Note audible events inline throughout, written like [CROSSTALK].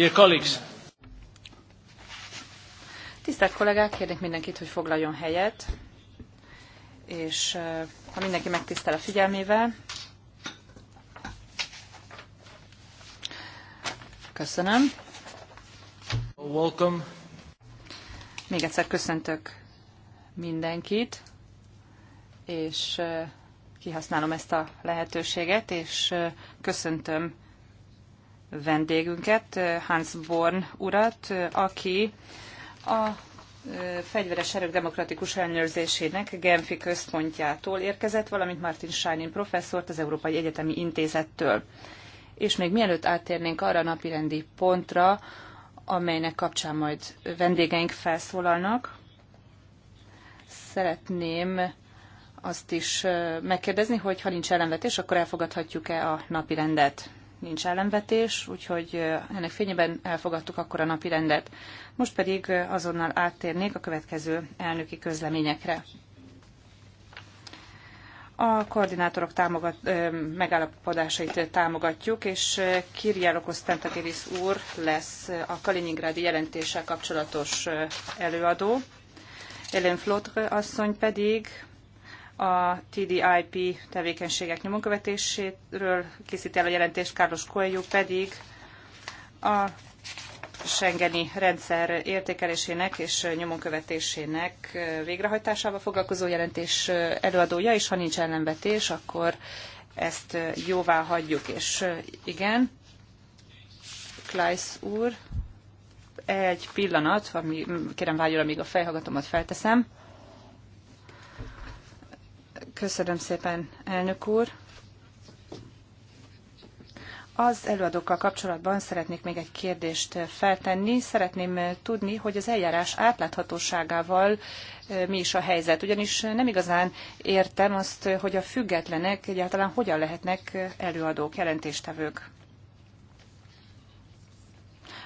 Dear colleagues. Tisztelt kollégák, kérnék mindenkit, hogy foglaljon helyet, és ha mindenki megtisztel a figyelmével. Köszönöm. Welcome. Még egyszer köszöntök mindenkit, és kihasználom ezt a lehetőséget, és köszöntöm vendégünket, Hans Born urat, aki a fegyveres erők demokratikus ellenőrzésének Genfi központjától érkezett, valamint Martin Scheinin professzort az Európai Egyetemi Intézettől. És még mielőtt áttérnénk arra a napirendi pontra, amelynek kapcsán majd vendégeink felszólalnak, szeretném azt is megkérdezni, hogy ha nincs ellenvetés, akkor elfogadhatjuk-e a napirendet nincs ellenvetés, úgyhogy ennek fényében elfogadtuk akkor a napi rendet. Most pedig azonnal áttérnék a következő elnöki közleményekre. A koordinátorok támogat, megállapodásait támogatjuk, és Kirjálokos Tentakiris úr lesz a Kaliningrádi jelentéssel kapcsolatos előadó. Ellen Flotre asszony pedig a TDIP tevékenységek nyomonkövetéséről készít el a jelentést, Carlos Coelho pedig a Schengeni rendszer értékelésének és nyomonkövetésének végrehajtásával foglalkozó jelentés előadója, és ha nincs ellenvetés, akkor ezt jóvá hagyjuk. És igen, Kleisz úr, egy pillanat, ami, kérem vágyol, amíg a fejhallgatomat felteszem. Köszönöm szépen, elnök úr. Az előadókkal kapcsolatban szeretnék még egy kérdést feltenni. Szeretném tudni, hogy az eljárás átláthatóságával mi is a helyzet. Ugyanis nem igazán értem azt, hogy a függetlenek egyáltalán hogyan lehetnek előadók, jelentéstevők.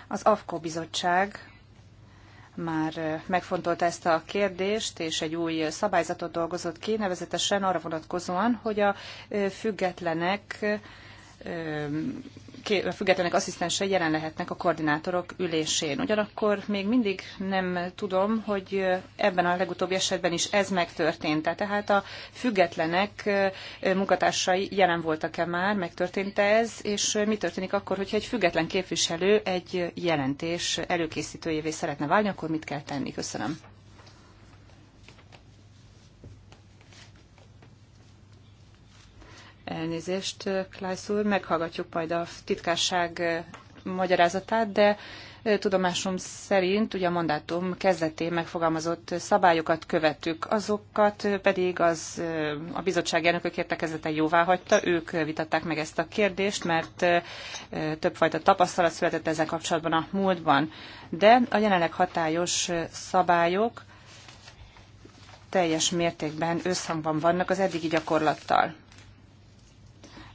Az AFKO bizottság már eh, megfontolta ezt a kérdést, és egy új szabályzatot dolgozott ki, nevezetesen arra vonatkozóan, hogy a eh, függetlenek eh, függetlenek asszisztensei jelen lehetnek a koordinátorok ülésén. Ugyanakkor még mindig nem tudom, hogy ebben a legutóbbi esetben is ez megtörtént. Tehát a függetlenek munkatársai jelen voltak-e már, megtörtént -e ez, és mi történik akkor, hogyha egy független képviselő egy jelentés előkészítőjévé szeretne válni, akkor mit kell tenni? Köszönöm. Elnézést, Klajsz úr, meghallgatjuk majd a titkárság magyarázatát, de tudomásom szerint ugye a mandátum kezdetén megfogalmazott szabályokat követük, azokat pedig az, a bizottság elnökök értekezete jóvá hagyta, ők vitatták meg ezt a kérdést, mert többfajta tapasztalat született ezzel kapcsolatban a múltban. De a jelenleg hatályos szabályok teljes mértékben összhangban vannak az eddigi gyakorlattal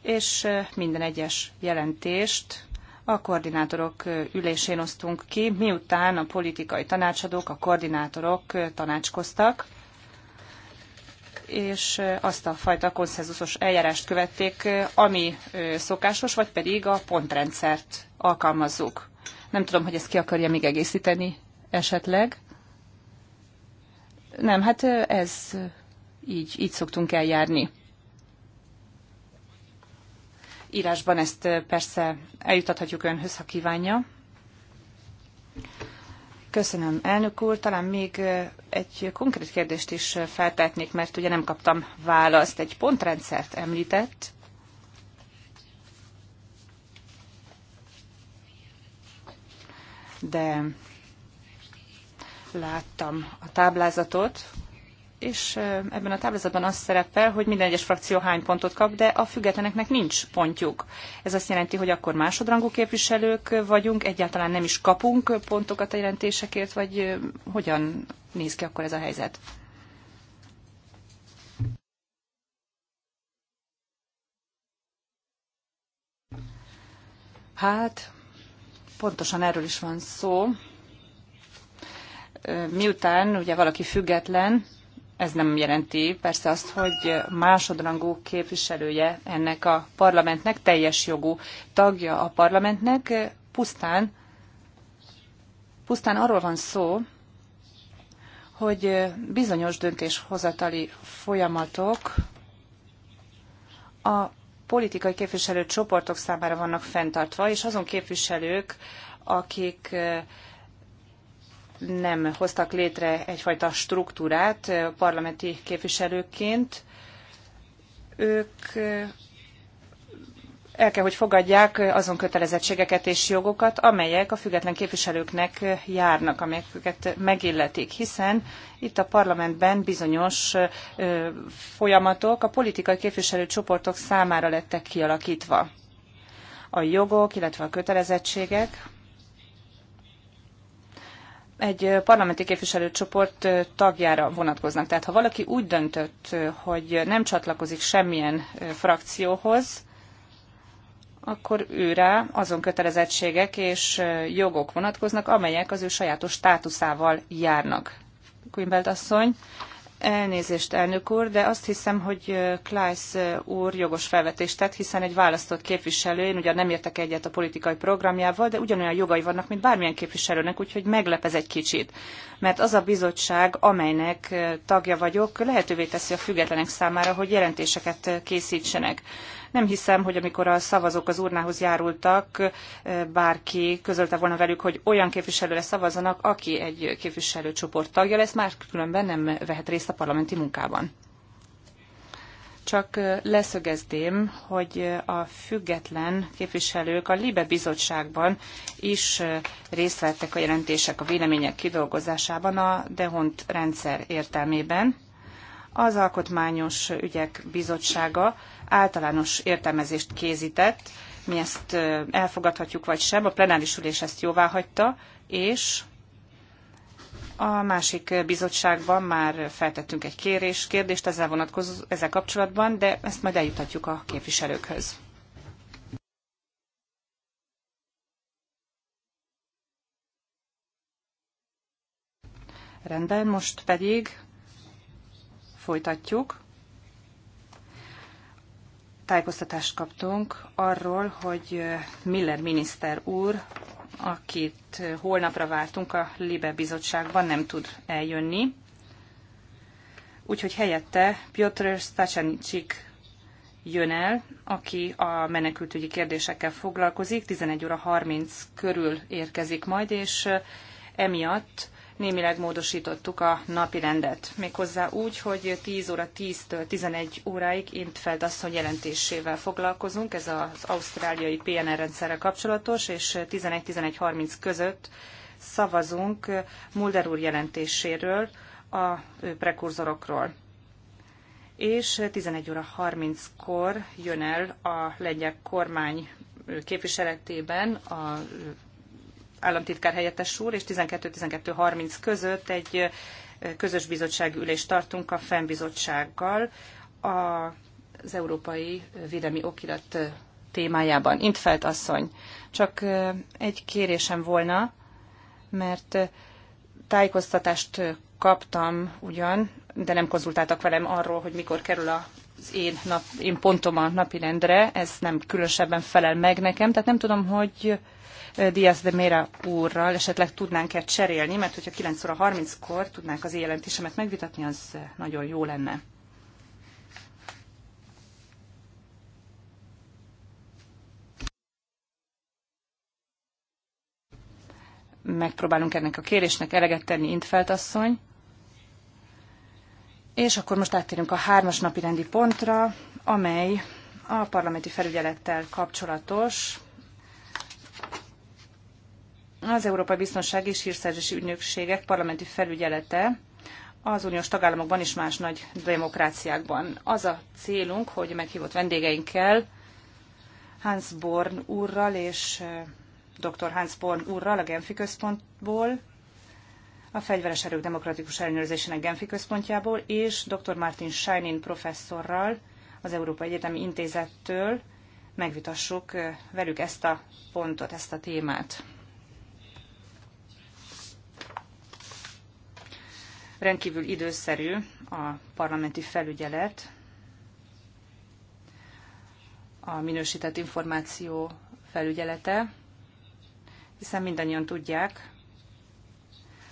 és minden egyes jelentést a koordinátorok ülésén osztunk ki, miután a politikai tanácsadók, a koordinátorok tanácskoztak, és azt a fajta konszenzusos eljárást követték, ami szokásos, vagy pedig a pontrendszert alkalmazzuk. Nem tudom, hogy ezt ki akarja még egészíteni esetleg. Nem, hát ez így, így szoktunk eljárni. Írásban ezt persze eljutathatjuk önhöz, ha kívánja. Köszönöm, elnök úr. Talán még egy konkrét kérdést is feltetnék, mert ugye nem kaptam választ. Egy pontrendszert említett. De láttam a táblázatot, és ebben a táblázatban az szerepel, hogy minden egyes frakció hány pontot kap, de a függetleneknek nincs pontjuk. Ez azt jelenti, hogy akkor másodrangú képviselők vagyunk, egyáltalán nem is kapunk pontokat a jelentésekért, vagy hogyan néz ki akkor ez a helyzet? Hát, pontosan erről is van szó. Miután ugye valaki független, ez nem jelenti persze azt, hogy másodrangú képviselője ennek a parlamentnek, teljes jogú tagja a parlamentnek, pusztán, pusztán arról van szó, hogy bizonyos döntéshozatali folyamatok a politikai képviselő csoportok számára vannak fenntartva, és azon képviselők, akik nem hoztak létre egyfajta struktúrát parlamenti képviselőként. Ők el kell, hogy fogadják azon kötelezettségeket és jogokat, amelyek a független képviselőknek járnak, amelyeket megilletik, hiszen itt a parlamentben bizonyos folyamatok a politikai képviselőcsoportok számára lettek kialakítva. A jogok, illetve a kötelezettségek egy parlamenti képviselőcsoport tagjára vonatkoznak. Tehát ha valaki úgy döntött, hogy nem csatlakozik semmilyen frakcióhoz, akkor őre azon kötelezettségek és jogok vonatkoznak, amelyek az ő sajátos státuszával járnak. Queenbelt asszony, Elnézést, elnök úr, de azt hiszem, hogy Klájsz úr jogos felvetést tett, hiszen egy választott képviselő, én ugyan nem értek egyet a politikai programjával, de ugyanolyan jogai vannak, mint bármilyen képviselőnek, úgyhogy meglep ez egy kicsit mert az a bizottság, amelynek tagja vagyok, lehetővé teszi a függetlenek számára, hogy jelentéseket készítsenek. Nem hiszem, hogy amikor a szavazók az urnához járultak, bárki közölte volna velük, hogy olyan képviselőre szavazzanak, aki egy képviselőcsoport tagja lesz, már különben nem vehet részt a parlamenti munkában. Csak leszögezném, hogy a független képviselők a Libe Bizottságban is részt vettek a jelentések a vélemények kidolgozásában a Dehont rendszer értelmében. Az Alkotmányos Ügyek Bizottsága általános értelmezést készített, mi ezt elfogadhatjuk vagy sem, a plenáris ülés ezt jóváhagyta, és a másik bizottságban már feltettünk egy kérés, kérdést ezzel, vonatkozó, ezzel kapcsolatban, de ezt majd eljutatjuk a képviselőkhöz. Rendben, most pedig folytatjuk. Tájékoztatást kaptunk arról, hogy Miller miniszter úr akit holnapra vártunk a Libe Bizottságban, nem tud eljönni. Úgyhogy helyette Piotr Stachanicsik jön el, aki a menekültügyi kérdésekkel foglalkozik, 11 óra 30 körül érkezik majd, és eh, emiatt némileg módosítottuk a napi rendet. Méghozzá úgy, hogy 10 óra 10-től 11 óráig Intfeld asszony jelentésével foglalkozunk, ez az ausztráliai PNR rendszerrel kapcsolatos, és 11-11.30 között szavazunk Mulder úr jelentéséről, a prekurzorokról. És 11 óra 30-kor jön el a lengyel kormány képviseletében a államtitkár helyettes úr, és 12-12.30 között egy közös bizottsági ülést tartunk a FEM bizottsággal az Európai Védelmi Okirat témájában. Intfeld asszony, csak egy kérésem volna, mert tájékoztatást kaptam ugyan, de nem konzultáltak velem arról, hogy mikor kerül a én, nap, én pontom a napirendre, ez nem különösebben felel meg nekem, tehát nem tudom, hogy Diaz de Mera úrral esetleg tudnánk-e cserélni, mert hogyha 9 óra 30-kor tudnánk az jelentésemet megvitatni, az nagyon jó lenne. Megpróbálunk ennek a kérésnek eleget tenni, Intfelt asszony. És akkor most áttérünk a hármas napi rendi pontra, amely a parlamenti felügyelettel kapcsolatos. Az Európai Biztonság és Hírszerzési Ügynökségek parlamenti felügyelete az uniós tagállamokban és más nagy demokráciákban. Az a célunk, hogy meghívott vendégeinkkel, Hans Born úrral és eh, dr. Hans Born úrral a Genfi Központból, a Fegyveres Erők Demokratikus Ellenőrzésének Genfi központjából, és dr. Martin Scheinin professzorral az Európai Egyetemi Intézettől megvitassuk velük ezt a pontot, ezt a témát. Rendkívül időszerű a parlamenti felügyelet, a minősített információ felügyelete, hiszen mindannyian tudják,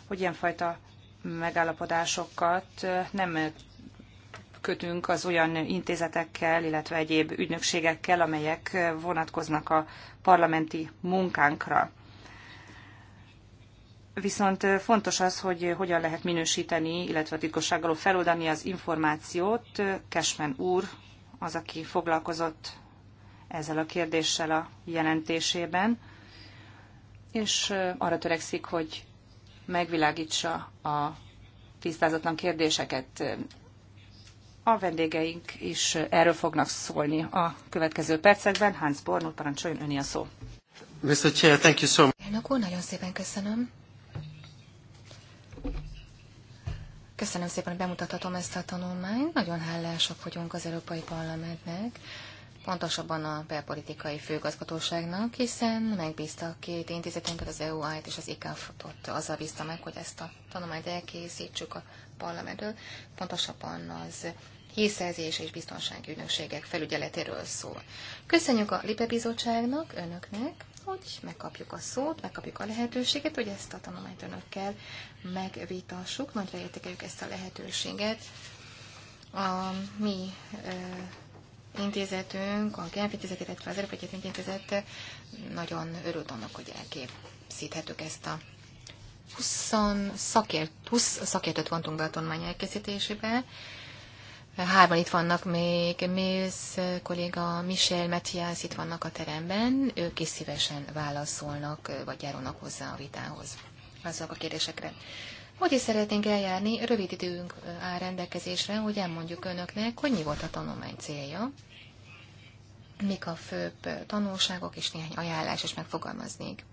hogy ilyenfajta megállapodásokat nem kötünk az olyan intézetekkel, illetve egyéb ügynökségekkel, amelyek vonatkoznak a parlamenti munkánkra. Viszont fontos az, hogy hogyan lehet minősíteni, illetve a titkossággal feloldani az információt. Kesmen úr az, aki foglalkozott ezzel a kérdéssel a jelentésében, és arra törekszik, hogy megvilágítsa a tisztázatlan kérdéseket. A vendégeink is erről fognak szólni a következő percekben. Hans úr, parancsoljon öni a szó. Mr. Chair, thank you so much. Elnök úr, nagyon szépen köszönöm. Köszönöm szépen, hogy bemutathatom ezt a tanulmányt. Nagyon hálásak vagyunk az Európai Parlamentnek pontosabban a belpolitikai főgazgatóságnak, hiszen megbízta a két intézetünket, az EU-t és az ICAF-ot, azzal bízta meg, hogy ezt a tanulmányt elkészítsük a parlamentről, pontosabban az hírszerzés és biztonsági ügynökségek felügyeletéről szól. Köszönjük a LIPE bizottságnak, önöknek, hogy megkapjuk a szót, megkapjuk a lehetőséget, hogy ezt a tanulmányt önökkel megvitassuk. Nagyra értékeljük ezt a lehetőséget. A mi intézetünk, a Genf intézet, illetve az Európai Egyetlen Intézet nagyon örült annak, hogy elképzíthetük ezt a 20 szakért, 20 szakértőt vontunk be a tanulmány elkészítésébe. Hárman itt vannak még, Mész kolléga, Michel, Matthias itt vannak a teremben, ők is szívesen válaszolnak, vagy járulnak hozzá a vitához, azok a kérdésekre. Hogy is szeretnénk eljárni, rövid időnk áll rendelkezésre, hogy elmondjuk önöknek, hogy mi volt a tanulmány célja mik a főbb tanulságok, és néhány ajánlás is megfogalmaznék.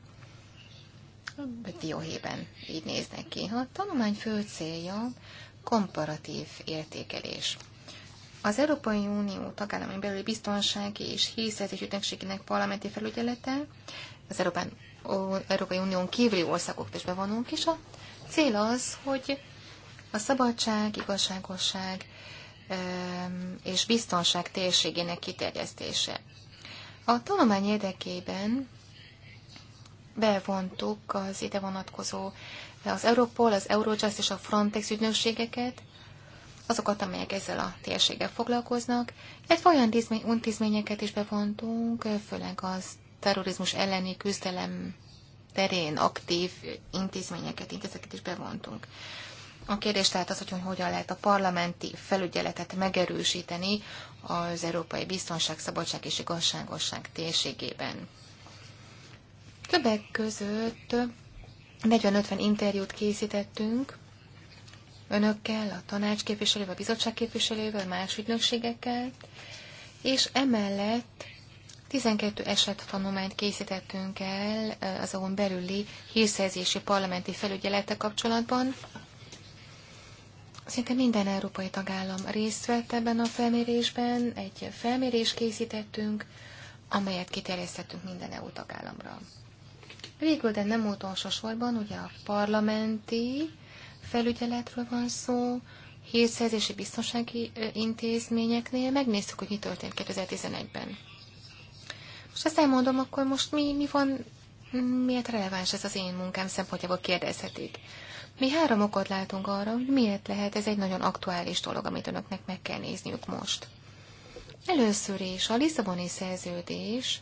dióhében így néznek ki. A tanulmány fő célja komparatív értékelés. Az Európai Unió tagállamai belüli biztonsági és hírszerzés ügynökségének parlamenti felügyelete, az Európán, Európai Unión kívüli országok is bevonunk, és a cél az, hogy a szabadság, igazságosság és biztonság térségének kiterjesztése. A tanulmány érdekében bevontuk az ide vonatkozó az Europol, az Eurojust és a Frontex ügynökségeket, azokat, amelyek ezzel a térséggel foglalkoznak, illetve olyan intézményeket is bevontunk, főleg az terrorizmus elleni küzdelem terén aktív intézményeket, intézeteket is bevontunk. A kérdés tehát az, hogy hogyan lehet a parlamenti felügyeletet megerősíteni az európai biztonság, szabadság és igazságosság térségében. Többek között 40-50 interjút készítettünk önökkel, a tanács képviselővel, a bizottság képviselővel, más ügynökségekkel, és emellett 12 eset tanulmányt készítettünk el az azon belüli hírszerzési parlamenti felügyelete kapcsolatban, Szinte minden európai tagállam részt vett ebben a felmérésben, egy felmérés készítettünk, amelyet kiterjesztettünk minden EU tagállamra. Végül, de nem utolsó sorban, ugye a parlamenti felügyeletről van szó, hírszerzési biztonsági intézményeknél, Megnézzük, hogy mi történt 2011-ben. Most azt elmondom, akkor most mi, mi van, miért releváns ez az én munkám szempontjából kérdezhetik. Mi három okot látunk arra, hogy miért lehet ez egy nagyon aktuális dolog, amit önöknek meg kell nézniük most. Először is a Lisszaboni szerződés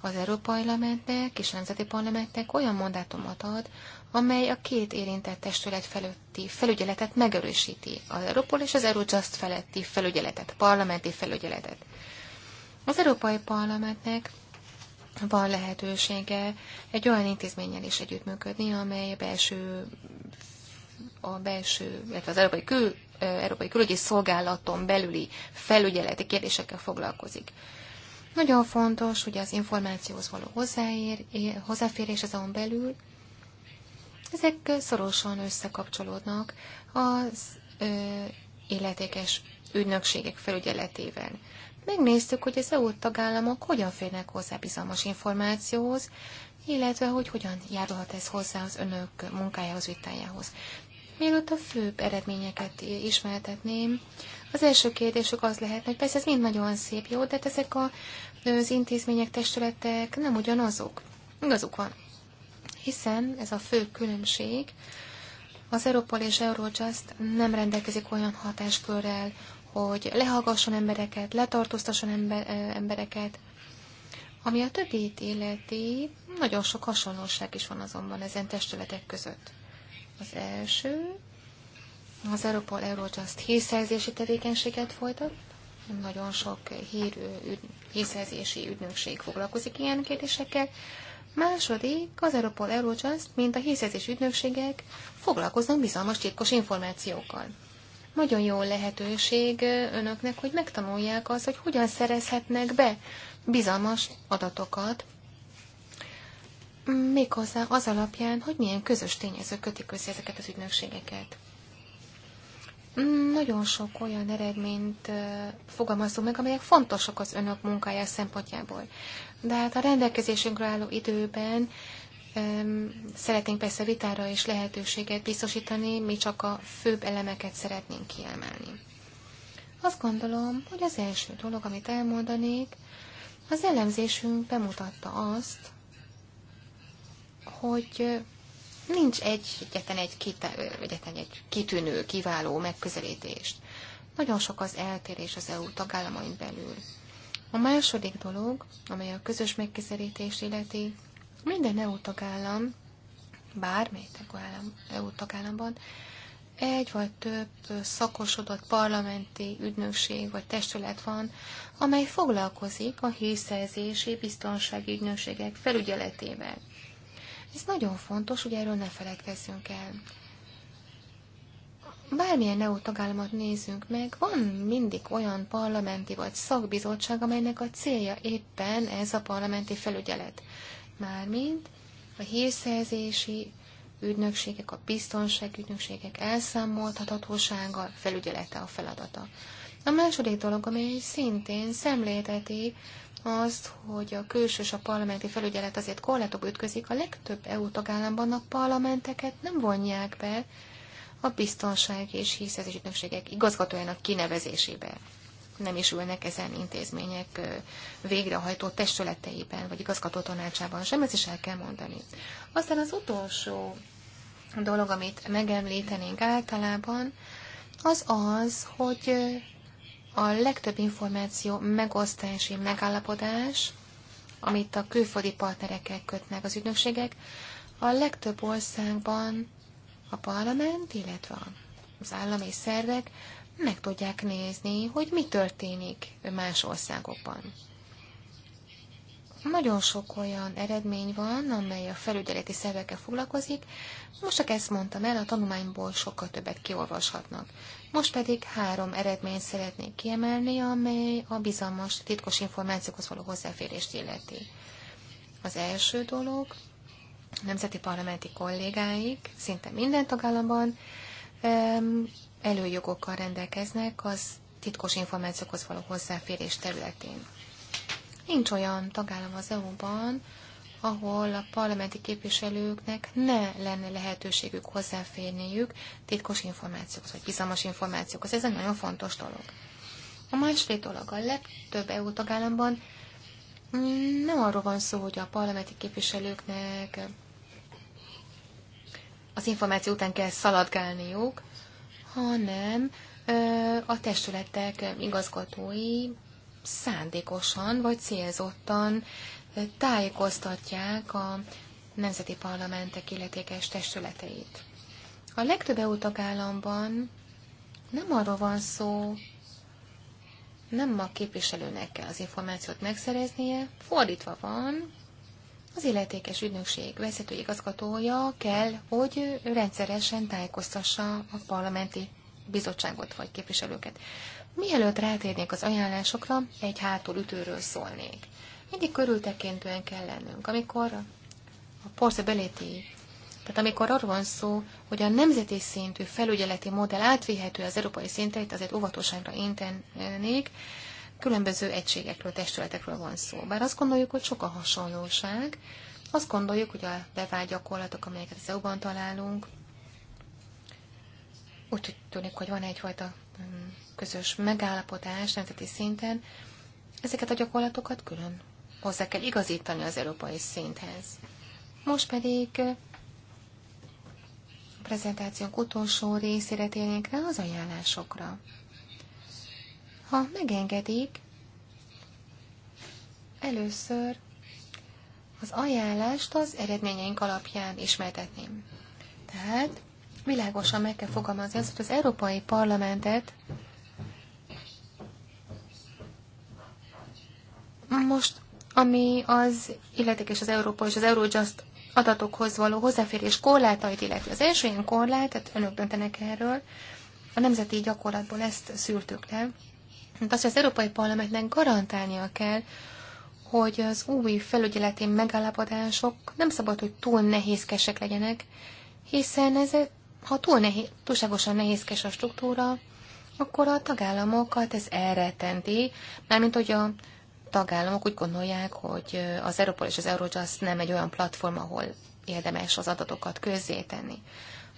az Európai Parlamentnek és a Nemzeti Parlamentnek olyan mandátumot ad, amely a két érintett testület felőtti felügyeletet megerősíti, az Európol és az Eurojust feletti felügyeletet, parlamenti felügyeletet. Az Európai Parlamentnek van lehetősége egy olyan intézménnyel is együttműködni, amely a belső, a belső, illetve az Európai, Kül, eh, Európai Külügyi Szolgálaton belüli felügyeleti kérdésekkel foglalkozik. Nagyon fontos, hogy az információhoz való hozzáér, eh, hozzáférés azon belül, ezek szorosan összekapcsolódnak az ö, eh, illetékes ügynökségek felügyeletével megnéztük, hogy az EU tagállamok hogyan férnek hozzá bizalmas információhoz, illetve hogy hogyan járulhat ez hozzá az önök munkájához, vitájához. Mielőtt a főbb eredményeket ismertetném, az első kérdésük az lehet, hogy persze ez mind nagyon szép, jó, de hát ezek a, az intézmények, testületek nem ugyanazok. Igazuk van. Hiszen ez a fő különbség, az Europol és Eurojust nem rendelkezik olyan hatáskörrel, hogy lehallgasson embereket, letartóztasson ember, embereket. Ami a többi életi nagyon sok hasonlóság is van azonban ezen testületek között. Az első, az Europol Eurojust hírszerzési tevékenységet folytat, nagyon sok hír, ügy, hírszerzési ügynökség foglalkozik ilyen kérdésekkel. Második, az Europol Eurojust, mint a hírszerzési ügynökségek foglalkoznak bizalmas titkos információkkal nagyon jó lehetőség önöknek, hogy megtanulják azt, hogy hogyan szerezhetnek be bizalmas adatokat, méghozzá az alapján, hogy milyen közös tényezők kötik össze ezeket az ügynökségeket. Nagyon sok olyan eredményt fogalmazunk meg, amelyek fontosak az önök munkája szempontjából. De hát a rendelkezésünkre álló időben Szeretnénk persze vitára és lehetőséget biztosítani, mi csak a főbb elemeket szeretnénk kiemelni. Azt gondolom, hogy az első dolog, amit elmondanék, az elemzésünk bemutatta azt, hogy nincs egy, egyetlen egy, kita, egyetlen egy kitűnő, kiváló megközelítést. Nagyon sok az eltérés az EU tagállamain belül. A második dolog, amely a közös megközelítést illeti, minden EU tagállam, bármely tagállam, EU tagállamban egy vagy több szakosodott parlamenti ügynökség vagy testület van, amely foglalkozik a hírszerzési biztonsági ügynökségek felügyeletével. Ez nagyon fontos, hogy erről ne feledkezzünk el. Bármilyen EU tagállamot nézzünk meg, van mindig olyan parlamenti vagy szakbizottság, amelynek a célja éppen ez a parlamenti felügyelet mármint a hírszerzési ügynökségek, a ügynökségek elszámoltathatósága, felügyelete a feladata. A második dolog, amely szintén szemlélteti azt, hogy a külső és a parlamenti felügyelet azért korlátok ütközik, a legtöbb EU tagállamban a parlamenteket nem vonják be a biztonság és hírszerzési ügynökségek igazgatójának kinevezésébe nem is ülnek ezen intézmények végrehajtó testületeiben, vagy igazgató tanácsában sem, ezt is el kell mondani. Aztán az utolsó dolog, amit megemlítenénk általában, az az, hogy a legtöbb információ megosztási megállapodás, amit a külföldi partnerekkel kötnek az ügynökségek, a legtöbb országban a parlament, illetve az állami szervek meg tudják nézni, hogy mi történik más országokban. Nagyon sok olyan eredmény van, amely a felügyeleti szervekkel foglalkozik. Most csak ezt mondtam el, a tanulmányból sokkal többet kiolvashatnak. Most pedig három eredményt szeretnék kiemelni, amely a bizalmas titkos információkhoz való hozzáférést illeti. Az első dolog, nemzeti parlamenti kollégáik, szinte minden tagállamban előjogokkal rendelkeznek az titkos információkhoz való hozzáférés területén. Nincs olyan tagállam az EU-ban, ahol a parlamenti képviselőknek ne lenne lehetőségük hozzáférniük titkos információkhoz, vagy bizalmas információkhoz. Ez egy nagyon fontos dolog. A másik dolog, a legtöbb EU tagállamban nem arról van szó, hogy a parlamenti képviselőknek az információ után kell szaladgálniuk, hanem a testületek igazgatói szándékosan vagy célzottan tájékoztatják a nemzeti parlamentek illetékes testületeit. A legtöbb EU tagállamban nem arról van szó, nem a képviselőnek kell az információt megszereznie, fordítva van, az illetékes ügynökség vezető igazgatója kell, hogy rendszeresen tájékoztassa a parlamenti bizottságot vagy képviselőket. Mielőtt rátérnék az ajánlásokra, egy ütőről szólnék. Mindig körültekintően kell lennünk. Amikor a portability, tehát amikor arról van szó, hogy a nemzeti szintű felügyeleti modell átvihető az európai szintre, itt azért óvatosságra intennék, különböző egységekről, testületekről van szó. Bár azt gondoljuk, hogy sok a hasonlóság, azt gondoljuk, hogy a bevált gyakorlatok, amelyeket az EU-ban találunk, úgy tűnik, hogy van egyfajta mm, közös megállapodás nemzeti szinten, ezeket a gyakorlatokat külön hozzá kell igazítani az európai szinthez. Most pedig a prezentációnk utolsó részére térnénk rá az ajánlásokra. Ha megengedik, először az ajánlást az eredményeink alapján ismertetném. Tehát világosan meg kell fogalmazni azt, hogy az Európai Parlamentet most, ami az illetékes az Európa és az Eurojust adatokhoz való hozzáférés korlátait illeti. Az első ilyen korlát, tehát önök döntenek erről, a nemzeti gyakorlatból ezt szűrtük le, mint azt, hogy az Európai Parlamentnek garantálnia kell, hogy az új felügyeleti megállapodások nem szabad, hogy túl nehézkesek legyenek, hiszen ez, ha túl nehéz, túlságosan nehézkes a struktúra, akkor a tagállamokat ez elretenti, mármint hogy a tagállamok úgy gondolják, hogy az Europol és az Eurojust nem egy olyan platform, ahol érdemes az adatokat közzétenni.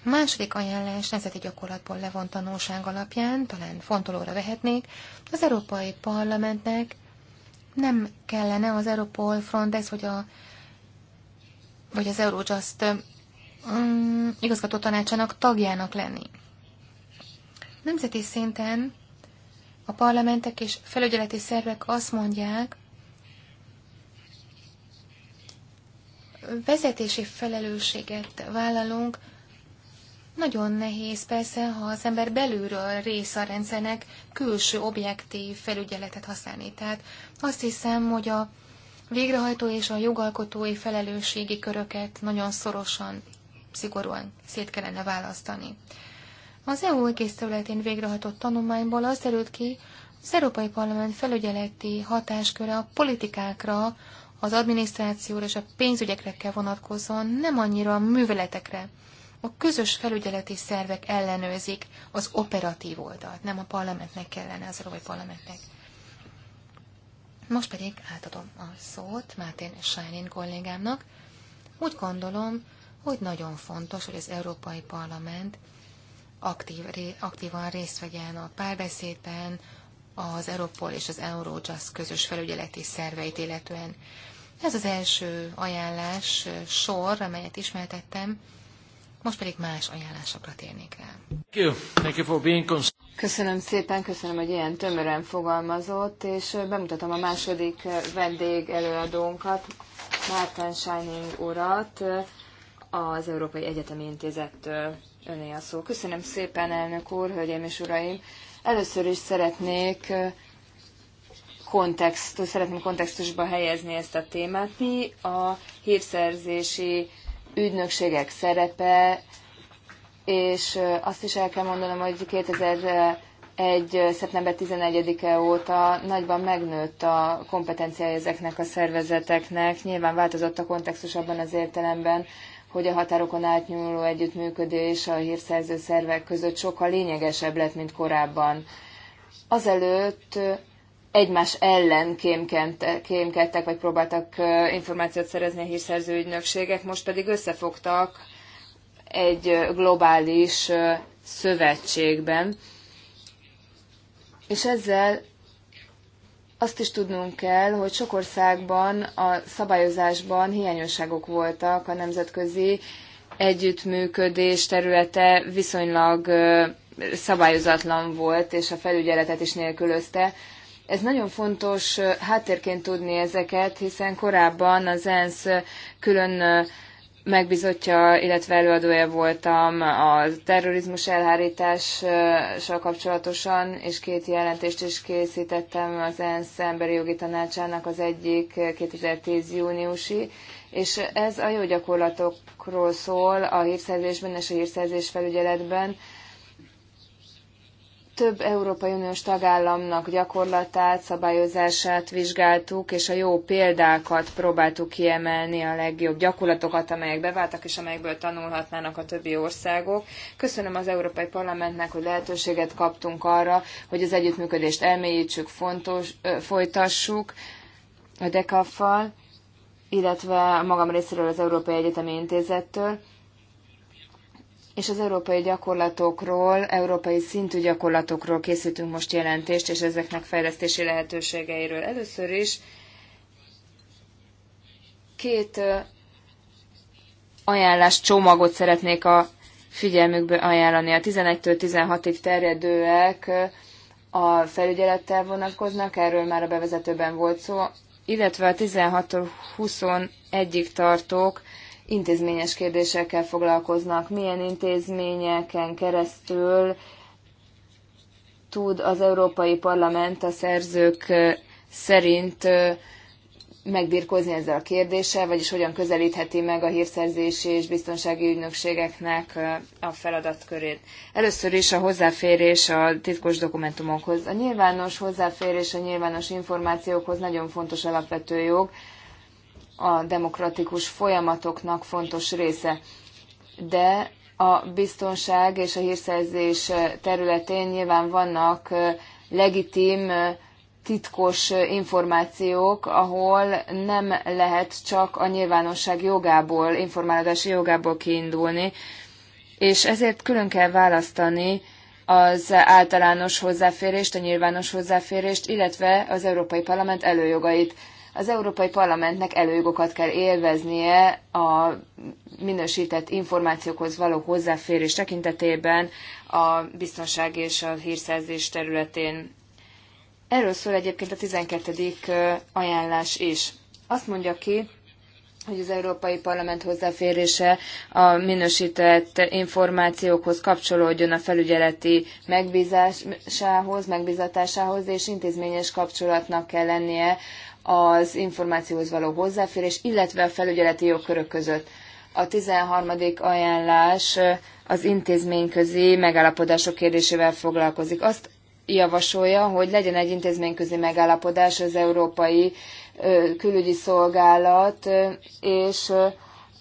Második ajánlás nemzeti gyakorlatból levont tanulság alapján, talán fontolóra vehetnék, az Európai Parlamentnek nem kellene az Europol Frontex vagy, a, vagy az Eurojust um, igazgató tanácsának tagjának lenni. Nemzeti szinten a parlamentek és felügyeleti szervek azt mondják, vezetési felelősséget vállalunk nagyon nehéz persze, ha az ember belülről rész a rendszernek külső objektív felügyeletet használni. Tehát azt hiszem, hogy a végrehajtó és a jogalkotói felelősségi köröket nagyon szorosan, szigorúan szét kellene választani. Az EU egész területén végrehajtott tanulmányból az derült ki, az Európai Parlament felügyeleti hatásköre a politikákra, az adminisztrációra és a pénzügyekre kell vonatkozzon, nem annyira a műveletekre. A közös felügyeleti szervek ellenőrzik az operatív oldalt, nem a parlamentnek kellene, az Európai Parlamentnek. Most pedig átadom a szót Mátén Sájnén kollégámnak. Úgy gondolom, hogy nagyon fontos, hogy az Európai Parlament aktív, aktívan részt vegyen a párbeszédben, az Europol és az Eurojust közös felügyeleti szerveit illetően. Ez az első ajánlás sor, amelyet ismertettem, most pedig más ajánlásokra térnék rá. Köszönöm szépen, köszönöm, hogy ilyen tömören fogalmazott, és bemutatom a második vendég előadónkat, Márten Shining urat, az Európai Egyetemi Intézettől öné a szó. Köszönöm szépen, elnök úr, hölgyeim és uraim! Először is szeretnék kontextus, szeretném kontextusba helyezni ezt a témát. Mi a hírszerzési ügynökségek szerepe, és azt is el kell mondanom, hogy 2001. szeptember 11-e óta nagyban megnőtt a kompetenciája ezeknek a szervezeteknek. Nyilván változott a kontextus abban az értelemben, hogy a határokon átnyúló együttműködés a hírszerző szervek között sokkal lényegesebb lett, mint korábban. Azelőtt egymás ellen kémkedtek, vagy próbáltak információt szerezni a hírszerző ügynökségek, most pedig összefogtak egy globális szövetségben. És ezzel azt is tudnunk kell, hogy sok országban a szabályozásban hiányosságok voltak a nemzetközi együttműködés területe viszonylag szabályozatlan volt, és a felügyeletet is nélkülözte. Ez nagyon fontos háttérként tudni ezeket, hiszen korábban az ENSZ külön megbizotja, illetve előadója voltam a terrorizmus elhárítással kapcsolatosan, és két jelentést is készítettem az ENSZ emberi jogi tanácsának az egyik 2010 júniusi, és ez a jó gyakorlatokról szól a hírszerzésben és a hírszerzés felügyeletben, több Európai Uniós tagállamnak gyakorlatát, szabályozását vizsgáltuk, és a jó példákat próbáltuk kiemelni, a legjobb gyakorlatokat, amelyek beváltak, és amelyekből tanulhatnának a többi országok. Köszönöm az Európai Parlamentnek, hogy lehetőséget kaptunk arra, hogy az együttműködést elmélyítsük, fontos, ö, folytassuk a dekaffal, illetve a magam részéről az Európai Egyetemi Intézettől és az európai gyakorlatokról, európai szintű gyakorlatokról készítünk most jelentést, és ezeknek fejlesztési lehetőségeiről. Először is két ajánlás csomagot szeretnék a figyelmükbe ajánlani. A 11-től 16-ig terjedőek a felügyelettel vonatkoznak, erről már a bevezetőben volt szó, illetve a 16-tól 21-ig tartók intézményes kérdésekkel foglalkoznak. Milyen intézményeken keresztül tud az Európai Parlament a szerzők szerint megbirkózni ezzel a kérdéssel, vagyis hogyan közelítheti meg a hírszerzési és biztonsági ügynökségeknek a feladatkörét. Először is a hozzáférés a titkos dokumentumokhoz. A nyilvános hozzáférés a nyilvános információkhoz nagyon fontos alapvető jog, a demokratikus folyamatoknak fontos része. De a biztonság és a hírszerzés területén nyilván vannak legitim titkos információk, ahol nem lehet csak a nyilvánosság jogából, informálódási jogából kiindulni, és ezért külön kell választani az általános hozzáférést, a nyilvános hozzáférést, illetve az Európai Parlament előjogait az Európai Parlamentnek előjogokat kell élveznie a minősített információkhoz való hozzáférés tekintetében a biztonság és a hírszerzés területén. Erről szól egyébként a 12. ajánlás is. Azt mondja ki, hogy az Európai Parlament hozzáférése a minősített információkhoz kapcsolódjon a felügyeleti megbízásához, megbízatásához, és intézményes kapcsolatnak kell lennie az információhoz való hozzáférés, illetve a felügyeleti jogkörök között. A 13. ajánlás az intézményközi megállapodások kérdésével foglalkozik. Azt javasolja, hogy legyen egy intézményközi megállapodás az Európai Külügyi Szolgálat és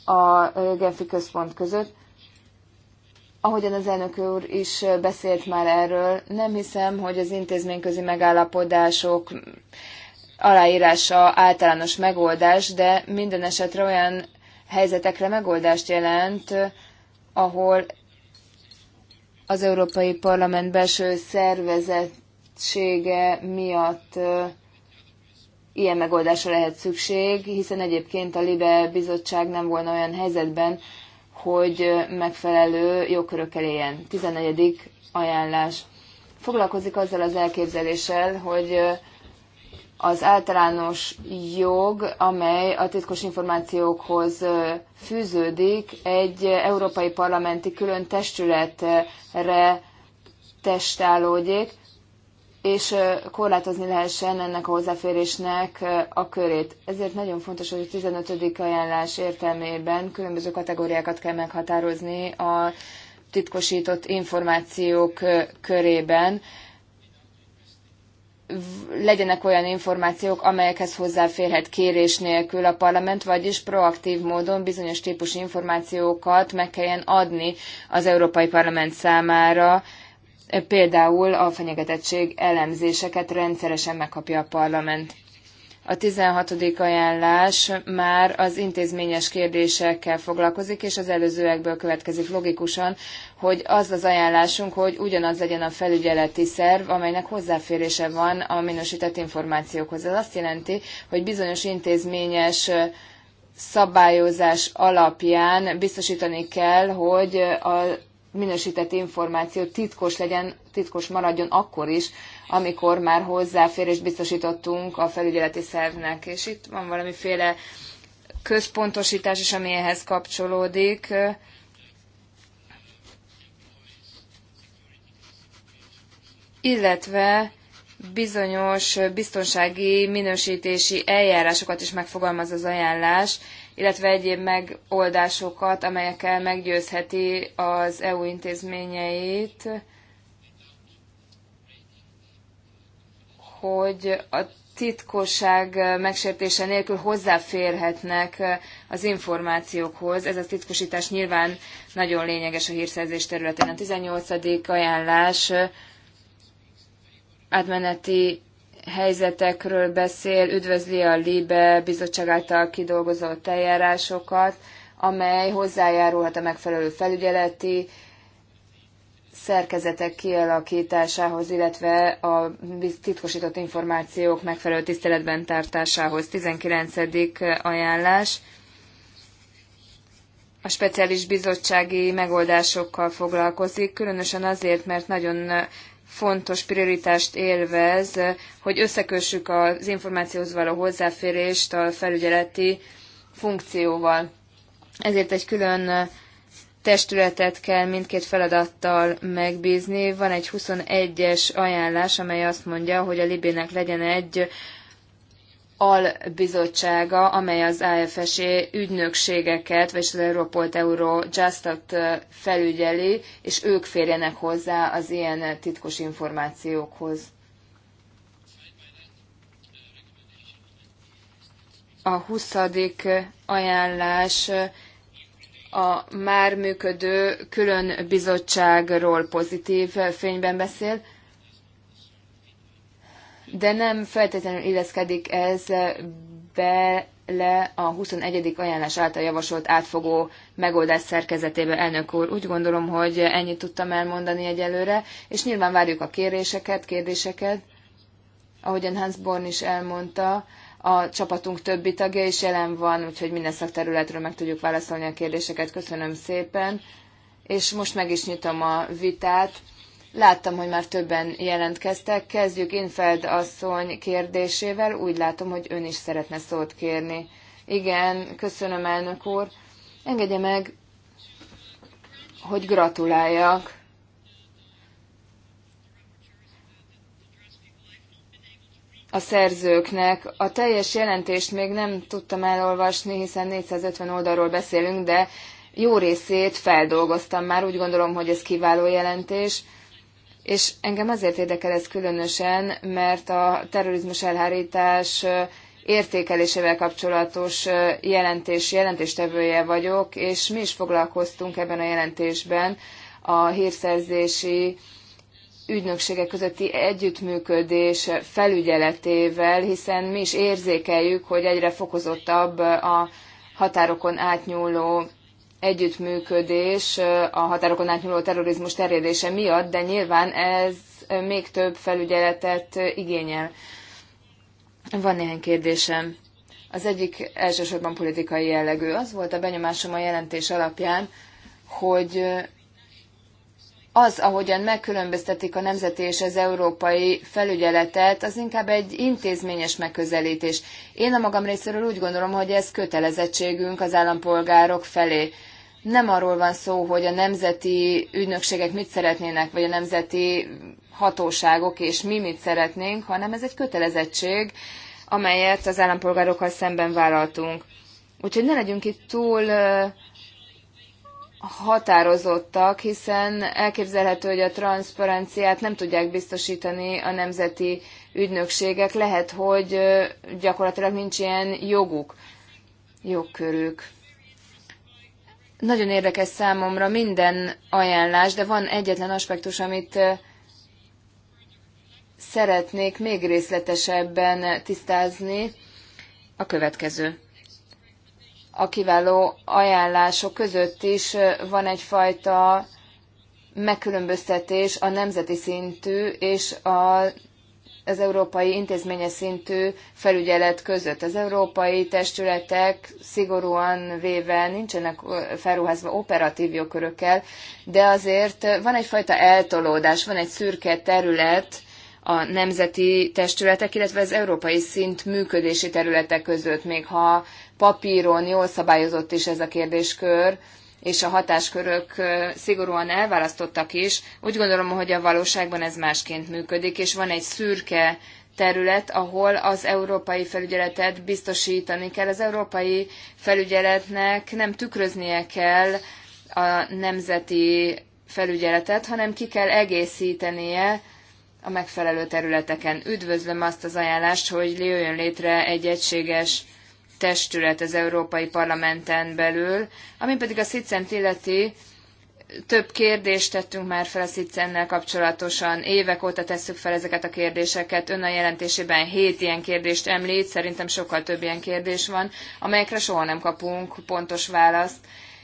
a Genfi Központ között. Ahogyan az elnök úr is beszélt már erről, nem hiszem, hogy az intézményközi megállapodások aláírása általános megoldás, de minden esetre olyan helyzetekre megoldást jelent, ahol az Európai Parlament belső szervezettsége miatt ilyen megoldásra lehet szükség, hiszen egyébként a Libe bizottság nem volna olyan helyzetben, hogy megfelelő jogkörök éljen. 14. ajánlás. Foglalkozik azzal az elképzeléssel, hogy az általános jog, amely a titkos információkhoz fűződik, egy európai parlamenti külön testületre testálódjék, és korlátozni lehessen ennek a hozzáférésnek a körét. Ezért nagyon fontos, hogy a 15. ajánlás értelmében különböző kategóriákat kell meghatározni a titkosított információk körében legyenek olyan információk, amelyekhez hozzáférhet kérés nélkül a parlament, vagyis proaktív módon bizonyos típusú információkat meg kelljen adni az Európai Parlament számára, például a fenyegetettség elemzéseket rendszeresen megkapja a parlament. A 16. ajánlás már az intézményes kérdésekkel foglalkozik, és az előzőekből következik logikusan, hogy az az ajánlásunk, hogy ugyanaz legyen a felügyeleti szerv, amelynek hozzáférése van a minősített információkhoz. Ez azt jelenti, hogy bizonyos intézményes szabályozás alapján biztosítani kell, hogy a minősített információ titkos legyen, titkos maradjon akkor is, amikor már hozzáférést biztosítottunk a felügyeleti szervnek. És itt van valamiféle központosítás is, ami ehhez kapcsolódik. Illetve bizonyos biztonsági minősítési eljárásokat is megfogalmaz az ajánlás, illetve egyéb megoldásokat, amelyekkel meggyőzheti az EU intézményeit hogy a titkosság megsértése nélkül hozzáférhetnek az információkhoz. Ez a titkosítás nyilván nagyon lényeges a hírszerzés területén. A 18. ajánlás átmeneti helyzetekről beszél, üdvözli a LIBE bizottság által kidolgozott eljárásokat, amely hozzájárulhat a megfelelő felügyeleti szerkezetek kialakításához, illetve a titkosított információk megfelelő tiszteletben tartásához. 19. ajánlás. A speciális bizottsági megoldásokkal foglalkozik, különösen azért, mert nagyon fontos prioritást élvez, hogy összekössük az információhoz való hozzáférést a felügyeleti funkcióval. Ezért egy külön testületet kell mindkét feladattal megbízni. Van egy 21-es ajánlás, amely azt mondja, hogy a Libének legyen egy albizottsága, amely az AFS e ügynökségeket, vagy az Europol Euro Justat felügyeli, és ők férjenek hozzá az ilyen titkos információkhoz. A 20. ajánlás a már működő külön bizottságról pozitív fényben beszél, de nem feltétlenül illeszkedik ez bele a 21. ajánlás által javasolt átfogó megoldás szerkezetébe, elnök úr. Úgy gondolom, hogy ennyit tudtam elmondani egyelőre, és nyilván várjuk a kéréseket, kérdéseket. Ahogyan Hans Born is elmondta, a csapatunk többi tagja is jelen van, úgyhogy minden szakterületről meg tudjuk válaszolni a kérdéseket. Köszönöm szépen. És most meg is nyitom a vitát. Láttam, hogy már többen jelentkeztek. Kezdjük Infeld asszony kérdésével. Úgy látom, hogy ön is szeretne szót kérni. Igen, köszönöm, elnök úr. Engedje meg, hogy gratuláljak a szerzőknek. A teljes jelentést még nem tudtam elolvasni, hiszen 450 oldalról beszélünk, de jó részét feldolgoztam már, úgy gondolom, hogy ez kiváló jelentés. És engem azért érdekel ez különösen, mert a terrorizmus elhárítás értékelésével kapcsolatos jelentés jelentéstevője vagyok, és mi is foglalkoztunk ebben a jelentésben a hírszerzési ügynökségek közötti együttműködés felügyeletével, hiszen mi is érzékeljük, hogy egyre fokozottabb a határokon átnyúló együttműködés a határokon átnyúló terrorizmus terjedése miatt, de nyilván ez még több felügyeletet igényel. Van néhány kérdésem. Az egyik elsősorban politikai jellegű. Az volt a benyomásom a jelentés alapján, hogy az, ahogyan megkülönböztetik a nemzeti és az európai felügyeletet, az inkább egy intézményes megközelítés. Én a magam részéről úgy gondolom, hogy ez kötelezettségünk az állampolgárok felé. Nem arról van szó, hogy a nemzeti ügynökségek mit szeretnének, vagy a nemzeti hatóságok és mi mit szeretnénk, hanem ez egy kötelezettség, amelyet az állampolgárokkal szemben vállaltunk. Úgyhogy ne legyünk itt túl határozottak, hiszen elképzelhető, hogy a transzparenciát nem tudják biztosítani a nemzeti ügynökségek. Lehet, hogy gyakorlatilag nincs ilyen joguk, jogkörük. Nagyon érdekes számomra minden ajánlás, de van egyetlen aspektus, amit szeretnék még részletesebben tisztázni. A következő a kiváló ajánlások között is van egyfajta megkülönböztetés a nemzeti szintű és a, az európai intézményes szintű felügyelet között. Az európai testületek szigorúan véve nincsenek felruházva operatív jogkörökkel, de azért van egyfajta eltolódás, van egy szürke terület, a nemzeti testületek, illetve az európai szint működési területe között, még ha papíron jól szabályozott is ez a kérdéskör, és a hatáskörök szigorúan elválasztottak is, úgy gondolom, hogy a valóságban ez másként működik, és van egy szürke terület, ahol az európai felügyeletet biztosítani kell. Az európai felügyeletnek nem tükröznie kell a nemzeti felügyeletet, hanem ki kell egészítenie a megfelelő területeken. Üdvözlöm azt az ajánlást, hogy jöjjön létre egy egységes testület az Európai Parlamenten belül, ami pedig a SZICENT illeti, több kérdést tettünk már fel a szicen kapcsolatosan, évek óta tesszük fel ezeket a kérdéseket, ön a jelentésében hét ilyen kérdést említ, szerintem sokkal több ilyen kérdés van, amelyekre soha nem kapunk pontos választ,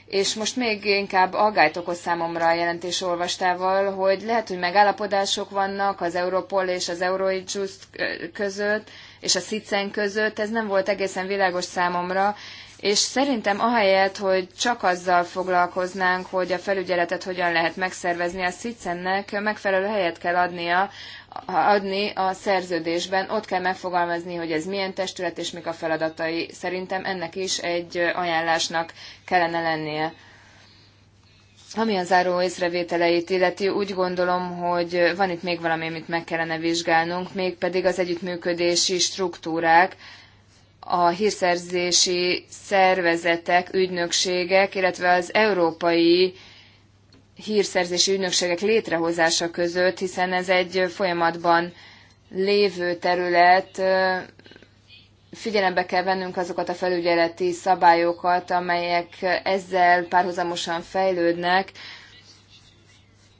és most még inkább aggályt okoz számomra a jelentés olvastával, hogy lehet, hogy megállapodások vannak az Europol és az Eurojust között, és a SICEN között, ez nem volt egészen világos számomra, és szerintem ahelyett, hogy csak azzal foglalkoznánk, hogy a felügyeletet hogyan lehet megszervezni, a SZICEN-nek megfelelő helyet kell adnia adni a szerződésben, ott kell megfogalmazni, hogy ez milyen testület és mik a feladatai. Szerintem ennek is egy ajánlásnak kellene lennie. Ami a záró észrevételeit illeti, úgy gondolom, hogy van itt még valami, amit meg kellene vizsgálnunk, mégpedig az együttműködési struktúrák, a hírszerzési szervezetek, ügynökségek, illetve az európai hírszerzési ügynökségek létrehozása között, hiszen ez egy folyamatban lévő terület, figyelembe kell vennünk azokat a felügyeleti szabályokat, amelyek ezzel párhuzamosan fejlődnek.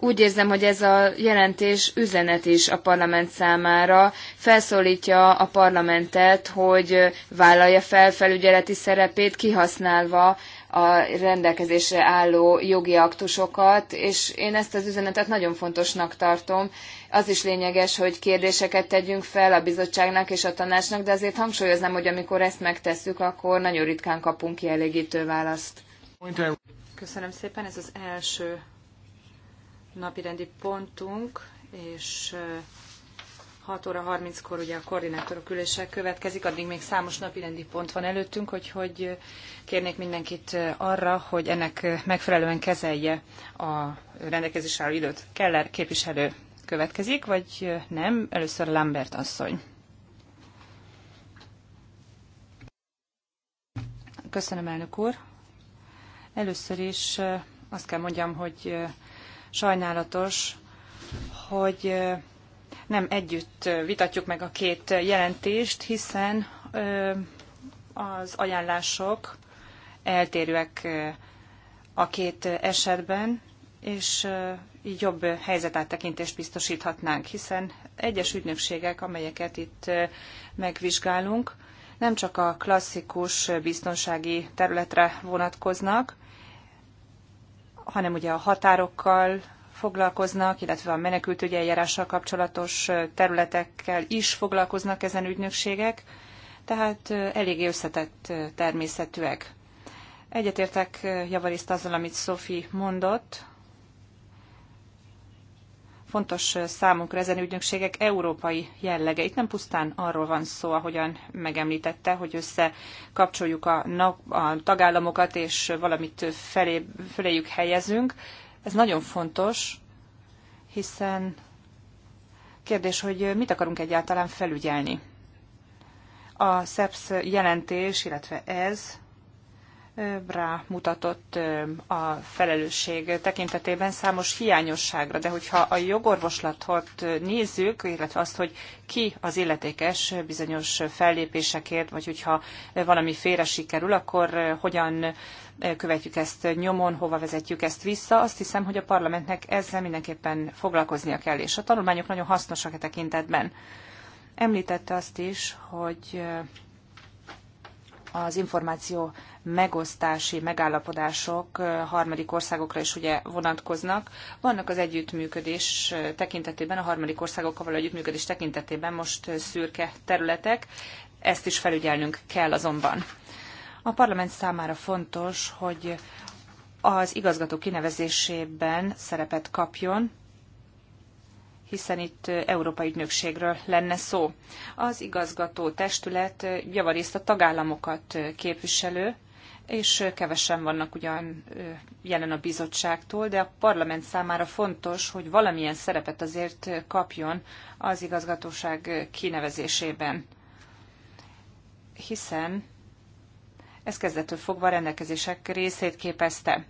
Úgy érzem, hogy ez a jelentés üzenet is a parlament számára. Felszólítja a parlamentet, hogy vállalja fel felügyeleti szerepét, kihasználva a rendelkezésre álló jogi aktusokat, és én ezt az üzenetet nagyon fontosnak tartom. Az is lényeges, hogy kérdéseket tegyünk fel a bizottságnak és a tanácsnak, de azért hangsúlyoznám, hogy amikor ezt megtesszük, akkor nagyon ritkán kapunk kielégítő választ. Köszönöm szépen, ez az első napirendi pontunk, és 6 óra 30-kor ugye a koordinátorok ülése következik, addig még számos napirendi pont van előttünk, hogy hogy kérnék mindenkit arra, hogy ennek megfelelően kezelje a rendelkezés álló időt. Keller képviselő következik, vagy nem? Először Lambert asszony. Köszönöm, elnök úr. Először is azt kell mondjam, hogy sajnálatos, hogy nem együtt vitatjuk meg a két jelentést, hiszen az ajánlások eltérőek a két esetben, és így jobb helyzetáttekintést biztosíthatnánk, hiszen egyes ügynökségek, amelyeket itt megvizsgálunk, nem csak a klasszikus biztonsági területre vonatkoznak, hanem ugye a határokkal, foglalkoznak, illetve a menekültügyi eljárással kapcsolatos területekkel is foglalkoznak ezen ügynökségek, tehát eléggé összetett természetűek. Egyetértek javarészt azzal, amit Szofi mondott. Fontos számunkra ezen ügynökségek európai jellege. Itt nem pusztán arról van szó, ahogyan megemlítette, hogy összekapcsoljuk a, a tagállamokat és valamit felé, feléjük helyezünk, ez nagyon fontos, hiszen kérdés, hogy mit akarunk egyáltalán felügyelni. A SEPS jelentés, illetve ez rámutatott a felelősség tekintetében számos hiányosságra, de hogyha a jogorvoslatot nézzük, illetve azt, hogy ki az illetékes bizonyos fellépésekért, vagy hogyha valami félre sikerül, akkor hogyan követjük ezt nyomon, hova vezetjük ezt vissza. Azt hiszem, hogy a parlamentnek ezzel mindenképpen foglalkoznia kell, és a tanulmányok nagyon hasznosak e tekintetben. Említette azt is, hogy az információ megosztási megállapodások harmadik országokra is ugye vonatkoznak. Vannak az együttműködés tekintetében, a harmadik országokkal való együttműködés tekintetében most szürke területek, ezt is felügyelnünk kell azonban. A parlament számára fontos, hogy az igazgató kinevezésében szerepet kapjon, hiszen itt Európai Ügynökségről lenne szó. Az igazgató testület javarészt a tagállamokat képviselő, és kevesen vannak ugyan jelen a bizottságtól, de a parlament számára fontos, hogy valamilyen szerepet azért kapjon az igazgatóság kinevezésében. Hiszen ez kezdettől fogva a rendelkezések részét képezte.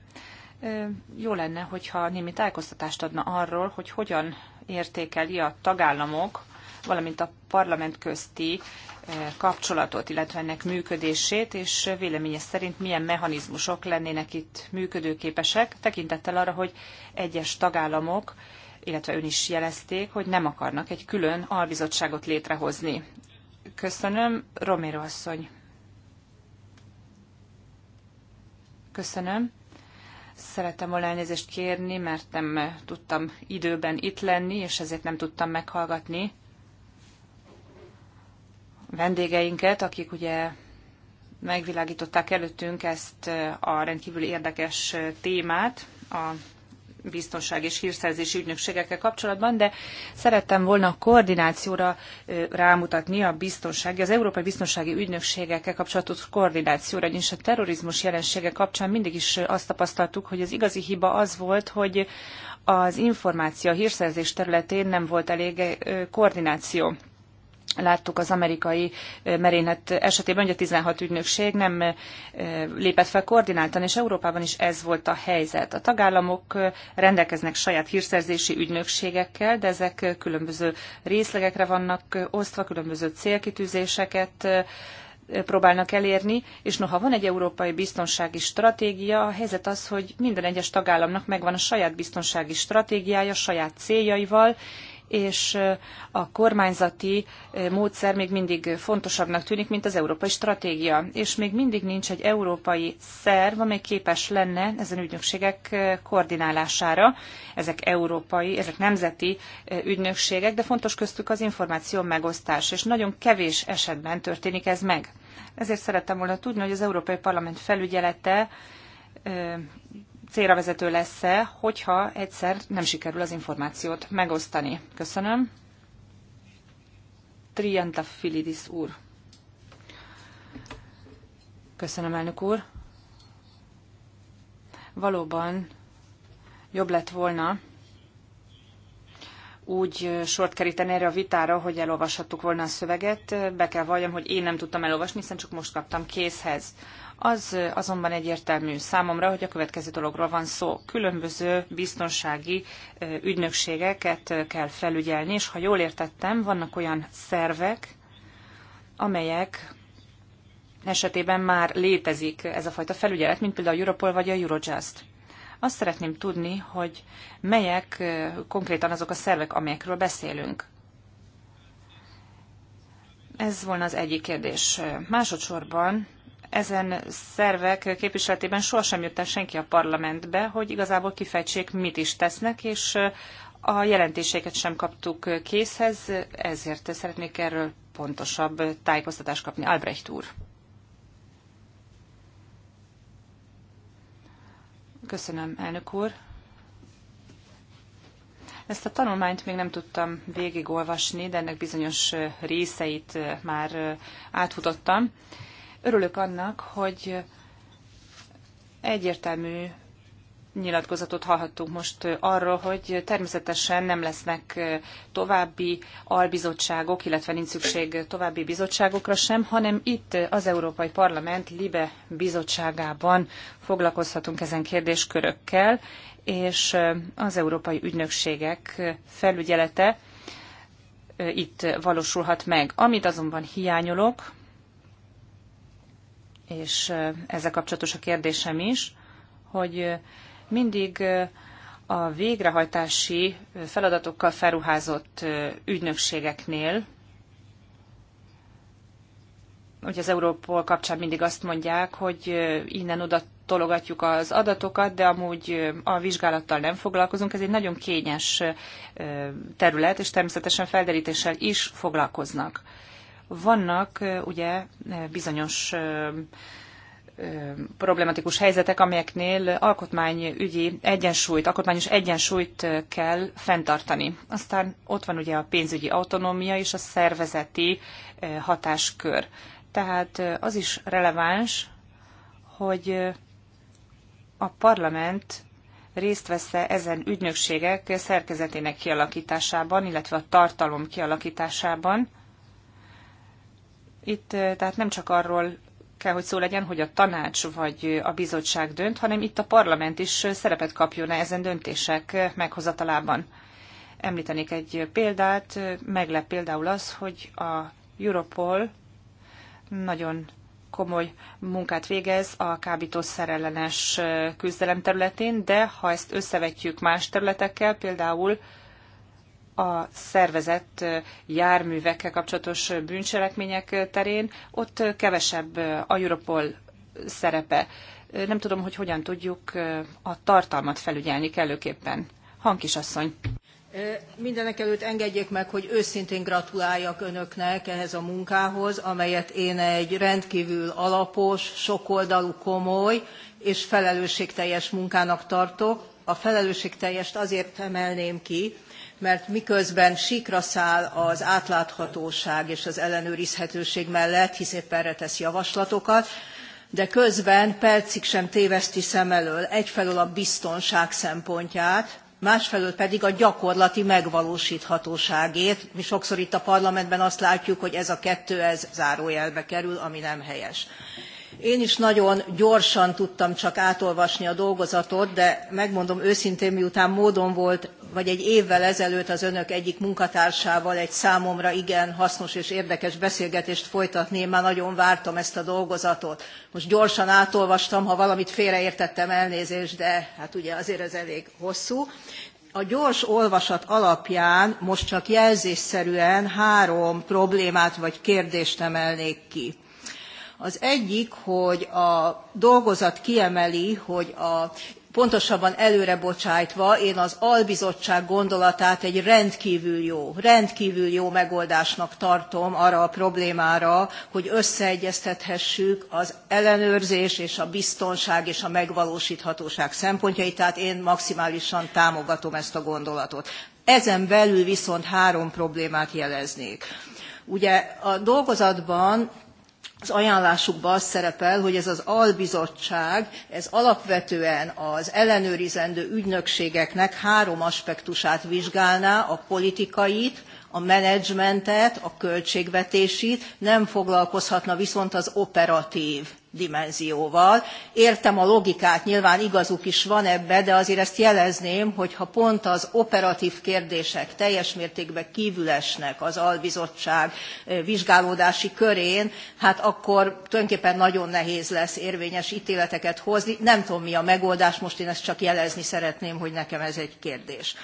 Jó lenne, hogyha némi tájékoztatást adna arról, hogy hogyan értékeli a tagállamok, valamint a parlament közti eh, kapcsolatot, illetve ennek működését, és véleménye szerint milyen mechanizmusok lennének itt működőképesek, tekintettel arra, hogy egyes tagállamok, illetve ön is jelezték, hogy nem akarnak egy külön albizottságot létrehozni. Köszönöm, Romero asszony. Köszönöm. Szerettem volna elnézést kérni, mert nem tudtam időben itt lenni, és ezért nem tudtam meghallgatni vendégeinket, akik ugye megvilágították előttünk ezt a rendkívül érdekes témát, a biztonság és hírszerzési ügynökségekkel kapcsolatban, de szerettem volna a koordinációra rámutatni a biztonsági, az Európai Biztonsági Ügynökségekkel kapcsolatos koordinációra, és a terrorizmus jelensége kapcsán mindig is azt tapasztaltuk, hogy az igazi hiba az volt, hogy az információ hírszerzés területén nem volt elég koordináció láttuk az amerikai merénylet esetében, hogy a 16 ügynökség nem lépett fel koordináltan, és Európában is ez volt a helyzet. A tagállamok rendelkeznek saját hírszerzési ügynökségekkel, de ezek különböző részlegekre vannak osztva, különböző célkitűzéseket próbálnak elérni, és noha van egy európai biztonsági stratégia, a helyzet az, hogy minden egyes tagállamnak megvan a saját biztonsági stratégiája, saját céljaival, és a kormányzati módszer még mindig fontosabbnak tűnik, mint az európai stratégia. És még mindig nincs egy európai szerv, amely képes lenne ezen ügynökségek koordinálására. Ezek európai, ezek nemzeti ügynökségek, de fontos köztük az információ megosztás, és nagyon kevés esetben történik ez meg. Ezért szerettem volna tudni, hogy az Európai Parlament felügyelete célra vezető lesz-e, hogyha egyszer nem sikerül az információt megosztani. Köszönöm. Trianta Filidis úr. Köszönöm, elnök úr. Valóban jobb lett volna úgy sort keríteni erre a vitára, hogy elolvashattuk volna a szöveget. Be kell valljam, hogy én nem tudtam elolvasni, hiszen csak most kaptam készhez. Az azonban egyértelmű számomra, hogy a következő dologról van szó. Különböző biztonsági ügynökségeket kell felügyelni, és ha jól értettem, vannak olyan szervek, amelyek esetében már létezik ez a fajta felügyelet, mint például a Europol vagy a Eurojust. Azt szeretném tudni, hogy melyek konkrétan azok a szervek, amelyekről beszélünk. Ez volna az egyik kérdés. Másodszorban ezen szervek képviseletében sohasem jött el senki a parlamentbe, hogy igazából kifejtsék, mit is tesznek, és a jelentéseket sem kaptuk készhez, ezért szeretnék erről pontosabb tájékoztatást kapni. Albrecht úr. Köszönöm, elnök úr. Ezt a tanulmányt még nem tudtam végigolvasni, de ennek bizonyos részeit már átfutottam. Örülök annak, hogy egyértelmű nyilatkozatot hallhattunk most arról, hogy természetesen nem lesznek további albizottságok, illetve nincs szükség további bizottságokra sem, hanem itt az Európai Parlament Libe bizottságában foglalkozhatunk ezen kérdéskörökkel, és az európai ügynökségek felügyelete itt valósulhat meg. Amit azonban hiányolok, és ezzel kapcsolatos a kérdésem is, hogy mindig a végrehajtási feladatokkal felruházott ügynökségeknél, hogy az Európol kapcsán mindig azt mondják, hogy innen-oda tologatjuk az adatokat, de amúgy a vizsgálattal nem foglalkozunk. Ez egy nagyon kényes terület, és természetesen felderítéssel is foglalkoznak. Vannak ugye bizonyos problematikus helyzetek, amelyeknél alkotmányügyi egyensúlyt, alkotmányos egyensúlyt kell fenntartani. Aztán ott van ugye a pénzügyi autonómia és a szervezeti hatáskör. Tehát az is releváns, hogy a parlament részt vesz ezen ügynökségek szerkezetének kialakításában, illetve a tartalom kialakításában, itt tehát nem csak arról kell, hogy szó legyen, hogy a tanács vagy a bizottság dönt, hanem itt a parlament is szerepet kapjon ezen döntések meghozatalában. Említenék egy példát, meglep például az, hogy a Europol nagyon komoly munkát végez a kábítószer ellenes küzdelem területén, de ha ezt összevetjük más területekkel, például a szervezett járművekkel kapcsolatos bűncselekmények terén, ott kevesebb a Europol szerepe. Nem tudom, hogy hogyan tudjuk a tartalmat felügyelni kellőképpen. Hankisasszony. Mindenek előtt engedjék meg, hogy őszintén gratuláljak önöknek ehhez a munkához, amelyet én egy rendkívül alapos, sokoldalú, komoly és felelősségteljes munkának tartok a felelősségteljest azért emelném ki, mert miközben síkra száll az átláthatóság és az ellenőrizhetőség mellett, hisz épp erre tesz javaslatokat, de közben percig sem téveszti szem elől egyfelől a biztonság szempontját, másfelől pedig a gyakorlati megvalósíthatóságét. Mi sokszor itt a parlamentben azt látjuk, hogy ez a kettő, ez zárójelbe kerül, ami nem helyes. Én is nagyon gyorsan tudtam csak átolvasni a dolgozatot, de megmondom őszintén, miután módon volt, vagy egy évvel ezelőtt az önök egyik munkatársával egy számomra igen hasznos és érdekes beszélgetést folytatni, én már nagyon vártam ezt a dolgozatot. Most gyorsan átolvastam, ha valamit félreértettem, elnézést, de hát ugye azért ez elég hosszú. A gyors olvasat alapján most csak jelzésszerűen három problémát vagy kérdést emelnék ki. Az egyik, hogy a dolgozat kiemeli, hogy a pontosabban előrebocsájtva, én az albizottság gondolatát egy rendkívül jó, rendkívül jó megoldásnak tartom arra a problémára, hogy összeegyeztethessük az ellenőrzés és a biztonság és a megvalósíthatóság szempontjait, tehát én maximálisan támogatom ezt a gondolatot. Ezen belül viszont három problémát jeleznék. Ugye a dolgozatban az ajánlásukban az szerepel, hogy ez az albizottság, ez alapvetően az ellenőrizendő ügynökségeknek három aspektusát vizsgálná, a politikait, a menedzsmentet, a költségvetését, nem foglalkozhatna viszont az operatív dimenzióval. Értem a logikát, nyilván igazuk is van ebbe, de azért ezt jelezném, hogy ha pont az operatív kérdések teljes mértékben kívül esnek az albizottság vizsgálódási körén, hát akkor tulajdonképpen nagyon nehéz lesz érvényes ítéleteket hozni. Nem tudom, mi a megoldás, most én ezt csak jelezni szeretném, hogy nekem ez egy kérdés.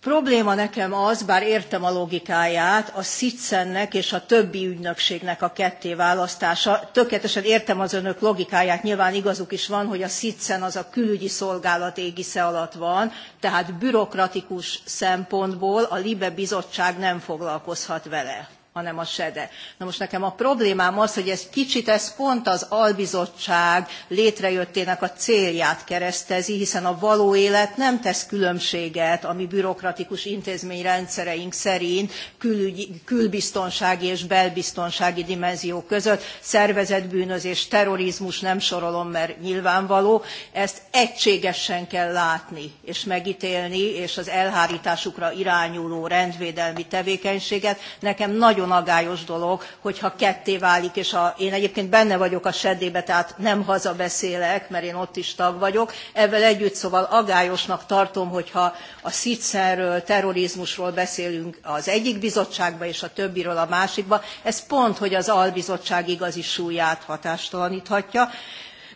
Probléma nekem az, bár értem a logikáját, a Szicennek és a többi ügynökségnek a ketté választása. Tökéletesen értem az önök logikáját, nyilván igazuk is van, hogy a Szicen az a külügyi szolgálat égisze alatt van, tehát bürokratikus szempontból a Libe bizottság nem foglalkozhat vele hanem a sede. Na most nekem a problémám az, hogy ez kicsit ez pont az albizottság létrejöttének a célját keresztezi, hiszen a való élet nem tesz különbséget a mi bürokratikus intézményrendszereink szerint külügyi, külbiztonsági és belbiztonsági dimenzió között, szervezetbűnözés, terrorizmus nem sorolom, mert nyilvánvaló, ezt egységesen kell látni és megítélni, és az elhárításukra irányuló rendvédelmi tevékenységet nekem nagyon nagyon agályos dolog, hogyha ketté válik, és a, én egyébként benne vagyok a seddébe, tehát nem hazabeszélek, mert én ott is tag vagyok. Ezzel együtt szóval agályosnak tartom, hogyha a szicszenről, terrorizmusról beszélünk az egyik bizottságba, és a többiről a másikba. Ez pont, hogy az albizottság igazi súlyát hatástalaníthatja.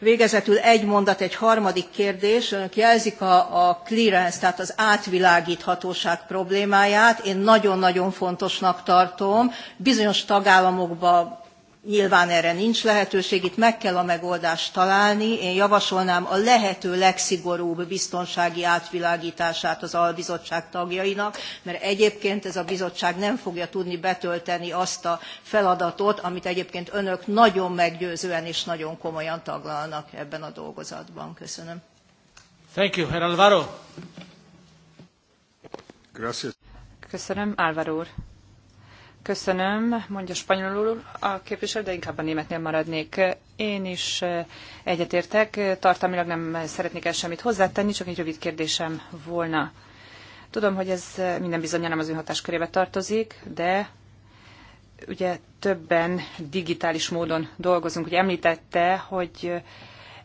Végezetül egy mondat, egy harmadik kérdés. Önök jelzik a, a clearance, tehát az átvilágíthatóság problémáját. Én nagyon-nagyon fontosnak tartom. Bizonyos tagállamokban Nyilván erre nincs lehetőség, itt meg kell a megoldást találni. Én javasolnám a lehető legszigorúbb biztonsági átvilágítását az albizottság tagjainak, mert egyébként ez a bizottság nem fogja tudni betölteni azt a feladatot, amit egyébként önök nagyon meggyőzően és nagyon komolyan taglalnak ebben a dolgozatban. Köszönöm. Thank you, Herr Alvaro. Gracias. Köszönöm, Álvaro úr. Köszönöm, mondja spanyolul a képviselő, de inkább a németnél maradnék. Én is eh, egyetértek, tartalmilag nem szeretnék el semmit hozzátenni, csak egy rövid kérdésem volna. Tudom, hogy ez eh, minden bizonyára nem az ön hatáskörébe tartozik, de ugye többen digitális módon dolgozunk. Ugye említette, hogy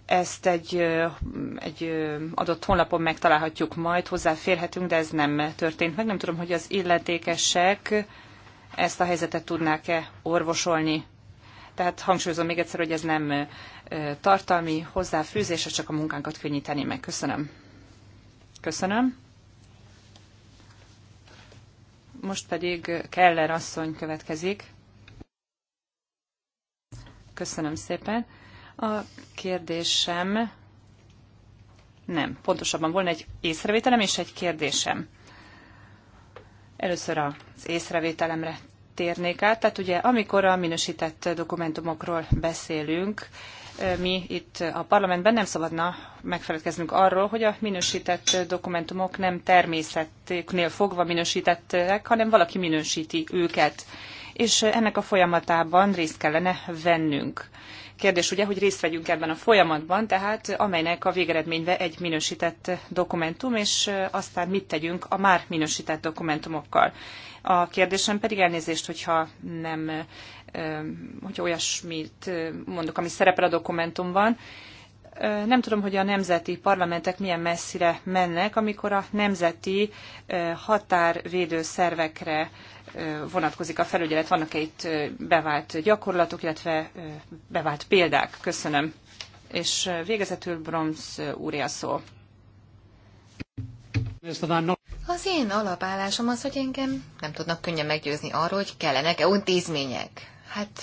ezt egy, eh, egy adott honlapon megtalálhatjuk majd, hozzáférhetünk, de ez nem történt meg. Nem tudom, hogy az illetékesek ezt a helyzetet tudnák-e orvosolni. Tehát hangsúlyozom még egyszer, hogy ez nem tartalmi hozzáfűzés, ez csak a munkánkat könnyíteni meg. Köszönöm. Köszönöm. Most pedig Keller asszony következik. Köszönöm szépen. A kérdésem nem, pontosabban volna egy észrevételem és egy kérdésem. Először az észrevételemre térnék át. Tehát ugye, amikor a minősített dokumentumokról beszélünk, mi itt a parlamentben nem szabadna megfeledkeznünk arról, hogy a minősített dokumentumok nem természetüknél fogva minősítettek, hanem valaki minősíti őket. És ennek a folyamatában részt kellene vennünk kérdés ugye, hogy részt vegyünk ebben a folyamatban, tehát amelynek a végeredményve egy minősített dokumentum, és aztán mit tegyünk a már minősített dokumentumokkal. A kérdésem pedig elnézést, hogyha nem, hogyha olyasmit mondok, ami szerepel a dokumentumban, nem tudom, hogy a nemzeti parlamentek milyen messzire mennek, amikor a nemzeti határvédő szervekre vonatkozik a felügyelet? Vannak-e itt bevált gyakorlatok, illetve bevált példák? Köszönöm. És végezetül Bronsz úrja szó. Az én alapállásom az, hogy engem nem tudnak könnyen meggyőzni arról, hogy kellenek-e intézmények. Hát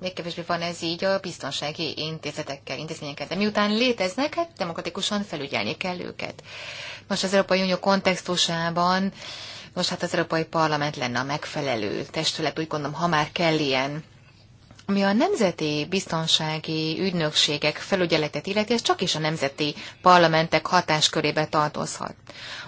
még kevésbé van ez így a biztonsági intézetekkel, intézményekkel, de miután léteznek, hát demokratikusan felügyelni kell őket. Most az Európai Unió kontextusában Nos, hát az Európai Parlament lenne a megfelelő testület, úgy gondolom, ha már kell ilyen ami a nemzeti biztonsági ügynökségek felügyeletet illeti, ez csak is a nemzeti parlamentek hatáskörébe tartozhat.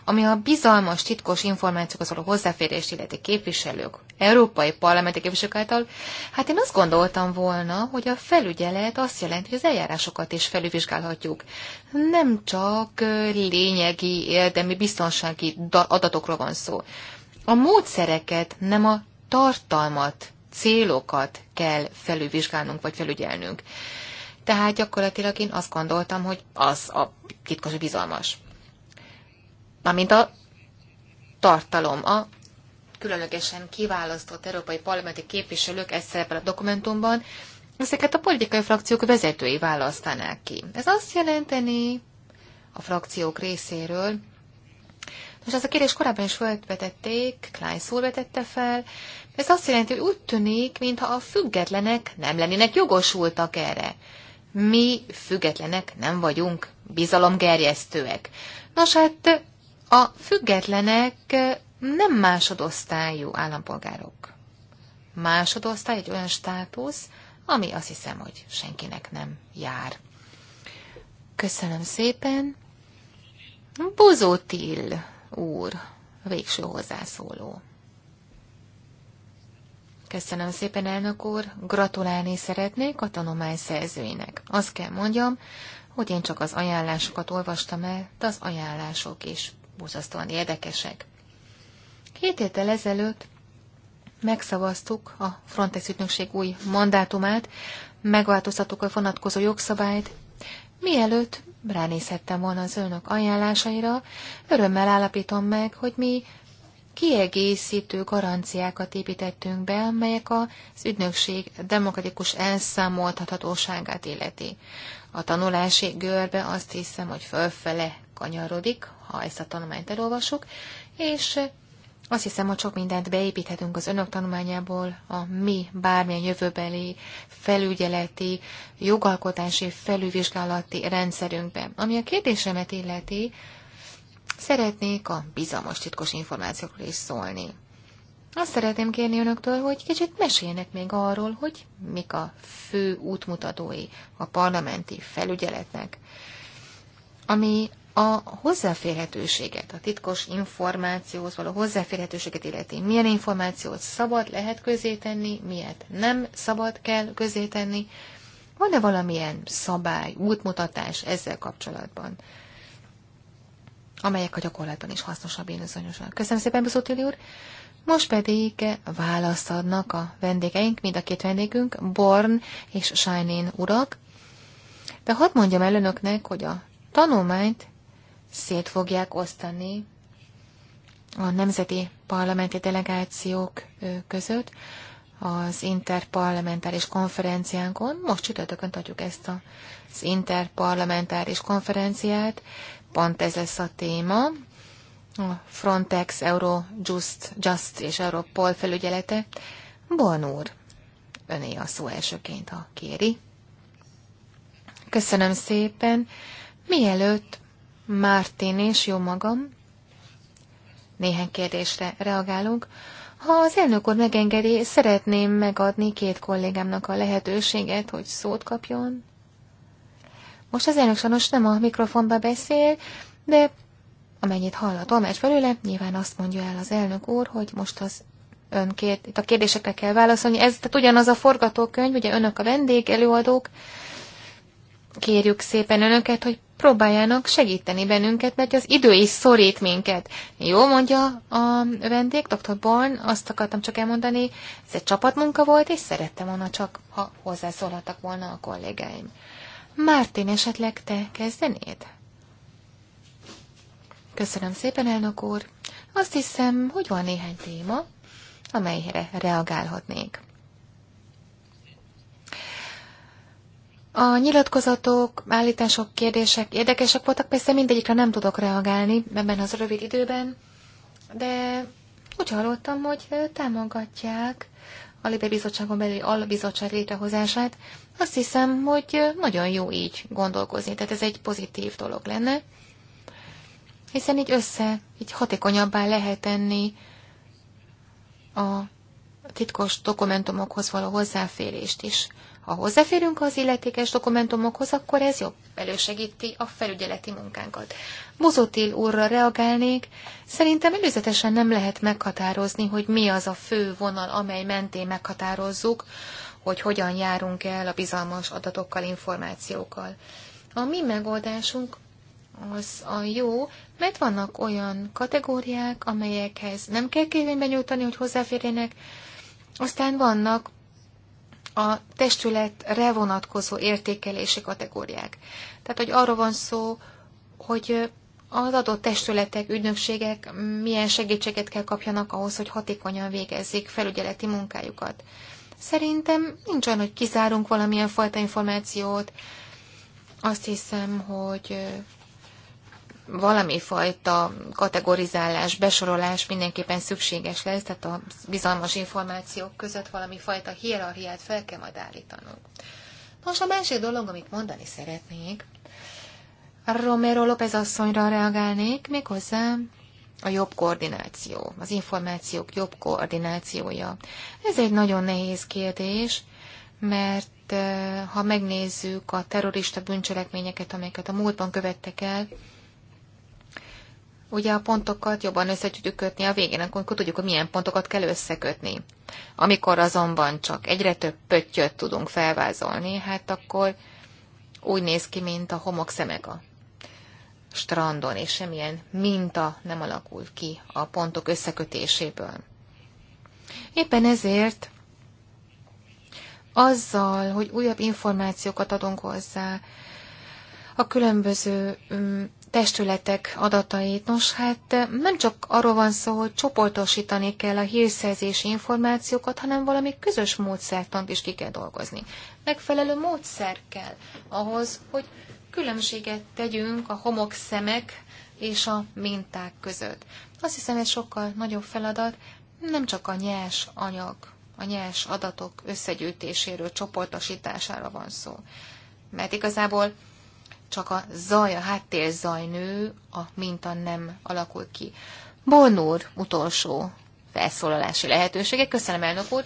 Ami a bizalmas, titkos információkhoz való hozzáférés illeti képviselők, európai parlamenti képviselők által, hát én azt gondoltam volna, hogy a felügyelet azt jelenti, hogy az eljárásokat is felülvizsgálhatjuk. Nem csak lényegi, érdemi, biztonsági adatokról van szó. A módszereket, nem a tartalmat célokat kell felülvizsgálnunk vagy felügyelnünk. Tehát gyakorlatilag én azt gondoltam, hogy az a titkos bizalmas. Mármint a tartalom, a különlegesen kiválasztott európai parlamenti képviselők, ez szerepel a dokumentumban, ezeket a politikai frakciók vezetői választanák ki. Ez azt jelenteni a frakciók részéről, most az a kérdést korábban is felvetették, Klein szól vetette fel, ez azt jelenti, hogy úgy tűnik, mintha a függetlenek nem lennének jogosultak erre. Mi függetlenek nem vagyunk bizalomgerjesztőek. Nos hát a függetlenek nem másodosztályú állampolgárok. Másodosztály egy olyan státusz, ami azt hiszem, hogy senkinek nem jár. Köszönöm szépen. Bozotil úr, végső hozzászóló. Köszönöm szépen, elnök úr. Gratulálni szeretnék a tanulmány szerzőinek. Azt kell mondjam, hogy én csak az ajánlásokat olvastam el, de az ajánlások is buzasztóan érdekesek. Két héttel ezelőtt megszavaztuk a Frontex ügynökség új mandátumát, megváltoztattuk a vonatkozó jogszabályt. Mielőtt ránézhettem volna az önök ajánlásaira, örömmel állapítom meg, hogy mi kiegészítő garanciákat építettünk be, amelyek az ügynökség demokratikus elszámoltathatóságát illeti. A tanulási görbe azt hiszem, hogy fölfele kanyarodik, ha ezt a tanulmányt elolvasok, és azt hiszem, hogy sok mindent beépíthetünk az önök tanulmányából, a mi bármilyen jövőbeli, felügyeleti, jogalkotási, felülvizsgálati rendszerünkbe. Ami a kérdésemet illeti, Szeretnék a bizalmas titkos információkról is szólni. Azt szeretném kérni önöktől, hogy kicsit meséljenek még arról, hogy mik a fő útmutatói a parlamenti felügyeletnek, ami a hozzáférhetőséget, a titkos információhoz való hozzáférhetőséget illeti. Milyen információt szabad lehet közétenni, miért nem szabad kell közétenni. Van-e valamilyen szabály, útmutatás ezzel kapcsolatban? amelyek a gyakorlatban is hasznosabb bizonyosan. Köszönöm szépen, Buszotili úr! Most pedig választ adnak a vendégeink, mind a két vendégünk, Born és Sajnén urak. De hadd mondjam el önöknek, hogy a tanulmányt szét fogják osztani a nemzeti parlamenti delegációk között az interparlamentáris konferenciánkon. Most csütörtökön tartjuk ezt az interparlamentáris konferenciát pont ez lesz a téma. A Frontex, Eurojust Just és Europol felügyelete. Bon úr, öné a szó elsőként, ha kéri. Köszönöm szépen. Mielőtt Mártin és jó magam néhány kérdésre reagálunk, ha az elnök úr megengedi, szeretném megadni két kollégámnak a lehetőséget, hogy szót kapjon. Most az elnök sajnos nem a mikrofonba beszél, de amennyit hall a tolmács belőle, nyilván azt mondja el az elnök úr, hogy most az ön két, itt a kérdésekre kell válaszolni. Ez tehát ugyanaz a forgatókönyv, ugye önök a vendég, előadók. Kérjük szépen önöket, hogy próbáljanak segíteni bennünket, mert az idő is szorít minket. Jó, mondja a vendég, dr. Born, azt akartam csak elmondani, ez egy csapatmunka volt, és szerettem volna csak, ha hozzászólhattak volna a kollégáim. Mártin, esetleg te kezdenéd? Köszönöm szépen, elnök úr. Azt hiszem, hogy van néhány téma, amelyre reagálhatnék. A nyilatkozatok, állítások, kérdések érdekesek voltak, persze mindegyikre nem tudok reagálni ebben az rövid időben, de úgy hallottam, hogy támogatják a Libe Bizottságon belüli albizottság létrehozását, azt hiszem, hogy nagyon jó így gondolkozni, tehát ez egy pozitív dolog lenne, hiszen így össze, így hatékonyabbá lehet tenni a titkos dokumentumokhoz való hozzáférést is. Ha hozzáférünk az illetékes dokumentumokhoz, akkor ez jobb elősegíti a felügyeleti munkánkat. Bozotil úrra reagálnék, szerintem előzetesen nem lehet meghatározni, hogy mi az a fő vonal, amely mentén meghatározzuk hogy hogyan járunk el a bizalmas adatokkal, információkkal. A mi megoldásunk az a jó, mert vannak olyan kategóriák, amelyekhez nem kell kérvényben nyújtani, hogy hozzáférjenek, aztán vannak a testületre vonatkozó értékelési kategóriák. Tehát, hogy arról van szó, hogy az adott testületek, ügynökségek milyen segítséget kell kapjanak ahhoz, hogy hatékonyan végezzék felügyeleti munkájukat. Szerintem nincs olyan, hogy kizárunk valamilyen fajta információt. Azt hiszem, hogy valami fajta kategorizálás, besorolás mindenképpen szükséges lesz, tehát a bizalmas információk között valami fajta hierarchiát fel kell majd állítanunk. Most a másik dolog, amit mondani szeretnék, Romero López asszonyra reagálnék, méghozzá a jobb koordináció, az információk jobb koordinációja. Ez egy nagyon nehéz kérdés, mert eh, ha megnézzük a terrorista bűncselekményeket, amelyeket a múltban követtek el, ugye a pontokat jobban össze tudjuk kötni a végén, akkor tudjuk, hogy milyen pontokat kell összekötni. Amikor azonban csak egyre több pöttyöt tudunk felvázolni, hát akkor úgy néz ki, mint a homok szemega strandon, és semmilyen minta nem alakul ki a pontok összekötéséből. Éppen ezért azzal, hogy újabb információkat adunk hozzá, a különböző mm, testületek adatait. Nos, hát eh, nem csak arról van szó, hogy csoportosítani kell a hírszerzési információkat, hanem valami közös módszertant is ki kell dolgozni. Megfelelő módszer kell ahhoz, hogy különbséget tegyünk a homokszemek és a minták között. Azt hiszem, ez sokkal nagyobb feladat, nem csak a nyers anyag, a nyers adatok összegyűjtéséről, csoportosítására van szó. Mert igazából csak a zaj, a háttérzaj nő, a minta nem alakul ki. Bornúr utolsó felszólalási lehetősége. Köszönöm, elnök úr!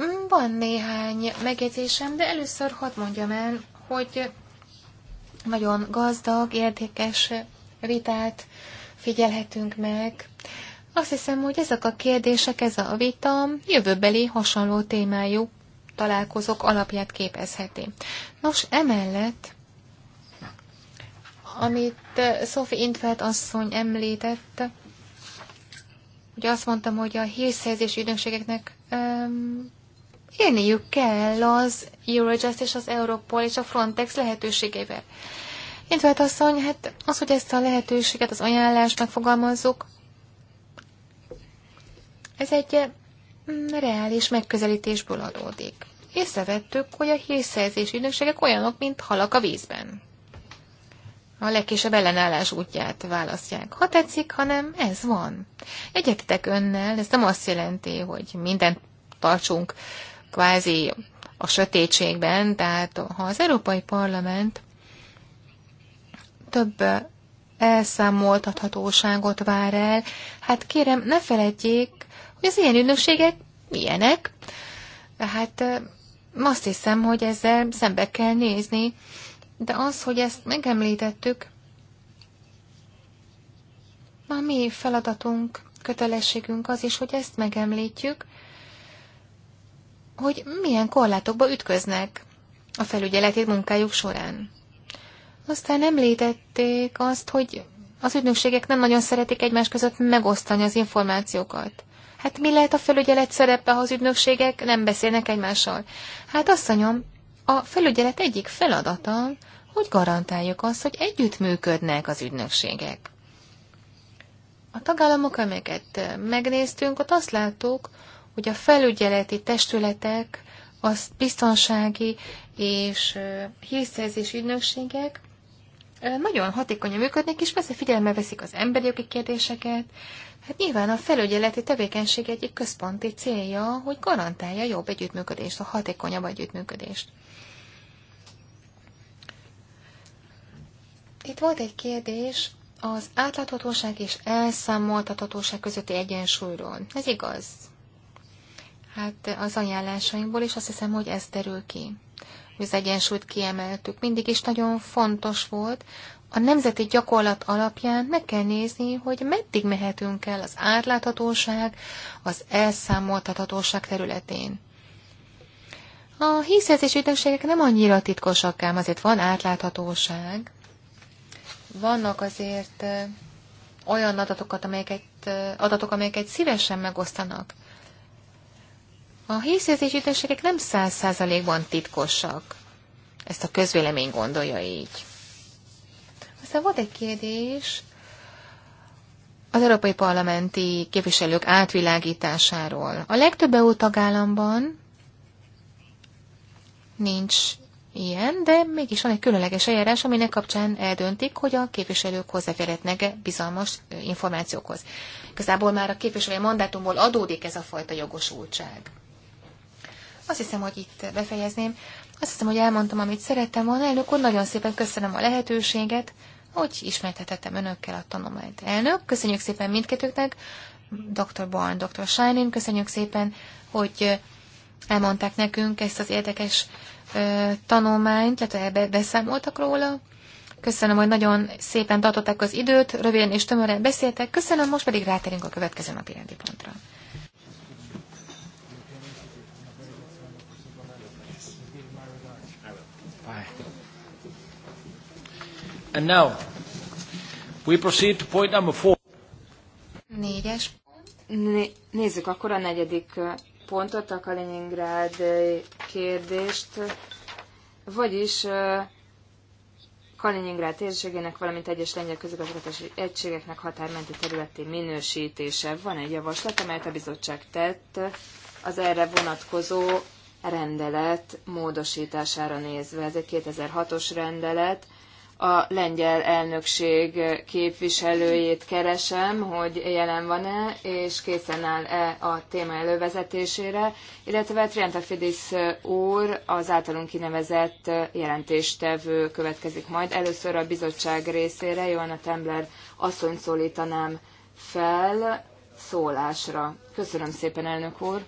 Mm, van néhány megjegyzésem, de először hadd mondjam el, hogy nagyon gazdag, érdekes vitát figyelhetünk meg. Azt hiszem, hogy ezek a kérdések, ez a vita jövőbeli hasonló témájú találkozók alapját képezheti. Nos, emellett, amit Sophie Intfeld asszony említett, ugye azt mondtam, hogy a hírszerzési ügynökségeknek élniük kell az Eurojust és az Europol és a Frontex lehetőségével. Én tehát asszony, hát az, hogy ezt a lehetőséget, az ajánlást megfogalmazzuk, ez egy mm, reális megközelítésből adódik. Észrevettük, hogy a hírszerzési ügynökségek olyanok, mint halak a vízben. A legkisebb ellenállás útját választják. Ha tetszik, hanem ez van. Egyetetek önnel, ez nem azt jelenti, hogy mindent tartsunk kvázi a sötétségben, tehát ha az Európai Parlament több elszámoltathatóságot vár el, hát kérem, ne felejtjék, hogy az ilyen ügynökségek milyenek. Hát azt hiszem, hogy ezzel szembe kell nézni, de az, hogy ezt megemlítettük, a mi feladatunk, kötelességünk az is, hogy ezt megemlítjük, hogy milyen korlátokba ütköznek a felügyeletét munkájuk során. Aztán említették azt, hogy az ügynökségek nem nagyon szeretik egymás között megosztani az információkat. Hát mi lehet a felügyelet szerepe, ha az ügynökségek nem beszélnek egymással? Hát asszonyom, a felügyelet egyik feladata, hogy garantáljuk azt, hogy együttműködnek az ügynökségek. A tagállamok, amelyeket megnéztünk, ott azt láttuk, hogy a felügyeleti testületek, az biztonsági és hírszerzési ügynökségek nagyon hatékonyan működnek, és persze figyelme veszik az emberi jogi kérdéseket. Hát nyilván a felügyeleti tevékenység egyik központi célja, hogy garantálja jobb együttműködést, a hatékonyabb együttműködést. Itt volt egy kérdés az átláthatóság és elszámoltathatóság közötti egyensúlyról. Ez igaz hát eh, az ajánlásainkból, és azt hiszem, hogy ez derül ki. Az egyensúlyt kiemeltük. Mindig is nagyon fontos volt, a nemzeti gyakorlat alapján meg kell nézni, hogy meddig mehetünk el az átláthatóság, az elszámoltathatóság területén. A hírszerzési ügynökségek nem annyira titkosak ám, azért van átláthatóság. Vannak azért eh, olyan adatokat, amelyeket, eh, adatok, amelyeket szívesen megosztanak. A hírszerzési ügynökségek nem száz százalékban titkosak. Ezt a közvélemény gondolja így. Aztán volt egy kérdés az európai parlamenti képviselők átvilágításáról. A legtöbb EU tagállamban nincs ilyen, de mégis van egy különleges eljárás, aminek kapcsán eldöntik, hogy a képviselők hozzáférhetnek-e bizalmas információkhoz. Igazából már a képviselői mandátumból adódik ez a fajta jogosultság. Azt hiszem, hogy itt befejezném. Azt hiszem, hogy elmondtam, amit szerettem volna. Elnök úr, nagyon szépen köszönöm a lehetőséget, hogy ismertetettem önökkel a tanulmányt. Elnök, köszönjük szépen mindkettőknek, dr. Barn, dr. Shinin, köszönjük szépen, hogy elmondták nekünk ezt az érdekes ö, tanulmányt, illetve beszámoltak róla. Köszönöm, hogy nagyon szépen tartották az időt, röviden és tömören beszéltek. Köszönöm, most pedig ráterünk a következő napi rendi pontra. And now, we proceed to point number four. Négyes pont. Né- nézzük akkor a negyedik pontot, a Kaliningrád kérdést, vagyis Kaliningrád térségének, valamint egyes lengyel közigazgatási egységeknek határmenti területi minősítése. Van egy javaslat, amelyet a bizottság tett az erre vonatkozó rendelet módosítására nézve. Ez egy 2006-os rendelet, a lengyel elnökség képviselőjét keresem, hogy jelen van-e, és készen áll-e a téma elővezetésére, illetve Trianta Fidis úr, az általunk kinevezett jelentéstevő következik majd. Először a bizottság részére Joanna Tembler asszony szólítanám fel szólásra. Köszönöm szépen, elnök úr!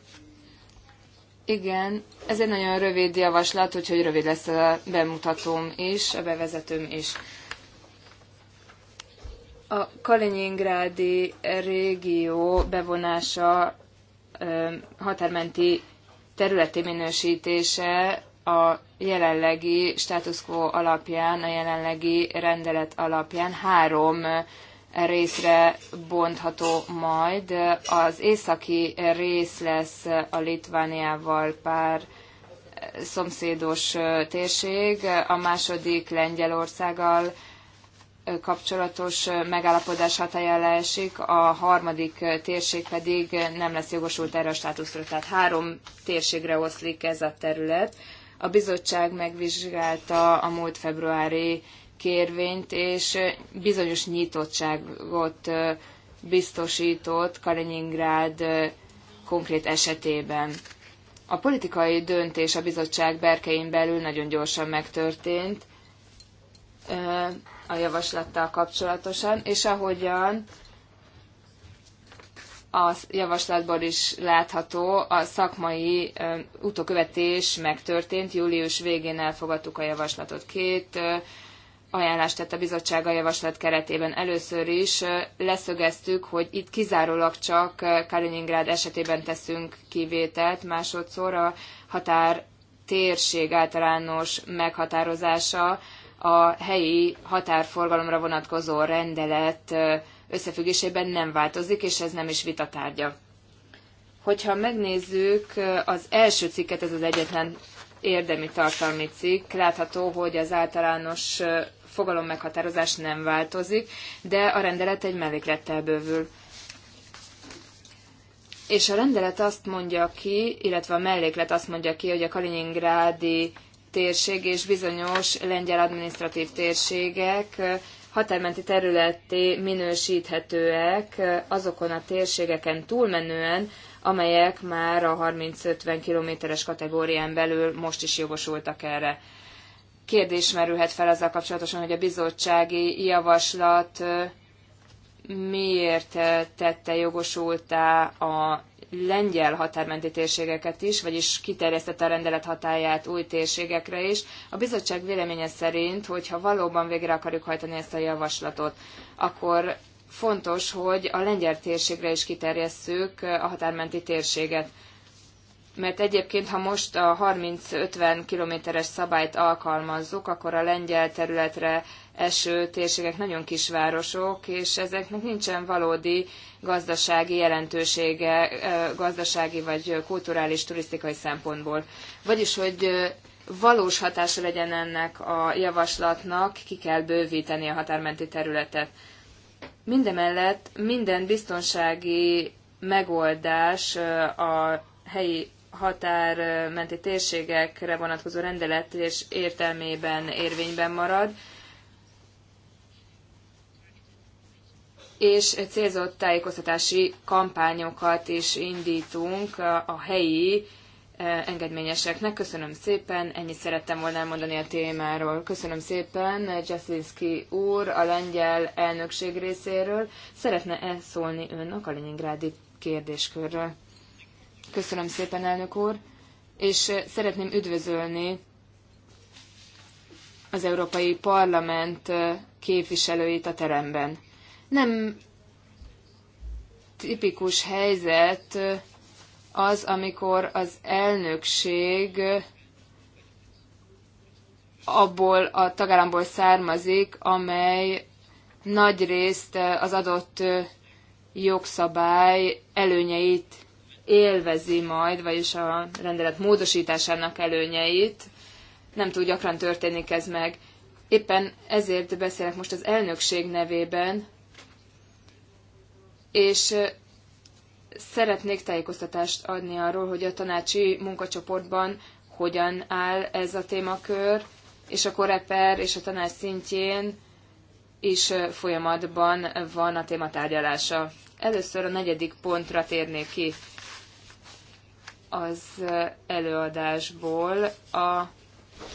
Igen, ez egy nagyon rövid javaslat, úgyhogy rövid lesz a bemutatóm is, a bevezetőm is. A Kaliningrádi régió bevonása határmenti területi minősítése a jelenlegi státuszkó alapján, a jelenlegi rendelet alapján három részre bontható majd. Az északi rész lesz a Litvániával pár eh, szomszédos eh, térség, a második Lengyelországgal eh, kapcsolatos megállapodás hatájára esik, a harmadik térség pedig nem lesz jogosult erre a státuszra. Tehát három térségre oszlik ez a terület. A bizottság megvizsgálta a múlt februári kérvényt, és bizonyos nyitottságot biztosított Kaliningrád konkrét esetében. A politikai döntés a bizottság berkein belül nagyon gyorsan megtörtént a javaslattal kapcsolatosan, és ahogyan a javaslatból is látható, a szakmai utókövetés megtörtént. Július végén elfogadtuk a javaslatot. Két ajánlást tett a bizottság a javaslat keretében. Először is leszögeztük, hogy itt kizárólag csak Kaliningrád esetében teszünk kivételt, másodszor a határ térség általános meghatározása a helyi határforgalomra vonatkozó rendelet összefüggésében nem változik, és ez nem is vitatárgya. Hogyha megnézzük az első cikket, ez az egyetlen érdemi tartalmi cikk, látható, hogy az általános fogalom meghatározás nem változik, de a rendelet egy melléklettel bővül. És a rendelet azt mondja ki, illetve a melléklet azt mondja ki, hogy a Kaliningrádi térség és bizonyos lengyel adminisztratív térségek határmenti területté minősíthetőek azokon a térségeken túlmenően, amelyek már a 30-50 kilométeres kategórián belül most is jogosultak erre kérdés merülhet fel azzal kapcsolatosan, hogy a bizottsági javaslat miért tette jogosultá a lengyel határmenti térségeket is, vagyis kiterjesztette a rendelet hatáját új térségekre is. A bizottság véleménye szerint, hogyha valóban végre akarjuk hajtani ezt a javaslatot, akkor fontos, hogy a lengyel térségre is kiterjesszük a határmenti térséget mert egyébként, ha most a 30-50 kilométeres szabályt alkalmazzuk, akkor a lengyel területre eső térségek nagyon kisvárosok, és ezeknek nincsen valódi gazdasági jelentősége, gazdasági vagy kulturális, turisztikai szempontból. Vagyis, hogy valós hatása legyen ennek a javaslatnak, ki kell bővíteni a határmenti területet. Mindemellett minden biztonsági megoldás a helyi határmenti térségekre vonatkozó rendelet és értelmében érvényben marad, és célzott tájékoztatási kampányokat is indítunk a helyi e, engedményeseknek. Köszönöm szépen, ennyit szerettem volna elmondani a témáról. Köszönöm szépen Jaszinski úr a lengyel elnökség részéről. Szeretne szólni ön a Kaliningrádi kérdéskörről. Köszönöm szépen, elnök úr, és szeretném üdvözölni az Európai Parlament képviselőit a teremben. Nem tipikus helyzet az, amikor az elnökség abból a tagállamból származik, amely nagyrészt az adott jogszabály előnyeit élvezi majd, vagyis a rendelet módosításának előnyeit. Nem túl gyakran történik ez meg. Éppen ezért beszélek most az elnökség nevében, és szeretnék tájékoztatást adni arról, hogy a tanácsi munkacsoportban hogyan áll ez a témakör, és a koreper és a tanács szintjén is folyamatban van a téma tárgyalása. Először a negyedik pontra térnék ki az előadásból. A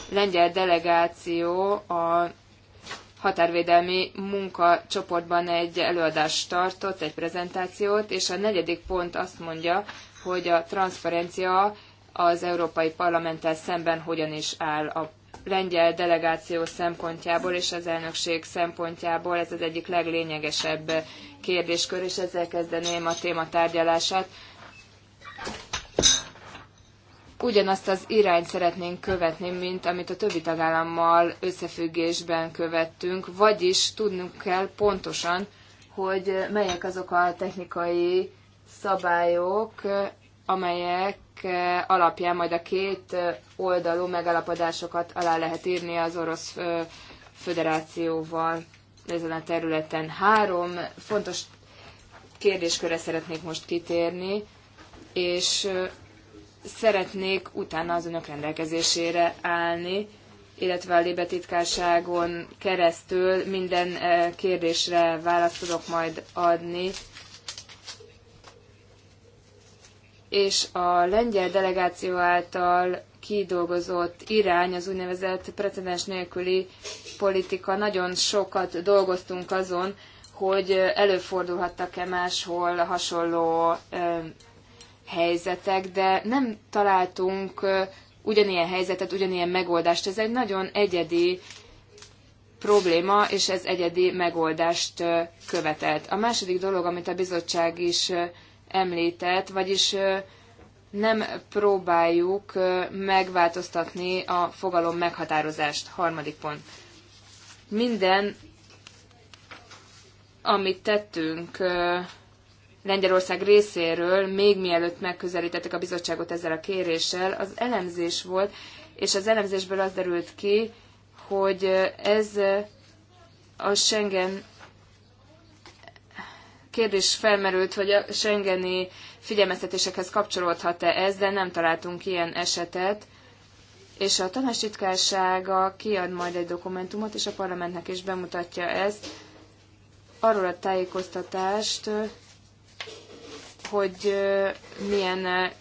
lengyel delegáció a határvédelmi munkacsoportban egy előadást tartott, egy prezentációt, és a negyedik pont azt mondja, hogy a transzparencia az Európai Parlamenttel szemben hogyan is áll a lengyel delegáció szempontjából és az elnökség szempontjából. Ez az egyik leglényegesebb kérdéskör, és ezzel kezdeném a téma tárgyalását ugyanazt az irányt szeretnénk követni, mint amit a többi tagállammal összefüggésben követtünk, vagyis tudnunk kell pontosan, hogy melyek azok a technikai szabályok, amelyek alapján majd a két oldalú megalapodásokat alá lehet írni az orosz föderációval ezen a területen. Három fontos kérdéskörre szeretnék most kitérni, és szeretnék utána az önök rendelkezésére állni, illetve a Libe titkárságon keresztül minden eh, kérdésre választ tudok majd adni. És a lengyel delegáció által kidolgozott irány, az úgynevezett precedens nélküli politika, nagyon sokat dolgoztunk azon, hogy előfordulhattak-e máshol hasonló eh, helyzetek, de nem találtunk ugyanilyen helyzetet, ugyanilyen megoldást. Ez egy nagyon egyedi probléma, és ez egyedi megoldást követelt. A második dolog, amit a bizottság is említett, vagyis nem próbáljuk megváltoztatni a fogalom meghatározást. Harmadik pont. Minden, amit tettünk Lengyelország részéről, még mielőtt megközelítettek a bizottságot ezzel a kéréssel, az elemzés volt, és az elemzésből az derült ki, hogy ez a Schengen kérdés felmerült, hogy a Schengeni figyelmeztetésekhez kapcsolódhat-e ez, de nem találtunk ilyen esetet. És a tanácsitkársága kiad majd egy dokumentumot, és a parlamentnek is bemutatja ezt, arról a tájékoztatást, hogy milyen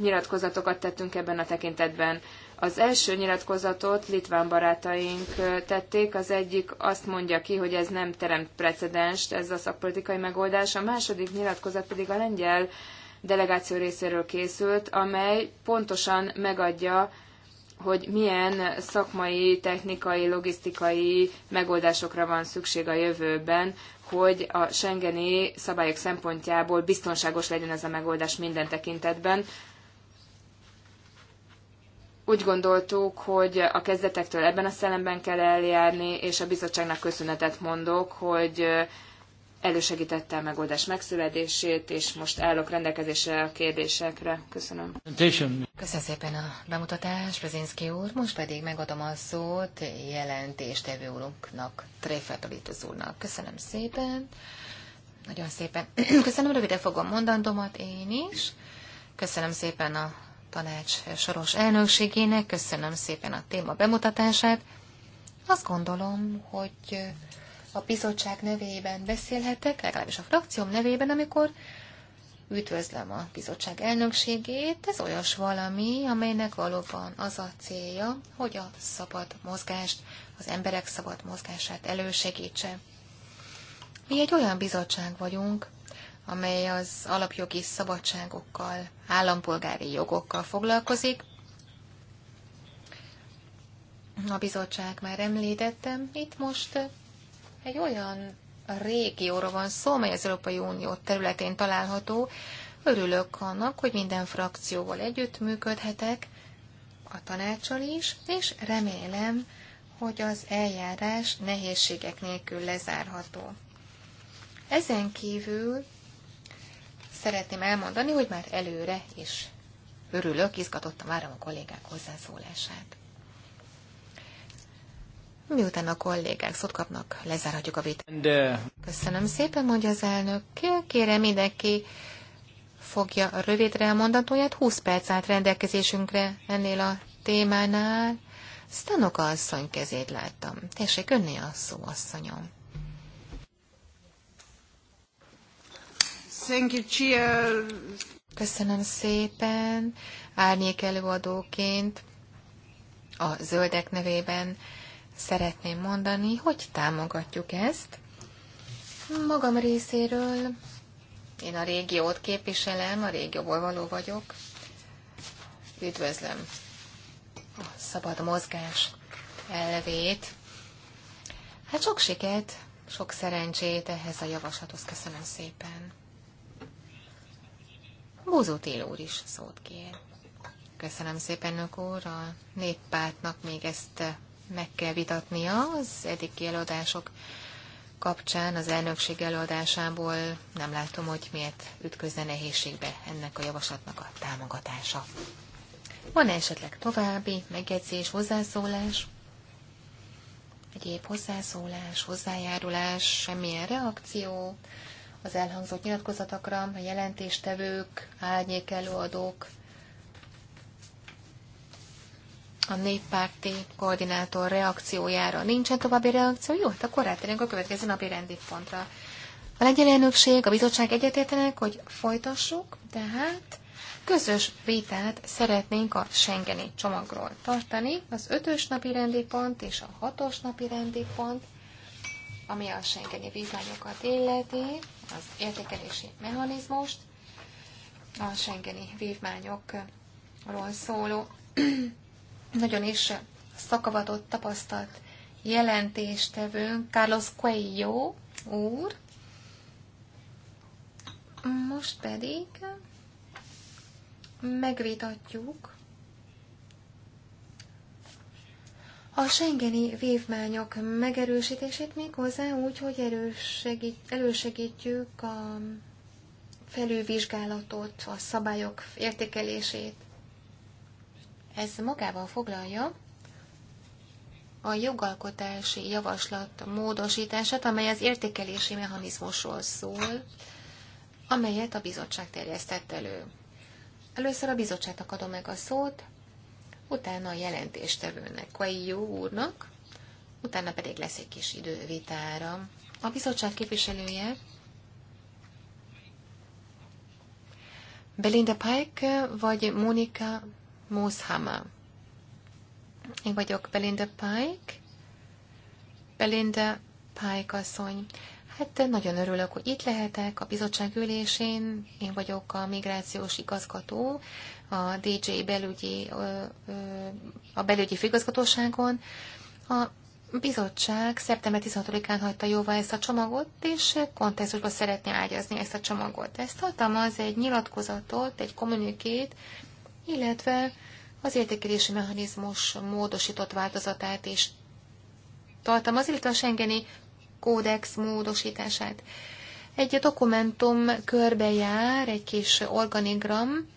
nyilatkozatokat tettünk ebben a tekintetben. Az első nyilatkozatot litván barátaink tették, az egyik azt mondja ki, hogy ez nem teremt precedenst, ez a szakpolitikai megoldás, a második nyilatkozat pedig a lengyel delegáció részéről készült, amely pontosan megadja, hogy milyen szakmai, technikai, logisztikai megoldásokra van szükség a jövőben hogy a Schengeni szabályok szempontjából biztonságos legyen ez a megoldás minden tekintetben. Úgy gondoltuk, hogy a kezdetektől ebben a szellemben kell eljárni, és a bizottságnak köszönetet mondok, hogy elősegítette a megoldás megszületését, és most állok rendelkezésre a kérdésekre. Köszönöm. Köszönöm szépen a bemutatás, Brezinszki úr. Most pedig megadom a szót jelentéstevő úrunknak, Tréfertalitus úrnak. Köszönöm szépen. Nagyon szépen. [CLEARS THROAT] Köszönöm, röviden fogom mondandomat én is. Köszönöm szépen a tanács soros elnökségének, köszönöm szépen a téma bemutatását. Azt gondolom, hogy a bizottság nevében beszélhetek, legalábbis a frakcióm nevében, amikor üdvözlöm a bizottság elnökségét. Ez olyas valami, amelynek valóban az a célja, hogy a szabad mozgást, az emberek szabad mozgását elősegítse. Mi egy olyan bizottság vagyunk, amely az alapjogi szabadságokkal, állampolgári jogokkal foglalkozik. A bizottság már említettem, itt most egy olyan régióra van szó, mely az Európai Unió területén található. Örülök annak, hogy minden frakcióval együttműködhetek, a tanácsal is, és remélem, hogy az eljárás nehézségek nélkül lezárható. Ezen kívül szeretném elmondani, hogy már előre is örülök, izgatottan várom a kollégák hozzászólását. Miután a kollégák szót kapnak, lezárhatjuk a vitát. De... Uh, Köszönöm szépen, mondja az elnök. Kérem mindenki fogja rövidre a mondatóját, 20 perc át rendelkezésünkre ennél a témánál. Stanoka asszony kezét láttam. Tessék, önné a szó, asszonyom. Thank you, Köszönöm szépen. Árnyék előadóként a zöldek nevében szeretném mondani, hogy támogatjuk ezt. Magam részéről én a régiót képviselem, a régióból való vagyok. Üdvözlöm a szabad mozgás elvét. Hát sok sikert, sok szerencsét ehhez a javaslathoz. Köszönöm szépen. Búzótél úr is szót kér. Köszönöm szépen, nök úr. A néppártnak még ezt meg kell vitatnia az eddigi előadások kapcsán, az elnökség előadásából nem látom, hogy miért ütközne nehézségbe ennek a javaslatnak a támogatása. van -e esetleg további megjegyzés, hozzászólás? Egyéb hozzászólás, hozzájárulás, semmilyen reakció az elhangzott nyilatkozatokra, a jelentéstevők, árnyék előadók, a néppárti koordinátor reakciójára nincsen további reakció, jó, hát akkor rátérünk a következő napi rendi pontra. A legyen elnökség, a bizottság egyetértenek, hogy folytassuk, tehát közös vitát szeretnénk a Schengeni csomagról tartani. Az ötös napi rendi pont és a hatos napi rendi pont, ami a Schengeni vívmányokat illeti, az értékelési mechanizmust, a Schengeni vívmányokról szóló nagyon is szakavatott, tapasztalt jelentéstevőnk, Carlos Coelho úr. Most pedig megvitatjuk a Schengeni vívmányok megerősítését méghozzá úgy, hogy elősegít, elősegítjük a felülvizsgálatot, a szabályok értékelését, ez magával foglalja a jogalkotási javaslat módosítását, amely az értékelési mechanizmusról szól, amelyet a bizottság terjesztett elő. Először a bizottságnak adom meg a szót, utána a jelentéstevőnek, jó úrnak, utána pedig lesz egy kis idővitára. A bizottság képviselője Belinda Pike vagy Monika Mushama. Én vagyok Belinda Pike. Belinda Pike asszony. Hát nagyon örülök, hogy itt lehetek a bizottság ülésén. Én vagyok a migrációs igazgató, a DJ belügyi, a belügyi főigazgatóságon. A bizottság szeptember 16-án hagyta jóvá ezt a csomagot, és kontextusba szeretné ágyazni ezt a csomagot. Ez tartalmaz egy nyilatkozatot, egy kommunikét illetve az értékelési mechanizmus módosított változatát is tartalmaz, illetve a Schengeni kódex módosítását. Egy dokumentum körbejár, egy kis organigram,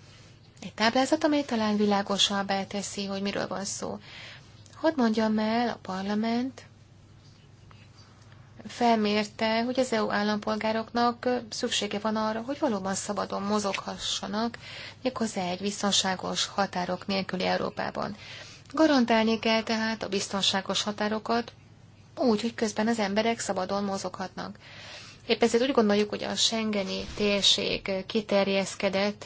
egy táblázat, amely talán világosabbá teszi, hogy miről van szó. Hadd mondjam el, a parlament felmérte, hogy az EU állampolgároknak szüksége van arra, hogy valóban szabadon mozoghassanak, méghozzá egy biztonságos határok nélküli Európában. Garantálni kell tehát a biztonságos határokat úgy, hogy közben az emberek szabadon mozoghatnak. Épp ezért úgy gondoljuk, hogy a Schengeni térség kiterjeszkedett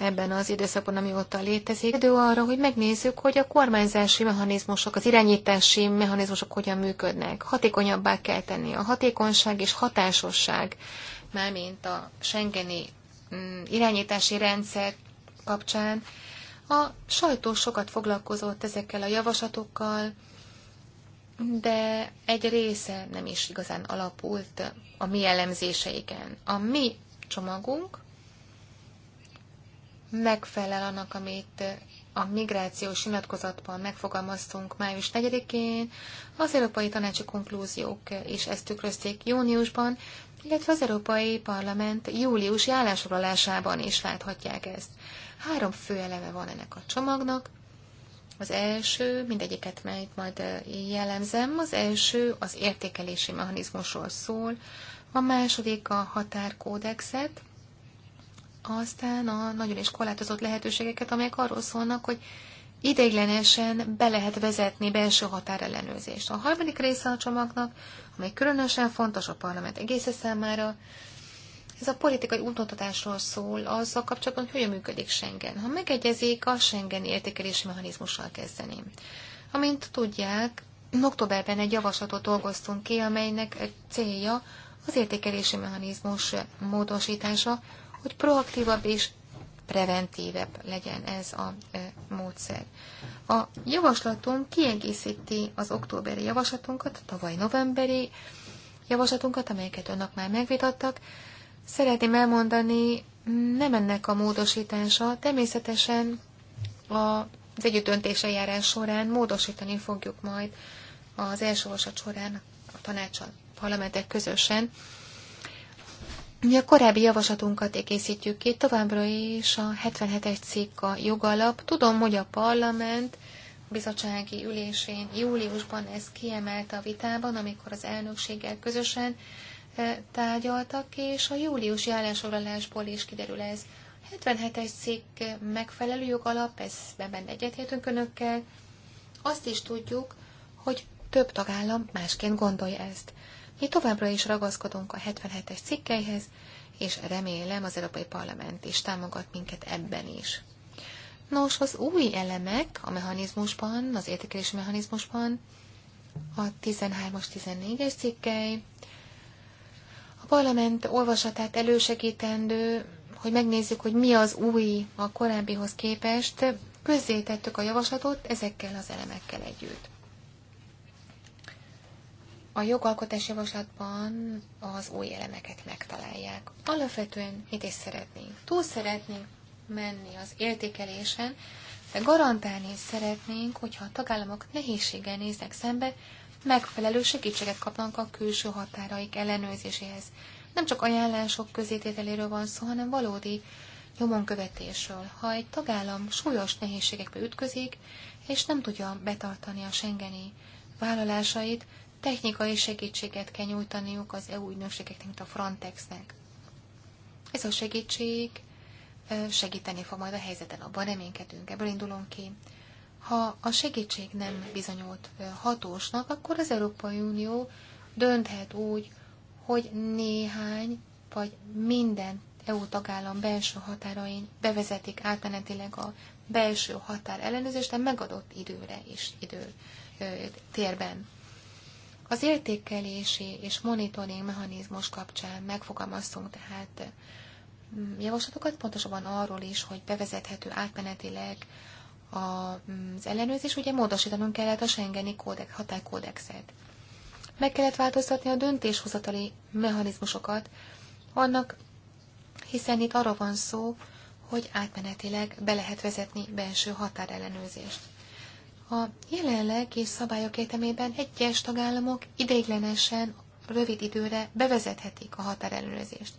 ebben az időszakban, amióta létezik. Idő arra, hogy megnézzük, hogy a kormányzási mechanizmusok, az irányítási mechanizmusok hogyan működnek. Hatékonyabbá kell tenni a hatékonyság és hatásosság, mármint a Schengeni mm, irányítási rendszer kapcsán. A sajtó sokat foglalkozott ezekkel a javaslatokkal, de egy része nem is igazán alapult a mi elemzéseiken. A mi csomagunk megfelel annak, amit a migrációs nyilatkozatban megfogalmaztunk május 4-én, az Európai Tanácsi konklúziók is ezt tükrözték júniusban, illetve az Európai Parlament júliusi állásfoglalásában is láthatják ezt. Három fő eleme van ennek a csomagnak. Az első, mindegyiket majd, majd eh, jellemzem, az első az értékelési mechanizmusról szól, a második a határkódexet, aztán a nagyon is korlátozott lehetőségeket, amelyek arról szólnak, hogy ideiglenesen be lehet vezetni belső határellenőrzést. A harmadik része a csomagnak, amely különösen fontos a parlament egésze számára, ez a politikai útmutatásról szól azzal kapcsolatban, hogy hogyan működik Schengen. Ha megegyezik, a Schengeni értékelési mechanizmussal kezdeném. Amint tudják, októberben egy javaslatot dolgoztunk ki, amelynek célja az értékelési mechanizmus módosítása hogy proaktívabb és preventívebb legyen ez a módszer. A javaslatunk kiegészíti az októberi javaslatunkat, tavaly novemberi javaslatunkat, amelyeket önök már megvitattak. Szeretném elmondani, nem ennek a módosítása, természetesen az együttöntés eljárás során módosítani fogjuk majd az első során a tanácsal parlamentek közösen mi a korábbi javaslatunkat készítjük ki, továbbra is a 77-es cikk a jogalap. Tudom, hogy a parlament bizottsági ülésén júliusban ez kiemelte a vitában, amikor az elnökséggel közösen e, tárgyaltak, és a júliusi állásfoglalásból is kiderül ez. 77-es cikk megfelelő jogalap, ez benne egyetértünk önökkel. Azt is tudjuk, hogy több tagállam másként gondolja ezt. Mi továbbra is ragaszkodunk a 77-es cikkeihez, és remélem az Európai Parlament is támogat minket ebben is. Nos, az új elemek a mechanizmusban, az értékelési mechanizmusban, a 13-as, 14-es cikkei, a parlament olvasatát elősegítendő, hogy megnézzük, hogy mi az új a korábbihoz képest, közzétettük a javaslatot ezekkel az elemekkel együtt a jogalkotás javaslatban az új elemeket megtalálják. Alapvetően mit is szeretnénk? Túl szeretnénk menni az értékelésen, de garantálni szeretnénk, hogyha a tagállamok nehézséggel néznek szembe, megfelelő segítséget kapnak a külső határaik ellenőrzéséhez. Nem csak ajánlások közétételéről van szó, hanem valódi nyomon követésről. Ha egy tagállam súlyos nehézségekbe ütközik, és nem tudja betartani a Schengeni vállalásait, technikai segítséget kell nyújtaniuk az EU ügynökségeknek, mint a Frontexnek. Ez a segítség segíteni fog majd a helyzeten, abban reménykedünk, ebből indulunk ki. Ha a segítség nem bizonyult hatósnak, akkor az Európai Unió dönthet úgy, hogy néhány vagy minden EU tagállam belső határain bevezetik átmenetileg a belső határ ellenőrzést, de megadott időre és idő térben. Az értékelési és monitoring mechanizmus kapcsán megfogalmaztunk tehát mm, javaslatokat, pontosabban arról is, hogy bevezethető átmenetileg az ellenőrzés, ugye módosítanunk kellett a Schengeni kódex, határkódexet. Meg kellett változtatni a döntéshozatali mechanizmusokat, annak, hiszen itt arra van szó, hogy átmenetileg be lehet vezetni belső határellenőrzést. A és szabályok értelmében egyes tagállamok ideiglenesen rövid időre bevezethetik a határelőrzést.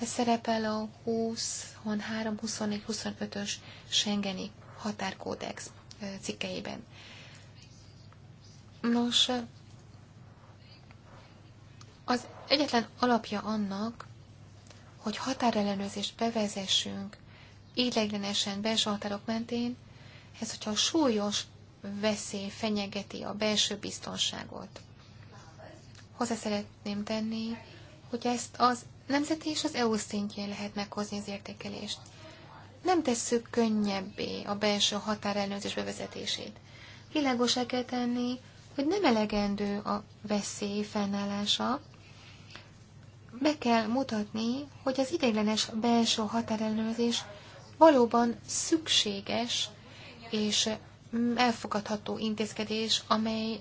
Ez szerepel a 23, 24, 25-ös Schengeni határkódex cikkeiben. Nos, az egyetlen alapja annak, hogy határellenőrzést bevezessünk ideiglenesen belső határok mentén, ez, hogyha súlyos veszély fenyegeti a belső biztonságot. Hozzá szeretném tenni, hogy ezt az nemzeti és az EU szintjén lehet meghozni az értékelést. Nem tesszük könnyebbé a belső határellenőrzés bevezetését. Világosá kell tenni, hogy nem elegendő a veszély fennállása, be kell mutatni, hogy az ideiglenes belső határellenőrzés valóban szükséges és elfogadható intézkedés, amely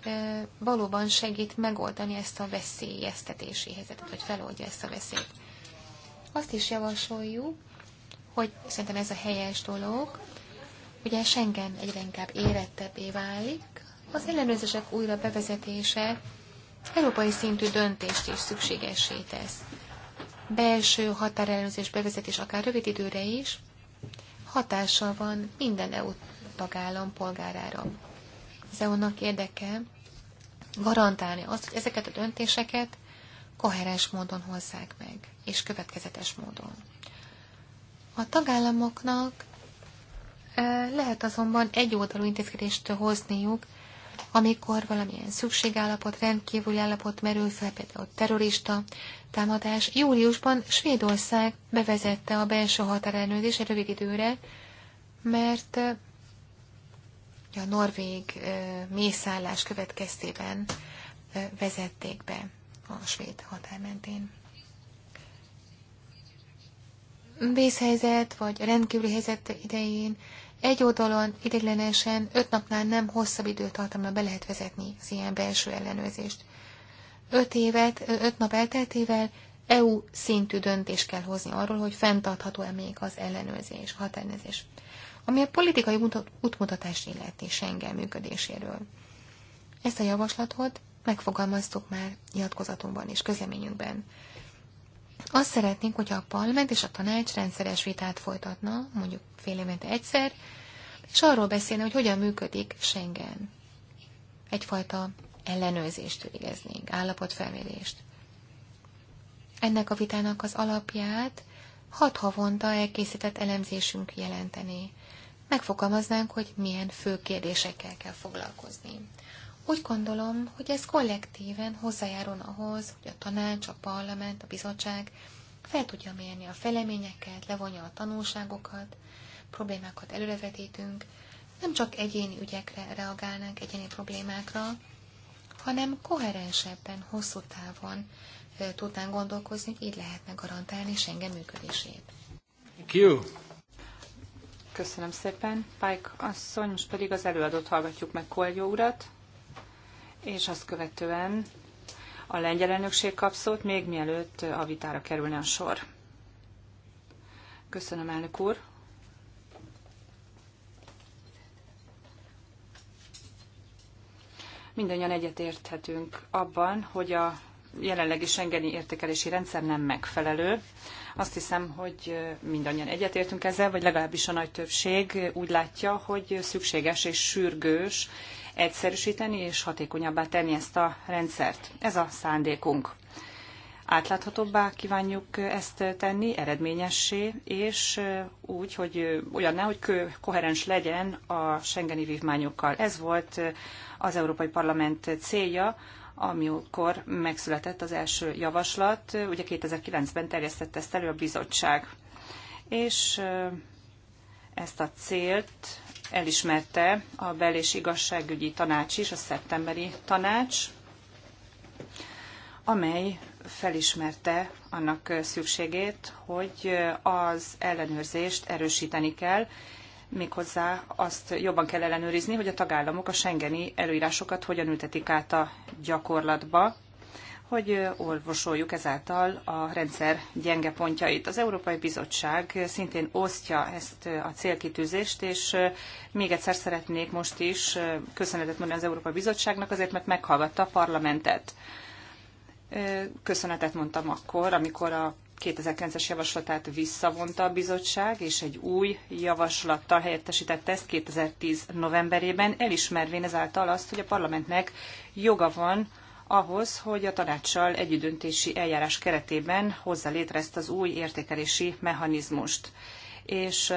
valóban segít megoldani ezt a veszélyeztetési helyzetet, vagy feloldja ezt a veszélyt. Azt is javasoljuk, hogy szerintem ez a helyes dolog, ugye Schengen egyre inkább érettebbé válik, az ellenőrzések újra bevezetése európai szintű döntést is szükségessé tesz. Belső határellenőrzés bevezetés akár rövid időre is hatással van minden EU tagállam polgárára. Az EU-nak érdeke garantálni azt, hogy ezeket a döntéseket koherens módon hozzák meg, és következetes módon. A tagállamoknak e, lehet azonban egy oldalú intézkedést hozniuk, amikor valamilyen szükségállapot, rendkívüli állapot merül fel, például terrorista támadás. Júliusban Svédország bevezette a belső határellenőrzést egy rövid időre, mert a norvég mészállás következtében vezették be a svéd határmentén. Vészhelyzet vagy rendkívüli helyzet idején egy oldalon ideiglenesen öt napnál nem hosszabb időtartamra be lehet vezetni az ilyen belső ellenőrzést. Öt évet, öt nap elteltével EU szintű döntés kell hozni arról, hogy fenntartható-e még az ellenőrzés, határnőrzés ami a politikai útmutatás illeti Schengen működéséről. Ezt a javaslatot megfogalmaztuk már nyilatkozatunkban és közleményünkben. Azt szeretnénk, hogyha a parlament és a tanács rendszeres vitát folytatna, mondjuk fél évente egyszer, és arról beszélne, hogy hogyan működik Schengen. Egyfajta ellenőrzést végeznénk, állapotfelmérést. Ennek a vitának az alapját hat havonta elkészített elemzésünk jelenteni megfogalmaznánk, hogy milyen fő kérdésekkel kell foglalkozni. Úgy gondolom, hogy ez kollektíven hozzájárul ahhoz, hogy a tanács, a parlament, a bizottság fel tudja mérni a feleményeket, levonja a tanulságokat, problémákat előrevetítünk, nem csak egyéni ügyekre reagálnánk, egyéni problémákra, hanem koherensebben, hosszú távon tudnánk gondolkozni, hogy így lehetne garantálni Schengen működését. Thank you. Köszönöm szépen. Pajk, asszony, most pedig az előadót hallgatjuk meg Kolgyó urat, és azt követően a lengyel elnökség kap szót, még mielőtt a vitára kerülne a sor. Köszönöm, elnök úr. Mindannyian egyetérthetünk abban, hogy a jelenlegi Schengeni értékelési rendszer nem megfelelő. Azt hiszem, hogy mindannyian egyetértünk ezzel, vagy legalábbis a nagy többség úgy látja, hogy szükséges és sürgős egyszerűsíteni és hatékonyabbá tenni ezt a rendszert. Ez a szándékunk. Átláthatóbbá kívánjuk ezt tenni, eredményessé, és úgy, hogy ne, hogy koherens legyen a Schengeni vívmányokkal. Ez volt az Európai Parlament célja, amikor megszületett az első javaslat, ugye 2009-ben terjesztette ezt elő a bizottság. És ezt a célt elismerte a bel- és igazságügyi tanács is, a szeptemberi tanács, amely felismerte annak szükségét, hogy az ellenőrzést erősíteni kell, méghozzá azt jobban kell ellenőrizni, hogy a tagállamok a Schengeni előírásokat hogyan ültetik át a gyakorlatba, hogy orvosoljuk ezáltal a rendszer gyenge pontjait. Az Európai Bizottság szintén osztja ezt a célkitűzést, és még egyszer szeretnék most is köszönetet mondani az Európai Bizottságnak azért, mert meghallgatta a parlamentet. Köszönetet mondtam akkor, amikor a 2009-es javaslatát visszavonta a bizottság, és egy új javaslattal helyettesített ezt 2010 novemberében, elismervén ezáltal azt, hogy a parlamentnek joga van ahhoz, hogy a tanácssal együdöntési eljárás keretében hozza létre ezt az új értékelési mechanizmust. És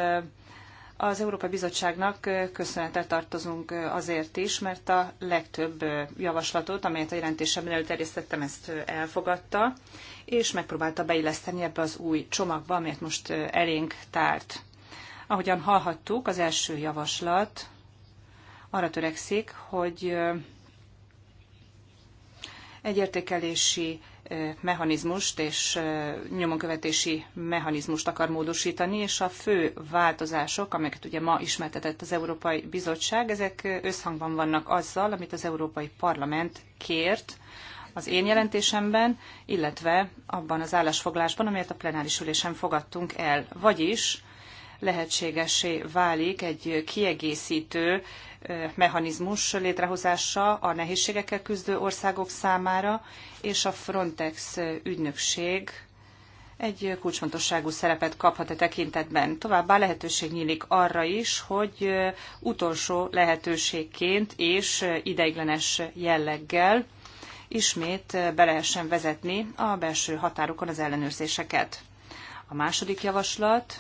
az Európai Bizottságnak köszönetet tartozunk azért is, mert a legtöbb javaslatot, amelyet a jelentésemben előterjesztettem, ezt elfogadta, és megpróbálta beilleszteni ebbe az új csomagba, amelyet most elénk tárt. Ahogyan hallhattuk, az első javaslat arra törekszik, hogy egy értékelési mechanizmust és nyomonkövetési mechanizmust akar módosítani, és a fő változások, amelyeket ugye ma ismertetett az Európai Bizottság, ezek összhangban vannak azzal, amit az Európai Parlament kért az én jelentésemben, illetve abban az állásfoglásban, amelyet a plenáris ülésen fogadtunk el. Vagyis lehetségesé válik egy kiegészítő mechanizmus létrehozása a nehézségekkel küzdő országok számára, és a Frontex ügynökség egy kulcsfontosságú szerepet kaphat a e tekintetben. Továbbá lehetőség nyílik arra is, hogy utolsó lehetőségként és ideiglenes jelleggel ismét be lehessen vezetni a belső határokon az ellenőrzéseket. A második javaslat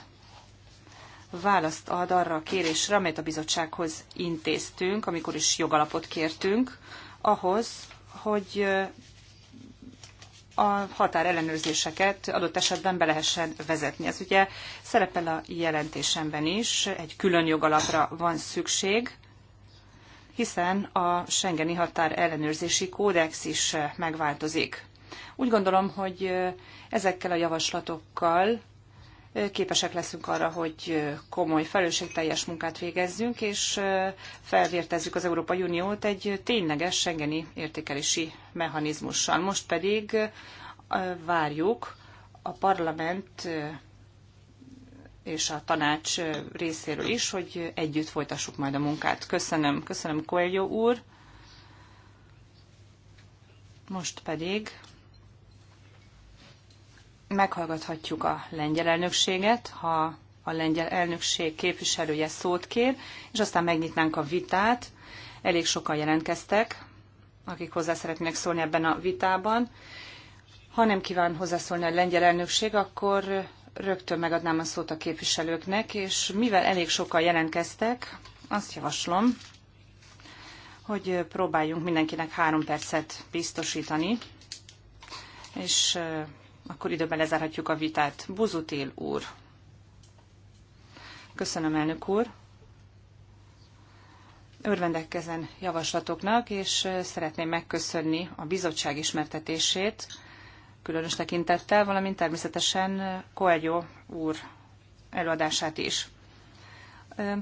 választ ad arra a kérésre, amelyet a bizottsághoz intéztünk, amikor is jogalapot kértünk, ahhoz, hogy a határellenőrzéseket adott esetben be lehessen vezetni. Ez ugye szerepel a jelentésemben is, egy külön jogalapra van szükség, hiszen a Schengeni határ ellenőrzési kódex is megváltozik. Úgy gondolom, hogy ezekkel a javaslatokkal képesek leszünk arra, hogy komoly, felelősségteljes munkát végezzünk, és felvértezzük az Európai Uniót egy tényleges Schengeni értékelési mechanizmussal. Most pedig várjuk a parlament és a tanács részéről is, hogy együtt folytassuk majd a munkát. Köszönöm, köszönöm Coelho úr. Most pedig meghallgathatjuk a lengyel elnökséget, ha a lengyel elnökség képviselője szót kér, és aztán megnyitnánk a vitát. Elég sokan jelentkeztek, akik hozzá szeretnének szólni ebben a vitában. Ha nem kíván hozzászólni a lengyel elnökség, akkor rögtön megadnám a szót a képviselőknek, és mivel elég sokan jelentkeztek, azt javaslom, hogy próbáljunk mindenkinek három percet biztosítani, és akkor időben lezárhatjuk a vitát. Buzutél úr. Köszönöm, elnök úr. Örvendek ezen javaslatoknak, és szeretném megköszönni a bizottság ismertetését, különös tekintettel, valamint természetesen Koelgyó úr előadását is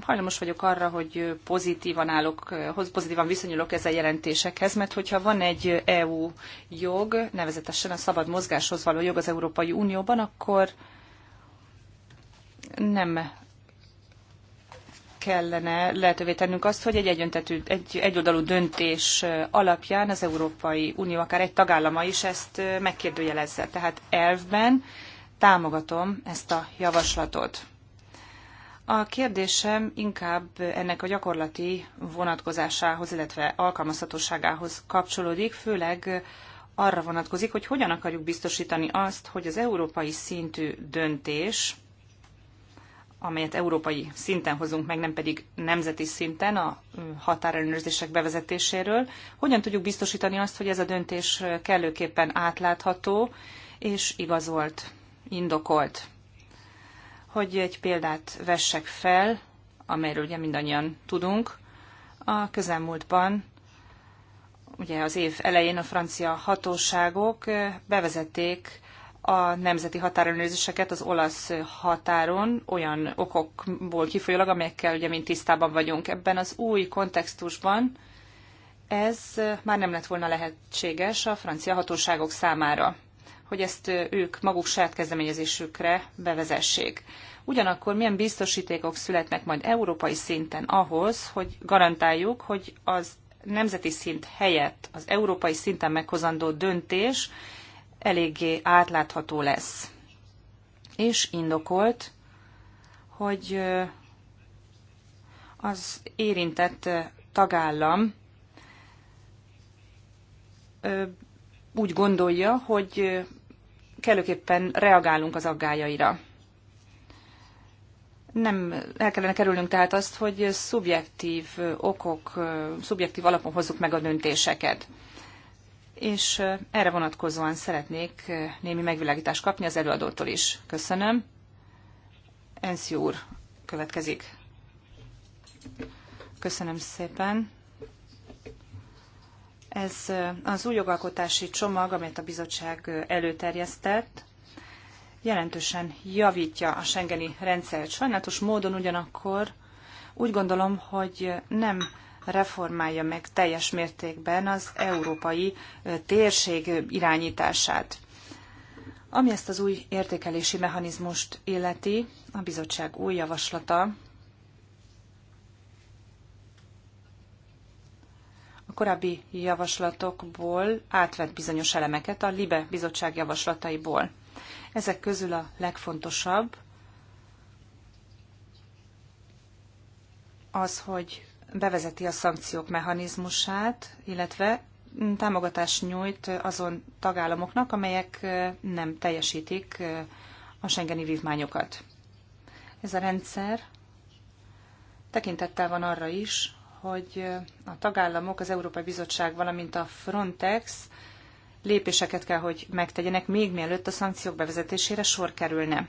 hajlamos vagyok arra, hogy pozitívan állok, pozitívan viszonyulok ezen jelentésekhez, mert hogyha van egy EU jog, nevezetesen a szabad mozgáshoz való jog az Európai Unióban, akkor nem kellene lehetővé tennünk azt, hogy egy, egyöntetű, egy egyoldalú döntés alapján az Európai Unió, akár egy tagállama is ezt megkérdőjelezze. Tehát elvben támogatom ezt a javaslatot. A kérdésem inkább ennek a gyakorlati vonatkozásához, illetve alkalmazhatóságához kapcsolódik, főleg arra vonatkozik, hogy hogyan akarjuk biztosítani azt, hogy az európai szintű döntés, amelyet európai szinten hozunk meg, nem pedig nemzeti szinten a határellenőrzések bevezetéséről, hogyan tudjuk biztosítani azt, hogy ez a döntés kellőképpen átlátható és igazolt, indokolt. Hogy egy példát vessek fel, amelyről ugye mindannyian tudunk, a közelmúltban, ugye az év elején a francia hatóságok eh, bevezették a nemzeti határellenőrzéseket az olasz határon olyan okokból kifolyólag, amelyekkel ugye mind tisztában vagyunk. Ebben az új kontextusban ez eh, már nem lett volna lehetséges a francia hatóságok számára hogy ezt ők maguk saját kezdeményezésükre bevezessék. Ugyanakkor milyen biztosítékok születnek majd európai szinten ahhoz, hogy garantáljuk, hogy az nemzeti szint helyett az európai szinten meghozandó döntés eléggé átlátható lesz. És indokolt, hogy az érintett tagállam úgy gondolja, hogy kellőképpen reagálunk az aggájaira. Nem el kellene kerülnünk tehát azt, hogy szubjektív okok, szubjektív alapon hozzuk meg a döntéseket. És erre vonatkozóan szeretnék némi megvilágítást kapni az előadótól is. Köszönöm. Enszi úr következik. Köszönöm szépen. Ez az új jogalkotási csomag, amelyet a bizottság előterjesztett, jelentősen javítja a Schengeni rendszert. Sajnálatos módon ugyanakkor úgy gondolom, hogy nem reformálja meg teljes mértékben az európai térség irányítását. Ami ezt az új értékelési mechanizmust illeti, a bizottság új javaslata a korábbi javaslatokból átvett bizonyos elemeket a LIBE bizottság javaslataiból. Ezek közül a legfontosabb az, hogy bevezeti a szankciók mechanizmusát, illetve támogatást nyújt azon tagállamoknak, amelyek nem teljesítik a Schengeni vívmányokat. Ez a rendszer tekintettel van arra is, hogy a tagállamok, az Európai Bizottság, valamint a Frontex lépéseket kell, hogy megtegyenek, még mielőtt a szankciók bevezetésére sor kerülne.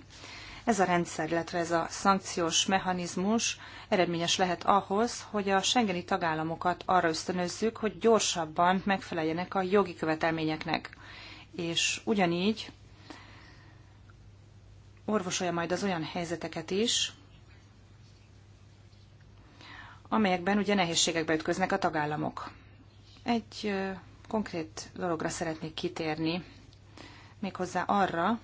Ez a rendszer, illetve ez a szankciós mechanizmus eredményes lehet ahhoz, hogy a Schengeni tagállamokat arra ösztönözzük, hogy gyorsabban megfeleljenek a jogi követelményeknek. És ugyanígy orvosolja majd az olyan helyzeteket is, amelyekben ugye nehézségekbe ütköznek a tagállamok. Egy konkrét dologra szeretnék kitérni, méghozzá arra,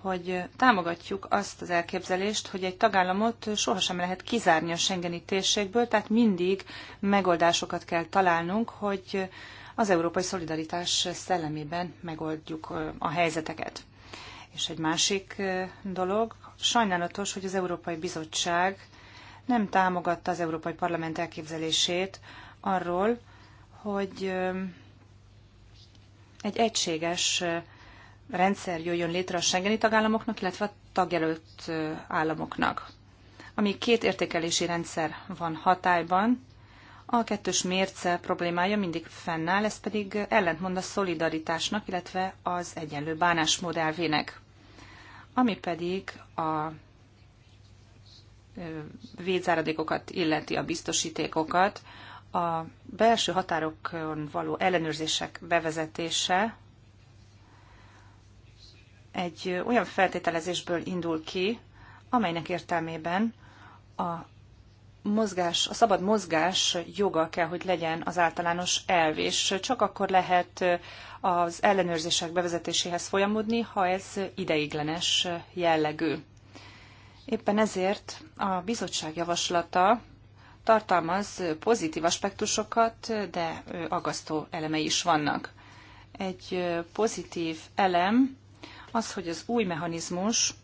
hogy támogatjuk azt az elképzelést, hogy egy tagállamot sohasem lehet kizárni a Schengeni térségből, tehát mindig megoldásokat kell találnunk, hogy az európai szolidaritás szellemében megoldjuk a helyzeteket. És egy másik dolog, sajnálatos, hogy az Európai Bizottság nem támogatta az Európai Parlament elképzelését arról, hogy egy egységes rendszer jöjjön létre a Schengeni tagállamoknak, illetve a tagjelölt államoknak. Ami két értékelési rendszer van hatályban, a kettős mérce problémája mindig fennáll, ez pedig ellentmond a szolidaritásnak, illetve az egyenlő bánásmód elvének. Ami pedig a védzáradékokat illeti a biztosítékokat, a belső határokon való ellenőrzések bevezetése egy olyan feltételezésből indul ki, amelynek értelmében a mozgás, a szabad mozgás joga kell, hogy legyen az általános elv, és csak akkor lehet az ellenőrzések bevezetéséhez folyamodni, ha ez ideiglenes jellegű. Éppen ezért a bizottság javaslata tartalmaz pozitív aspektusokat, de agasztó elemei is vannak. Egy pozitív elem az, hogy az új mechanizmus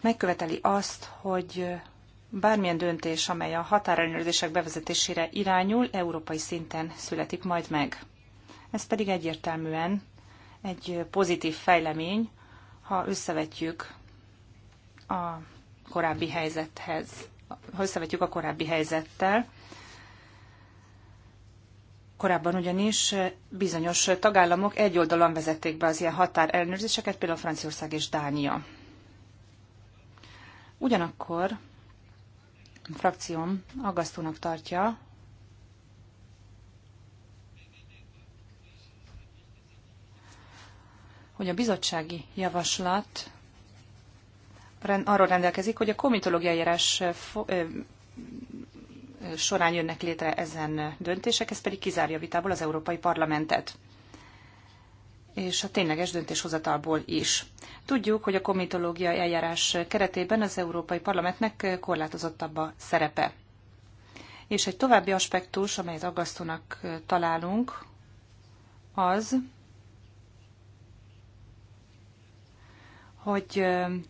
megköveteli azt, hogy bármilyen döntés, amely a határellenőrzések bevezetésére irányul, európai szinten születik majd meg. Ez pedig egyértelműen egy pozitív fejlemény, ha összevetjük a korábbi helyzethez, ha összevetjük a korábbi helyzettel. Korábban ugyanis bizonyos tagállamok egy oldalon vezették be az ilyen határellenőrzéseket, például Franciaország és Dánia. Ugyanakkor frakcióm aggasztónak tartja, hogy a bizottsági javaslat arról rendelkezik, hogy a komitológiai eljárás során jönnek létre ezen döntések, ez pedig kizárja vitából az Európai Parlamentet és a tényleges döntéshozatalból is. Tudjuk, hogy a komitológiai eljárás keretében az Európai Parlamentnek korlátozottabb a szerepe. És egy további aspektus, amelyet aggasztónak találunk, az, hogy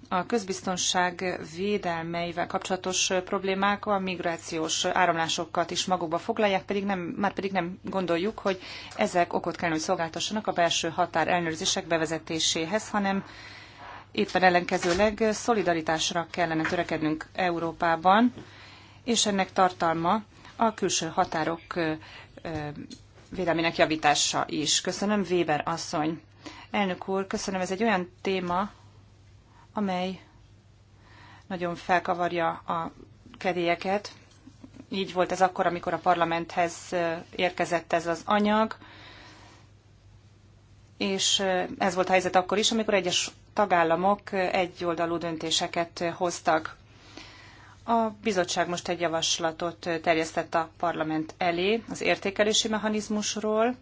a közbiztonság védelmeivel kapcsolatos problémák a migrációs áramlásokat is magukba foglalják, pedig nem, már pedig nem gondoljuk, hogy ezek okot kellene, hogy szolgáltassanak a belső határ ellenőrzések bevezetéséhez, hanem éppen ellenkezőleg szolidaritásra kellene törekednünk Európában, és ennek tartalma a külső határok védelmének javítása is. Köszönöm, Weber asszony. Elnök úr, köszönöm, ez egy olyan téma, amely nagyon felkavarja a kedélyeket. Így volt ez akkor, amikor a parlamenthez érkezett ez az anyag, és ez volt a helyzet akkor is, amikor egyes tagállamok egyoldalú döntéseket hoztak. A bizottság most egy javaslatot terjesztett a parlament elé az értékelési mechanizmusról,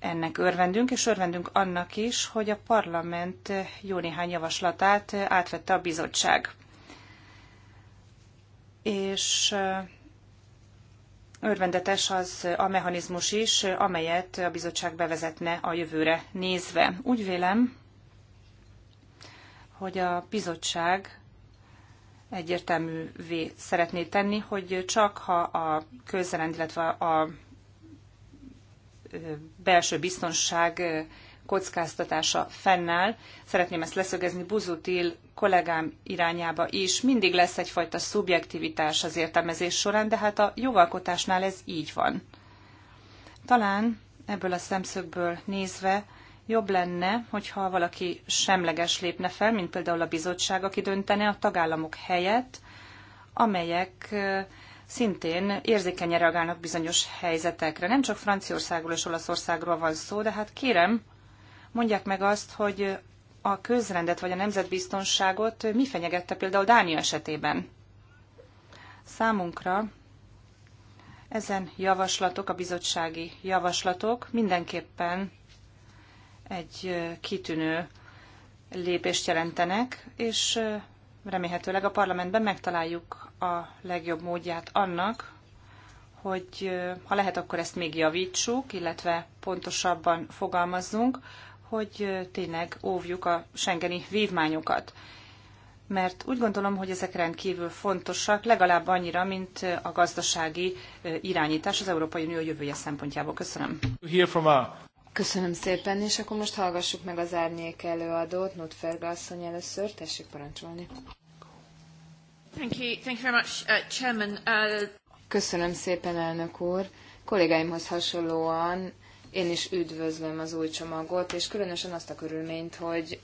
ennek örvendünk, és örvendünk annak is, hogy a parlament jó néhány javaslatát átvette a bizottság. És örvendetes az a mechanizmus is, amelyet a bizottság bevezetne a jövőre nézve. Úgy vélem, hogy a bizottság egyértelművé szeretné tenni, hogy csak ha a közrend, illetve a belső biztonság kockáztatása fennáll. Szeretném ezt leszögezni Buzutil kollégám irányába is. Mindig lesz egyfajta szubjektivitás az értelmezés során, de hát a jogalkotásnál ez így van. Talán ebből a szemszögből nézve jobb lenne, hogyha valaki semleges lépne fel, mint például a bizottság, aki döntene a tagállamok helyett, amelyek szintén érzékenyen reagálnak bizonyos helyzetekre. Nem csak Franciaországról és Olaszországról van szó, de hát kérem, mondják meg azt, hogy a közrendet vagy a nemzetbiztonságot mi fenyegette például Dánia esetében. Számunkra ezen javaslatok, a bizottsági javaslatok mindenképpen egy kitűnő lépést jelentenek, és remélhetőleg a parlamentben megtaláljuk a legjobb módját annak, hogy ha lehet, akkor ezt még javítsuk, illetve pontosabban fogalmazzunk, hogy tényleg óvjuk a Schengeni vívmányokat. Mert úgy gondolom, hogy ezek rendkívül fontosak, legalább annyira, mint a gazdasági irányítás az Európai Unió jövője szempontjából. Köszönöm. Köszönöm szépen, és akkor most hallgassuk meg az árnyék előadót, Nutferga asszony először, tessék parancsolni. Thank you. Thank you very much, uh, Chairman. Uh... Köszönöm szépen, elnök úr. Kollégáimhoz hasonlóan én is üdvözlöm az új csomagot, és különösen azt a körülményt, hogy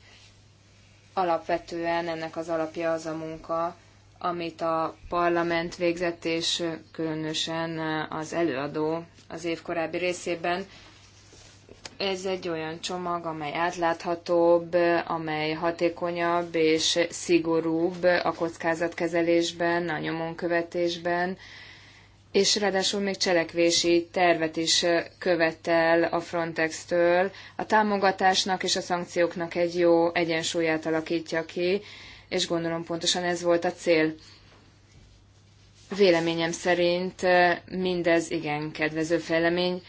alapvetően ennek az alapja az a munka, amit a parlament végzett, és különösen az előadó az év korábbi részében. Ez egy olyan csomag, amely átláthatóbb, amely hatékonyabb és szigorúbb a kockázatkezelésben, a nyomonkövetésben, és ráadásul még cselekvési tervet is követel a Frontex-től. A támogatásnak és a szankcióknak egy jó egyensúlyát alakítja ki, és gondolom pontosan ez volt a cél. Véleményem szerint mindez igen kedvező fejlemény.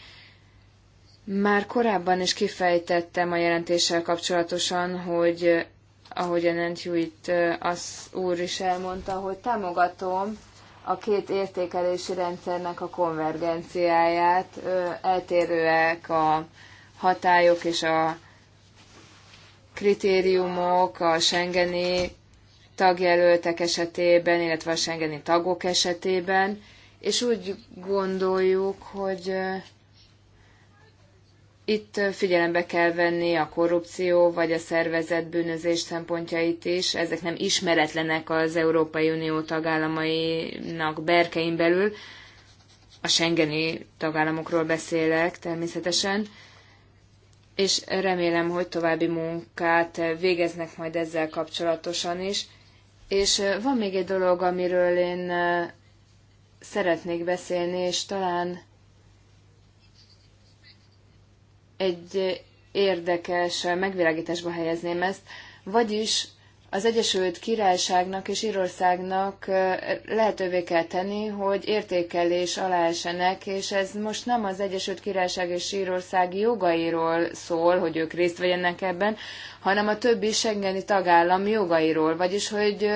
Már korábban is kifejtettem a jelentéssel kapcsolatosan, hogy ahogyan Andrew itt az úr is elmondta, hogy támogatom a két értékelési rendszernek a konvergenciáját. Eltérőek a hatályok és a kritériumok a Schengeni tagjelöltek esetében, illetve a Schengeni tagok esetében, és úgy gondoljuk, hogy itt figyelembe kell venni a korrupció vagy a szervezett bűnözés szempontjait is. Ezek nem ismeretlenek az Európai Unió tagállamainak berkein belül. A Schengeni tagállamokról beszélek természetesen és remélem, hogy további munkát végeznek majd ezzel kapcsolatosan is. És van még egy dolog, amiről én eh, szeretnék beszélni, és talán egy érdekes megvilágításba helyezném ezt, vagyis az Egyesült Királyságnak és Írországnak lehetővé kell tenni, hogy értékelés alá esenek, és ez most nem az Egyesült Királyság és Írország jogairól szól, hogy ők részt vegyenek ebben, hanem a többi Schengeni tagállam jogairól, vagyis hogy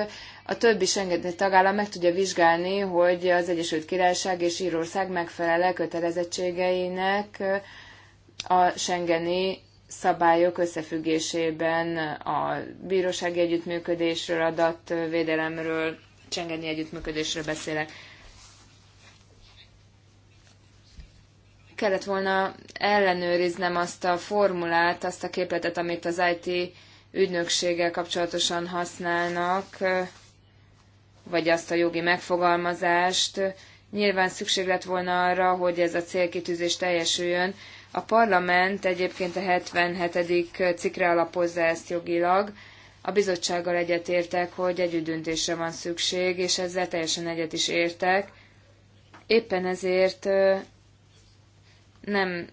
a többi Schengeni tagállam meg tudja vizsgálni, hogy az Egyesült Királyság és Írország megfelele kötelezettségeinek, a Schengeni szabályok összefüggésében a bírósági együttműködésről, adatvédelemről, Schengeni együttműködésről beszélek. Kellett volna ellenőriznem azt a formulát, azt a képletet, amit az IT ügynökséggel kapcsolatosan használnak, vagy azt a jogi megfogalmazást. Nyilván szükség lett volna arra, hogy ez a célkitűzés teljesüljön, a parlament egyébként a 77. cikre alapozza ezt jogilag. A bizottsággal egyetértek, hogy együttdöntésre van szükség, és ezzel teljesen egyet is értek. Éppen ezért nem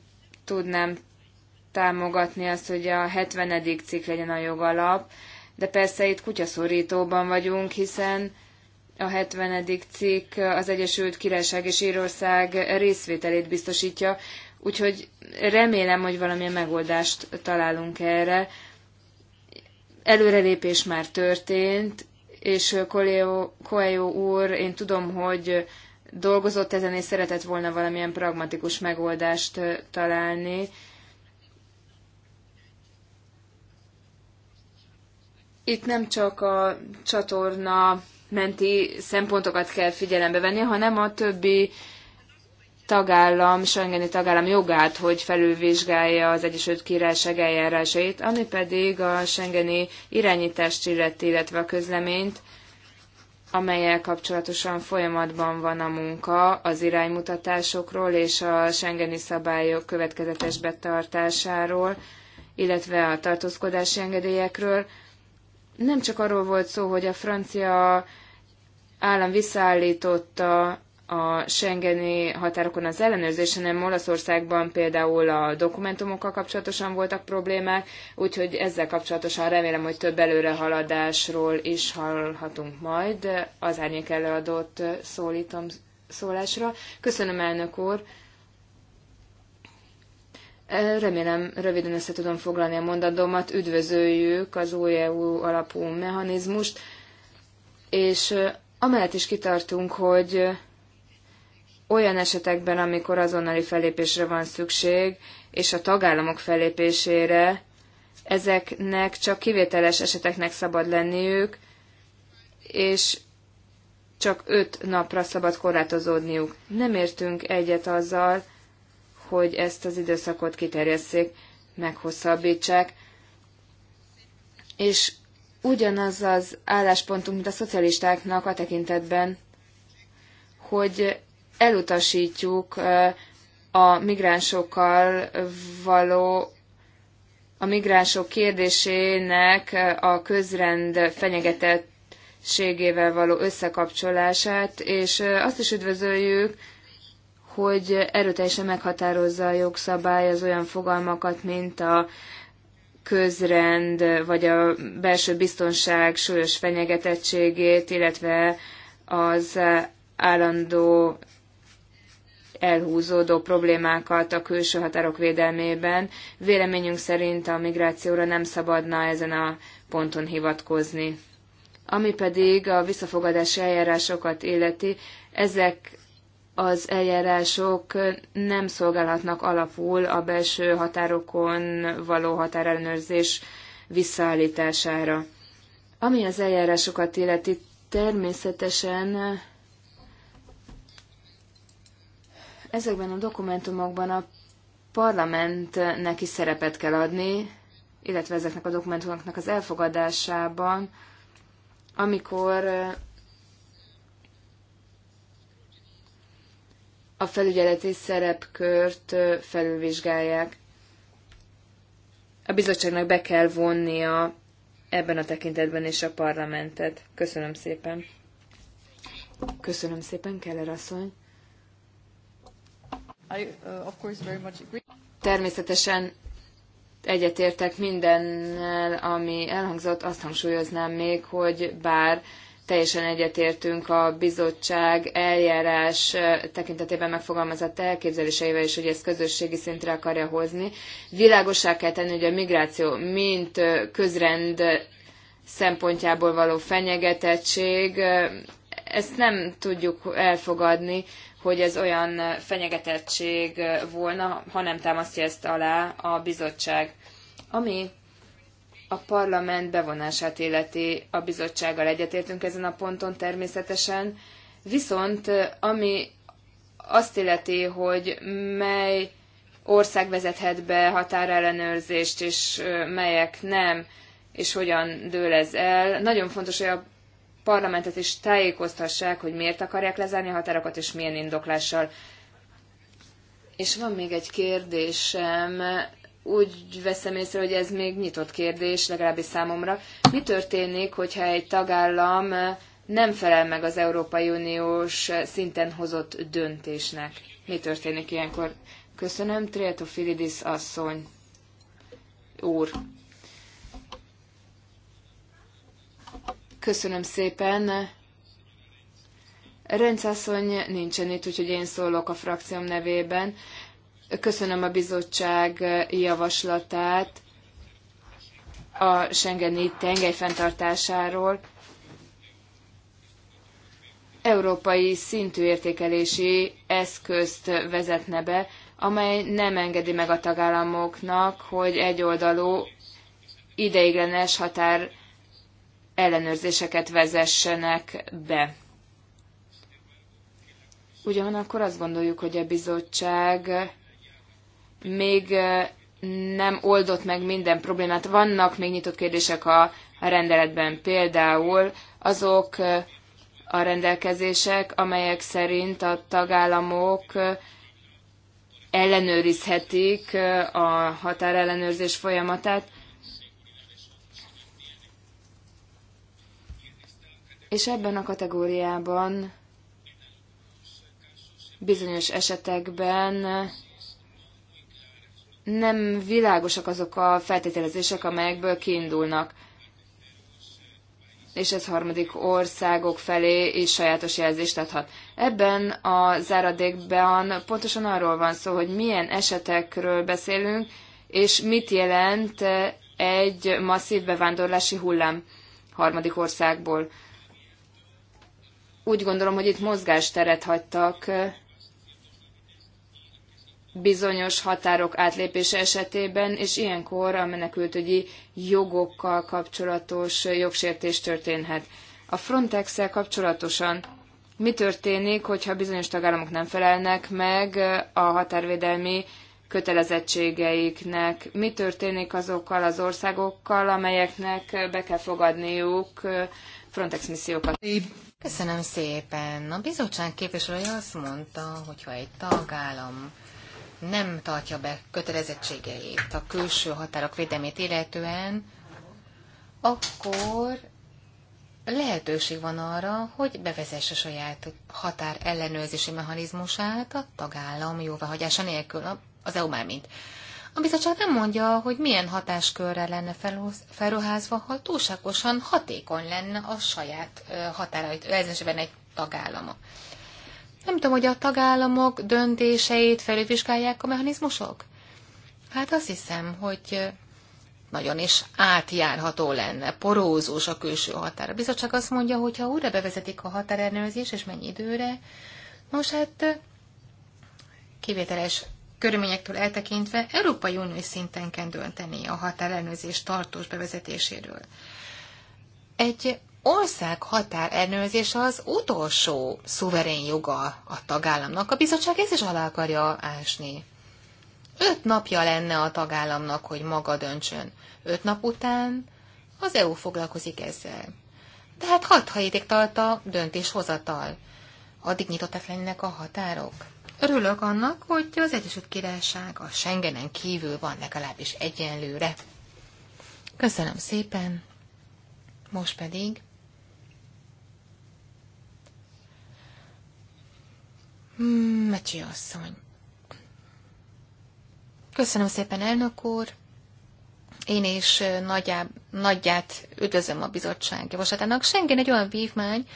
tudnám támogatni azt, hogy a 70. cikk legyen a jogalap, de persze itt kutyaszorítóban vagyunk, hiszen a 70. cikk az Egyesült Királyság és Írország részvételét biztosítja, Úgyhogy remélem, hogy valamilyen megoldást találunk erre. Előrelépés már történt, és Koeo úr, én tudom, hogy dolgozott ezen, és szeretett volna valamilyen pragmatikus megoldást találni. Itt nem csak a csatorna menti szempontokat kell figyelembe venni, hanem a többi tagállam, Schengeni tagállam jogát, hogy felülvizsgálja az Egyesült Királyság eljárásait, ami pedig a Schengeni irányítást illeti, illetve a közleményt, amelyel kapcsolatosan folyamatban van a munka az iránymutatásokról és a Schengeni szabályok következetes betartásáról, illetve a tartózkodási engedélyekről. Nem csak arról volt szó, hogy a francia állam visszaállította a Schengeni határokon az ellenőrzés, hanem Olaszországban például a dokumentumokkal kapcsolatosan voltak problémák, úgyhogy ezzel kapcsolatosan remélem, hogy több előrehaladásról is hallhatunk majd. Az árnyék előadót szólítom szólásra. Köszönöm, elnök úr! Remélem, röviden össze tudom foglalni a mondatomat. Üdvözöljük az új EU alapú mechanizmust, és amellett is kitartunk, hogy olyan esetekben, amikor azonnali fellépésre van szükség, és a tagállamok fellépésére, ezeknek csak kivételes eseteknek szabad lenniük, és csak öt napra szabad korlátozódniuk. Nem értünk egyet azzal, hogy ezt az időszakot kiterjesszék, meghosszabbítsák, és ugyanaz az álláspontunk, mint a szocialistáknak a tekintetben, hogy elutasítjuk a migránsokkal való a migránsok kérdésének a közrend fenyegetettségével való összekapcsolását, és azt is üdvözöljük, hogy erőteljesen meghatározza a jogszabály az olyan fogalmakat, mint a közrend, vagy a belső biztonság súlyos fenyegetettségét, illetve az állandó elhúzódó problémákat a külső határok védelmében. Véleményünk szerint a migrációra nem szabadna ezen a ponton hivatkozni. Ami pedig a visszafogadási eljárásokat illeti, ezek az eljárások nem szolgálhatnak alapul a belső határokon való határellenőrzés visszaállítására. Ami az eljárásokat illeti, természetesen Ezekben a dokumentumokban a parlamentnek is szerepet kell adni, illetve ezeknek a dokumentumoknak az elfogadásában, amikor a felügyeleti szerepkört felülvizsgálják. A bizottságnak be kell vonnia ebben a tekintetben is a parlamentet. Köszönöm szépen. Köszönöm szépen, Keller asszony. Uh, Természetesen egyetértek mindennel, ami elhangzott, azt hangsúlyoznám még, hogy bár teljesen egyetértünk a bizottság eljárás eh, tekintetében megfogalmazott elképzeléseivel is, hogy ezt közösségi szintre akarja hozni. Világossá kell tenni, hogy a migráció mint eh, közrend szempontjából való fenyegetettség, eh, ezt nem tudjuk elfogadni, hogy ez olyan fenyegetettség volna, ha nem támasztja ezt alá a bizottság. Ami a parlament bevonását életi a bizottsággal egyetértünk ezen a ponton természetesen, viszont ami azt illeti, hogy mely ország vezethet be határellenőrzést, és melyek nem, és hogyan dől ez el. Nagyon fontos, hogy a parlamentet is tájékoztassák, hogy miért akarják lezárni a határokat, és milyen indoklással. És van még egy kérdésem, úgy veszem észre, hogy ez még nyitott kérdés, legalábbis számomra. Mi történik, hogyha egy tagállam nem felel meg az Európai Uniós szinten hozott döntésnek? Mi történik ilyenkor? Köszönöm, Triatofilidis asszony. Úr. Köszönöm szépen. Rendszászony nincsen itt, úgyhogy én szólok a frakcióm nevében. Köszönöm a bizottság javaslatát a Schengeni tengely fenntartásáról. Európai szintű értékelési eszközt vezetne be, amely nem engedi meg a tagállamoknak, hogy egyoldalú ideiglenes határ ellenőrzéseket vezessenek be. Ugyanakkor azt gondoljuk, hogy a bizottság még nem oldott meg minden problémát. Vannak még nyitott kérdések a rendeletben, például azok a rendelkezések, amelyek szerint a tagállamok ellenőrizhetik a határellenőrzés folyamatát. És ebben a kategóriában bizonyos esetekben nem világosak azok a feltételezések, amelyekből kiindulnak. És ez harmadik országok felé is sajátos jelzést adhat. Ebben a záradékban pontosan arról van szó, hogy milyen esetekről beszélünk, és mit jelent egy masszív bevándorlási hullám harmadik országból. Úgy gondolom, hogy itt mozgásteret hagytak bizonyos határok átlépése esetében, és ilyenkor a menekültügyi jogokkal kapcsolatos jogsértés történhet. A frontex kapcsolatosan mi történik, hogyha bizonyos tagállamok nem felelnek meg a határvédelmi kötelezettségeiknek? Mi történik azokkal az országokkal, amelyeknek be kell fogadniuk Frontex missziókat? Köszönöm szépen. A bizottság képviselője azt mondta, hogy ha egy tagállam nem tartja be kötelezettségeit a külső határok védelmét illetően, akkor lehetőség van arra, hogy bevezesse saját határ ellenőrzési mechanizmusát a tagállam jóváhagyása nélkül, az EU mármint. mint. A bizottság nem mondja, hogy milyen hatáskörre lenne felruházva, ha túlságosan hatékony lenne a saját határait, ez egy tagállama. Nem tudom, hogy a tagállamok döntéseit felülvizsgálják a mechanizmusok? Hát azt hiszem, hogy nagyon is átjárható lenne, porózus a külső határa. Biztos bizottság azt mondja, hogy ha újra bevezetik a határellenőrzés, és mennyi időre, most hát kivételes körülményektől eltekintve Európai Uniós szinten kell dönteni a határellenőrzés tartós bevezetéséről. Egy ország határellenőrzése az utolsó szuverén joga a tagállamnak. A bizottság ezt is alá akarja ásni. Öt napja lenne a tagállamnak, hogy maga döntsön. Öt nap után az EU foglalkozik ezzel. Tehát hat hajéték tart a döntéshozatal. Addig nyitottak lennének a határok. Örülök annak, hogy az Egyesült Királyság a Schengenen kívül van legalábbis egyenlőre. Köszönöm szépen, most pedig Mecsi asszony. Köszönöm szépen, elnök úr. Én is nagyjá, nagyját üdvözlöm a bizottság javaslatának. Schengen egy olyan vívmány,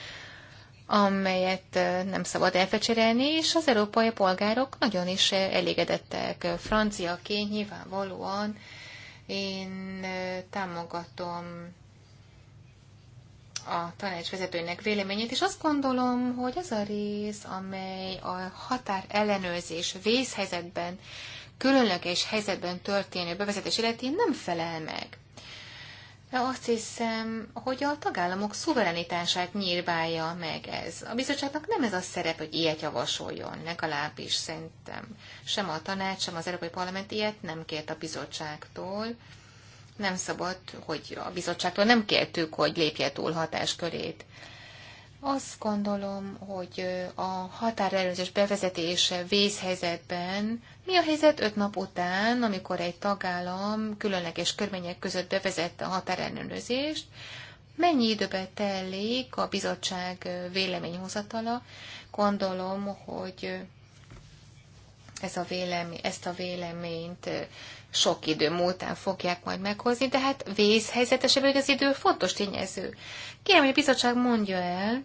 amelyet nem szabad elfecserelni, és az európai polgárok nagyon is elégedettek. Franciaként nyilvánvalóan én támogatom a tanácsvezetőnek véleményét, és azt gondolom, hogy az a rész, amely a határ ellenőrzés vészhelyzetben, különleges helyzetben történő bevezetés életén nem felel meg de azt hiszem, hogy a tagállamok szuverenitását nyírbálja meg ez. A bizottságnak nem ez a szerep, hogy ilyet javasoljon, legalábbis szerintem. Sem a tanács, sem az Európai Parlament ilyet nem kért a bizottságtól. Nem szabad, hogy a bizottságtól nem kértük, hogy lépje túl hatáskörét. Azt gondolom, hogy a határelőzés bevezetése vészhelyzetben mi a helyzet öt nap után, amikor egy tagállam különleges körmények között bevezette a határellenőrzést, mennyi időbe telik a bizottság véleményhozatala? Gondolom, hogy ez a vélemény, ezt a véleményt sok idő múltán fogják majd meghozni, de hát vészhelyzet esetben az idő fontos tényező. Kérem, hogy a bizottság mondja el,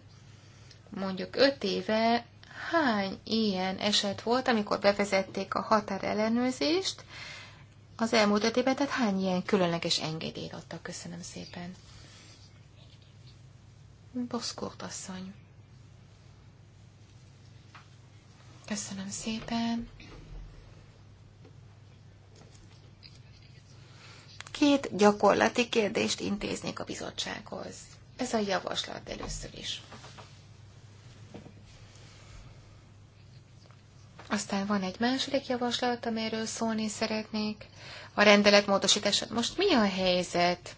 mondjuk öt éve hány ilyen eset volt, amikor bevezették a határellenőrzést az elmúlt öt évben, tehát hány ilyen különleges engedélyt adtak? Köszönöm szépen. Boszkort asszony. Köszönöm szépen. Két gyakorlati kérdést intéznék a bizottsághoz. Ez a javaslat először is. Aztán van egy második javaslat, amiről szólni szeretnék. A rendelet módosítása. Most mi a helyzet?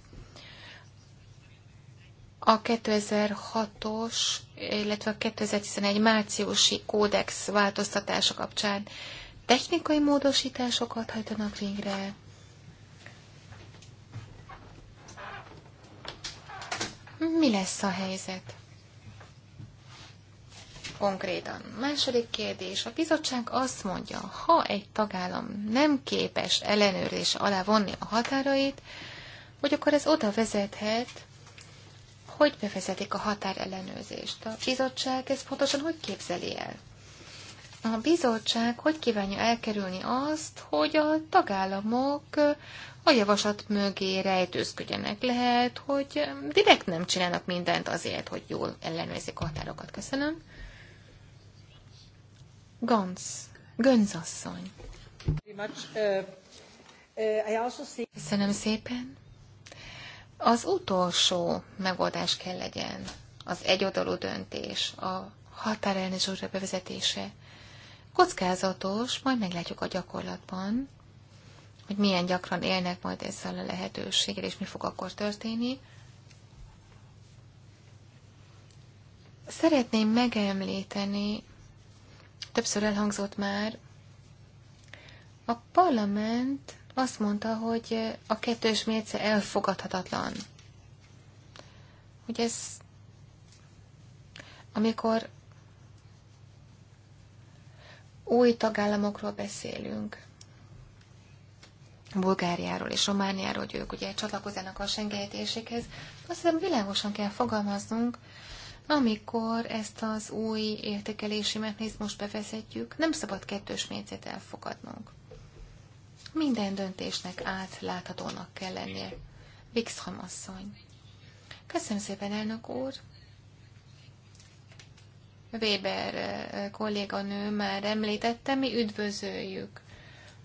A 2006-os, illetve a 2011 márciusi kódex változtatása kapcsán technikai módosításokat hajtanak végre. Mi lesz a helyzet? konkrétan. Második kérdés. A bizottság azt mondja, ha egy tagállam nem képes ellenőrzés alá vonni a határait, hogy akkor ez oda vezethet, hogy bevezetik a határellenőrzést. A bizottság ezt pontosan hogy képzeli el? A bizottság hogy kívánja elkerülni azt, hogy a tagállamok a javaslat mögé rejtőzködjenek? Lehet, hogy direkt nem csinálnak mindent azért, hogy jól ellenőrzik a határokat. Köszönöm. Gönz, Gönzasszony. Köszönöm szépen. Az utolsó megoldás kell legyen, az egyoldalú döntés, a határelnözőre bevezetése. Kockázatos, majd meglátjuk a gyakorlatban, hogy milyen gyakran élnek majd ezzel a lehetőséggel, és mi fog akkor történni. Szeretném megemlíteni Többször elhangzott már, a parlament azt mondta, hogy a kettős mérce elfogadhatatlan. Hogy ez, amikor új tagállamokról beszélünk, Bulgáriáról és Romániáról, hogy ők ugye csatlakozzanak a Schengen azt hiszem világosan kell fogalmaznunk, amikor ezt az új értékelési mechanizmust bevezetjük, nem szabad kettős mércét elfogadnunk. Minden döntésnek átláthatónak kell lennie. Wikström asszony. Köszönöm szépen, elnök úr. Weber eh, kolléganő már említette, mi üdvözöljük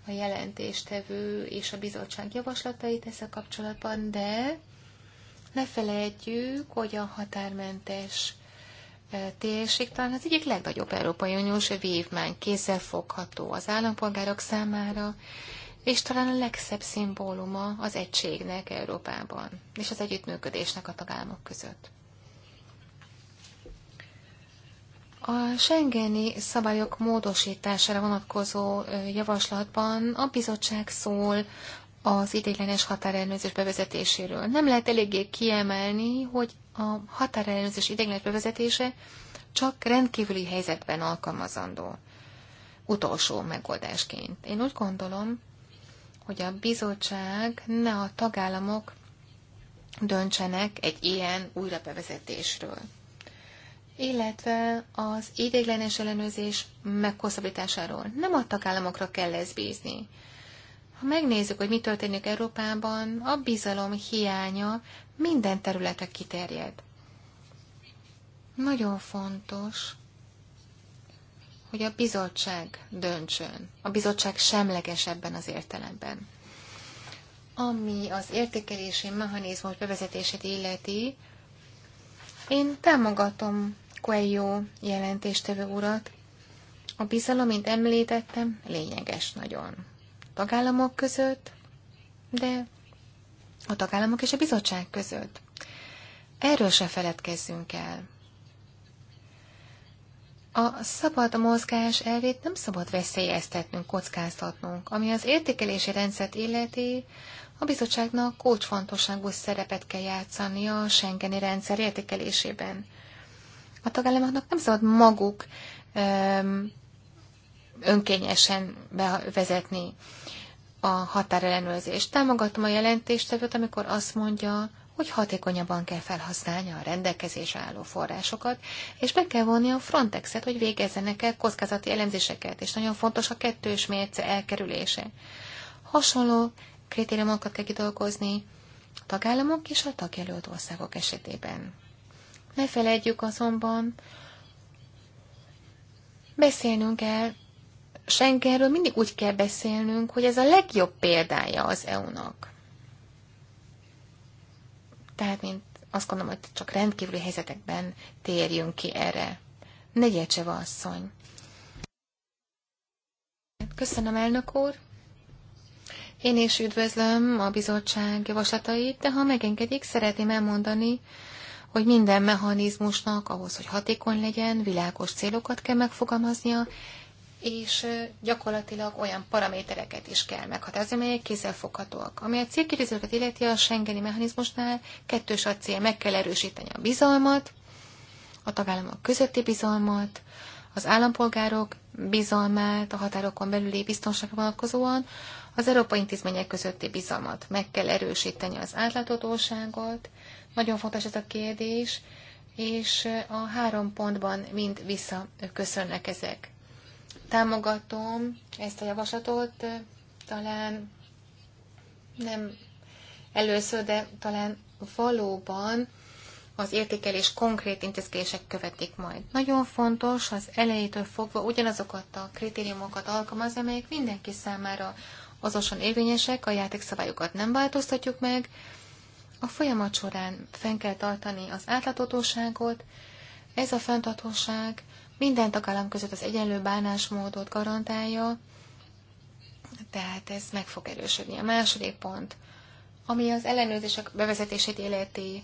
a jelentéstevő és a bizottság javaslatait ezzel kapcsolatban, de ne felejtjük, hogy a határmentes e, térség talán az egyik legnagyobb Európai Uniós vívmány, fogható az állampolgárok számára, és talán a legszebb szimbóluma az egységnek Európában, és az együttműködésnek a tagállamok között. A Schengeni szabályok módosítására vonatkozó e, javaslatban a bizottság szól az ideiglenes határellenőrzés bevezetéséről. Nem lehet eléggé kiemelni, hogy a határellenőrzés ideiglenes bevezetése csak rendkívüli helyzetben alkalmazandó. Utolsó megoldásként. Én úgy gondolom, hogy a bizottság ne a tagállamok döntsenek egy ilyen újrabevezetésről. Illetve az ideiglenes ellenőrzés meghosszabbításáról nem a tagállamokra kell ezt bízni. Ha megnézzük, hogy mi történik Európában, a bizalom hiánya minden területre kiterjed. Nagyon fontos, hogy a bizottság döntsön. A bizottság semleges ebben az értelemben. Ami az értékelési mechanizmus bevezetését illeti, én támogatom Coelho jelentéstevő urat. A bizalom, mint említettem, lényeges nagyon tagállamok között, de a tagállamok és a bizottság között. Erről se feledkezzünk el. A szabad mozgás elvét nem szabad veszélyeztetnünk, kockáztatnunk. Ami az értékelési rendszert illeti, a bizottságnak kulcsfontosságú szerepet kell játszania a Schengeni rendszer értékelésében. A tagállamoknak nem szabad maguk öm, önkényesen bevezetni a határellenőrzést. Támogatom a jelentéstevőt, amikor azt mondja, hogy hatékonyabban kell felhasználni a rendelkezés álló forrásokat, és be kell vonni a Frontexet, hogy végezzenek el kockázati elemzéseket, és nagyon fontos a kettős mérce elkerülése. Hasonló kritériumokat kell kidolgozni a tagállamok és a tagjelölt országok esetében. Ne felejtjük azonban, beszélnünk kell Schengenről mindig úgy kell beszélnünk, hogy ez a legjobb példája az EU-nak. Tehát, mint azt gondolom, hogy csak rendkívüli helyzetekben térjünk ki erre. Negyelcseva asszony. Köszönöm, elnök úr. Én is üdvözlöm a bizottság javaslatait, de ha megengedik, szeretném elmondani, hogy minden mechanizmusnak ahhoz, hogy hatékony legyen, világos célokat kell megfogalmaznia, és gyakorlatilag olyan paramétereket is kell meghatározni, amelyek kézzelfoghatóak. Ami a célkérdezőket illeti a Schengeni mechanizmusnál, kettős a cél, meg kell erősíteni a bizalmat, a tagállamok közötti bizalmat, az állampolgárok bizalmát, a határokon belüli biztonságra vonatkozóan, az európai intézmények közötti bizalmat. Meg kell erősíteni az átláthatóságot, nagyon fontos ez a kérdés, és a három pontban mind visszaköszönnek ezek támogatom ezt a javaslatot, talán nem először, de talán valóban az értékelés konkrét intézkedések követik majd. Nagyon fontos az elejétől fogva ugyanazokat a kritériumokat alkalmazni, amelyek mindenki számára azosan érvényesek, a játékszabályokat nem változtatjuk meg. A folyamat során fenn kell tartani az átláthatóságot, ez a fenntartóság minden tagállam között az egyenlő bánásmódot garantálja, tehát ez meg fog erősödni. A második pont, ami az ellenőrzések bevezetését illeti,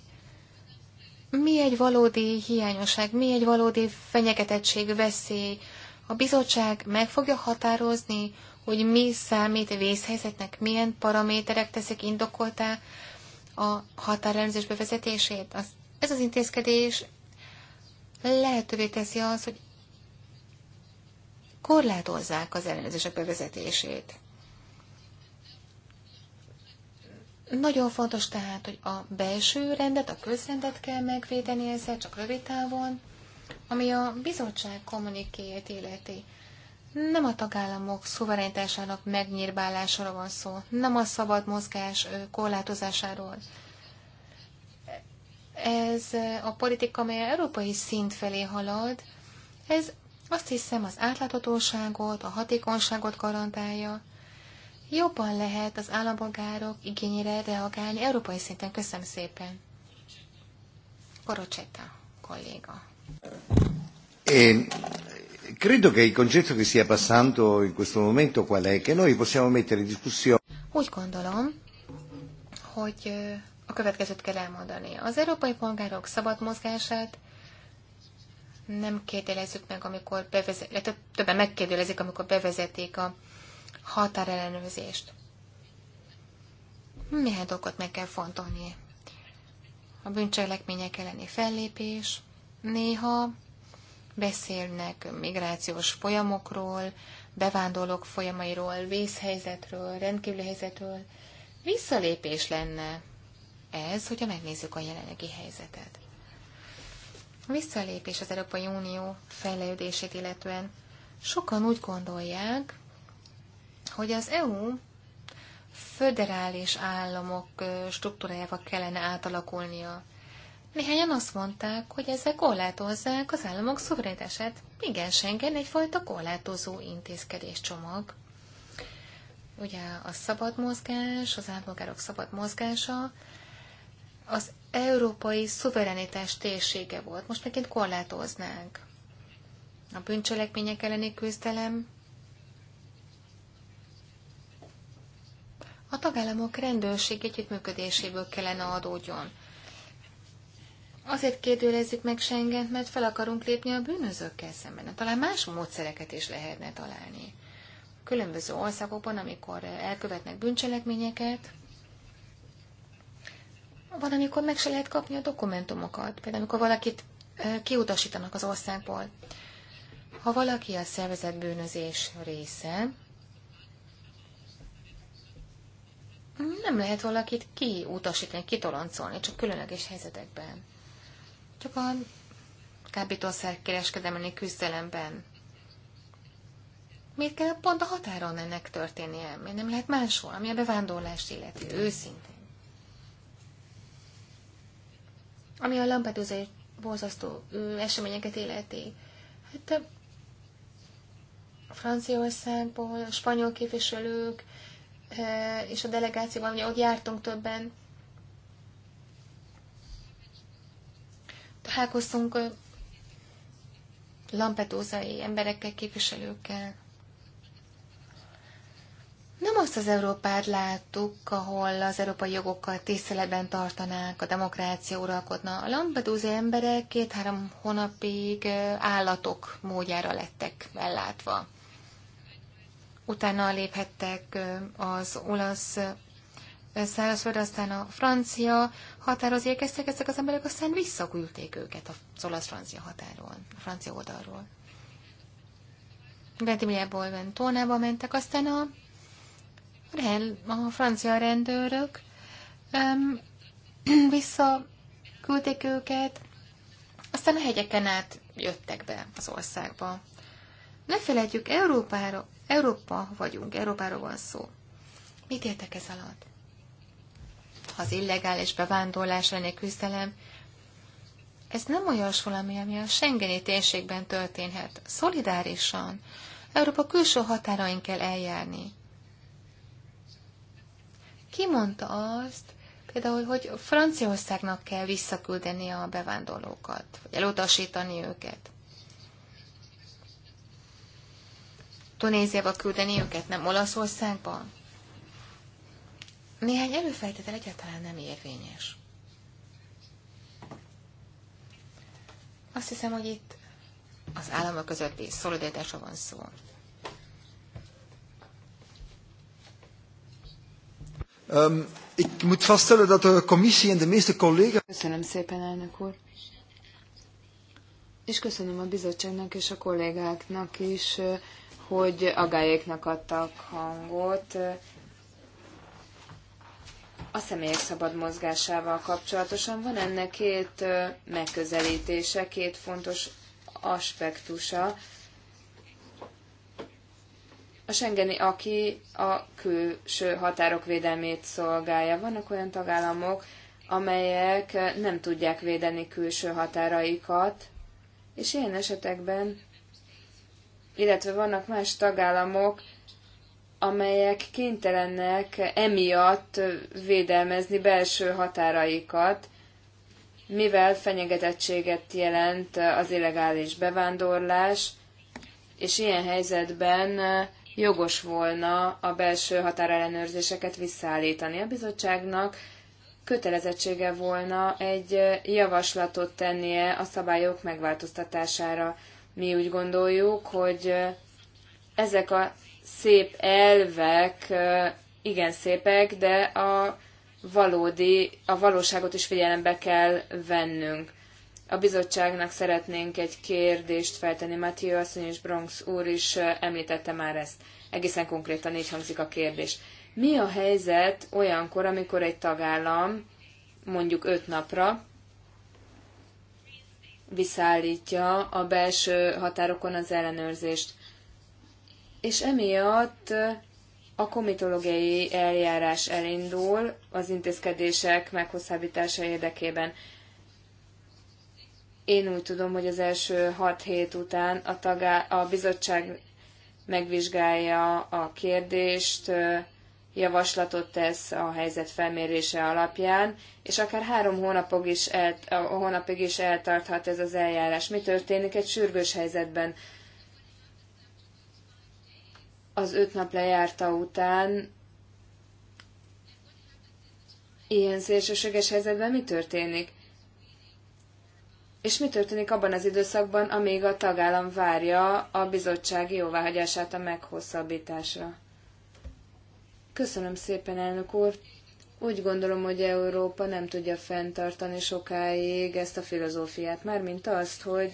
mi egy valódi hiányosság, mi egy valódi fenyegetettség, veszély. A bizottság meg fogja határozni, hogy mi számít vészhelyzetnek, milyen paraméterek teszik indokoltá a határelőzés bevezetését. Az, ez az intézkedés lehetővé teszi az, hogy korlátozzák az ellenőrzések bevezetését. Nagyon fontos tehát, hogy a belső rendet, a közrendet kell megvédeni ezzel, csak rövid távon, ami a bizottság kommunikéjét illeti. Nem a tagállamok szuverenitásának megnyírbálására van szó, nem a szabad mozgás korlátozásáról ez a politika, amely európai szint felé halad, ez azt hiszem az átláthatóságot, a hatékonyságot garantálja. Jobban lehet az állampolgárok igényére reagálni európai szinten. Köszönöm szépen. Korocsetta kolléga. Én e, credo che il concetto che stia passando in questo momento qual è? Che noi possiamo mettere in discussione. Úgy gondolom, hogy a következőt kell elmondani. Az európai polgárok szabad mozgását nem kérdelezzük meg, amikor bevezet, többen megkérdelezik, amikor bevezetik a határellenőrzést. Milyen dolgot meg kell fontolni? A bűncselekmények elleni fellépés, néha beszélnek migrációs folyamokról, bevándorlók folyamairól, vészhelyzetről, rendkívüli helyzetről. Visszalépés lenne ez, hogyha megnézzük a jelenlegi helyzetet. A visszalépés az Európai Unió fejlődését illetően sokan úgy gondolják, hogy az EU föderális államok struktúrájával kellene átalakulnia. Néhányan azt mondták, hogy ezek korlátozzák az államok szuverenitását. Igen, Schengen egyfajta korlátozó intézkedés csomag. Ugye a szabad mozgás, az állampolgárok szabad mozgása az európai szuverenitás térsége volt. Most megint korlátoznánk. A bűncselekmények elleni küzdelem. A tagállamok rendőrség együttműködéséből kellene adódjon. Azért kérdőlezzük meg Schengent, mert fel akarunk lépni a bűnözőkkel szemben. Hát talán más módszereket is lehetne találni. Különböző országokban, amikor elkövetnek bűncselekményeket, van, amikor meg se lehet kapni a dokumentumokat, például amikor valakit kiutasítanak az országból. Ha valaki a szervezetbűnözés része, nem lehet valakit kiutasítani, kitoloncolni, csak különleges helyzetekben. Csak a kábítószer kereskedelmi küzdelemben. Miért kell pont a határon ennek történnie? Miért nem lehet máshol, ami a bevándorlást illeti őszintén? ami a Lampedusa borzasztó eseményeket életi. Hát a Franciaországból, a spanyol képviselők és a delegációban, ugye ott jártunk többen, találkoztunk lampedózai emberekkel, képviselőkkel. Nem azt az Európát láttuk, ahol az európai jogokkal tiszteletben tartanák, a demokrácia uralkodna. A Lampedusa emberek két-három hónapig állatok módjára lettek ellátva. Utána léphettek az olasz szárazföld, aztán a francia határhoz érkeztek ezek az emberek, aztán visszaküldték őket az olasz-francia határól, a francia oldalról. Ventimiliából Tónába mentek, aztán a rend, a francia rendőrök [CLEARS THROAT] visszaküldték őket, aztán a hegyeken át jöttek be az országba. Ne felejtjük, Európára, Európa vagyunk, Európáról van szó. Mit értek ez alatt? Ha az illegális bevándorlás lenne küzdelem, ez nem olyas valami, ami a Schengeni térségben történhet. Szolidárisan. Európa külső határain kell eljárni. Ki mondta azt, például, hogy Franciaországnak kell visszaküldeni a bevándorlókat, vagy elutasítani őket? Tunéziába küldeni őket, nem Olaszországba? Néhány előfeltétel egyáltalán nem érvényes. Azt hiszem, hogy itt az államok közötti szolidaritásra van szó. Um, ik moet vaststellen dat de commissie en de meeste collega's... Köszönöm szépen, elnök úr. És köszönöm a bizottságnak és a kollégáknak is, eh, hogy agályéknak adtak hangot eh, a személyek szabad mozgásával kapcsolatosan. Van ennek két eh, megközelítése, két fontos aspektusa. Schengeni aki a külső határok védelmét szolgálja. Vannak olyan tagállamok, amelyek nem tudják védeni külső határaikat, és ilyen esetekben, illetve vannak más tagállamok, amelyek kénytelenek emiatt védelmezni belső határaikat, mivel fenyegetettséget jelent az illegális bevándorlás, és ilyen helyzetben jogos volna a belső határellenőrzéseket visszaállítani. A bizottságnak kötelezettsége volna egy javaslatot tennie a szabályok megváltoztatására. Mi úgy gondoljuk, hogy ezek a szép elvek igen szépek, de a valódi, a valóságot is figyelembe kell vennünk. A bizottságnak szeretnénk egy kérdést feltenni. Mathieu asszony és Bronx úr is említette már ezt. Egészen konkrétan így hangzik a kérdés. Mi a helyzet olyankor, amikor egy tagállam mondjuk öt napra visszaállítja a belső határokon az ellenőrzést? És emiatt a komitológiai eljárás elindul az intézkedések meghosszabbítása érdekében. Én úgy tudom, hogy az első hat hét után a, tagá- a bizottság megvizsgálja a kérdést, javaslatot tesz a helyzet felmérése alapján, és akár három hónapig is, el, a hónapig is eltarthat ez az eljárás. Mi történik egy sürgős helyzetben? Az öt nap lejárta után ilyen szélsőséges helyzetben mi történik? És mi történik abban az időszakban, amíg a tagállam várja a bizottság jóváhagyását a meghosszabbításra? Köszönöm szépen, elnök úr! Úgy gondolom, hogy Európa nem tudja fenntartani sokáig ezt a filozófiát, mármint azt, hogy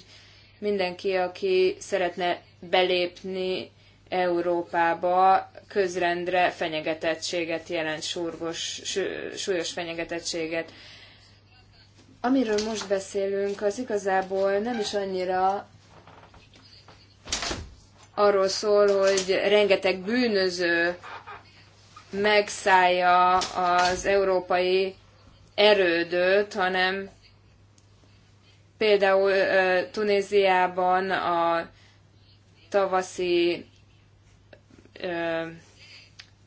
mindenki, aki szeretne belépni Európába, közrendre fenyegetettséget jelent, súrgos, súlyos fenyegetettséget Amiről most beszélünk, az igazából nem is annyira arról szól, hogy rengeteg bűnöző megszállja az európai erődöt, hanem például Tunéziában a tavaszi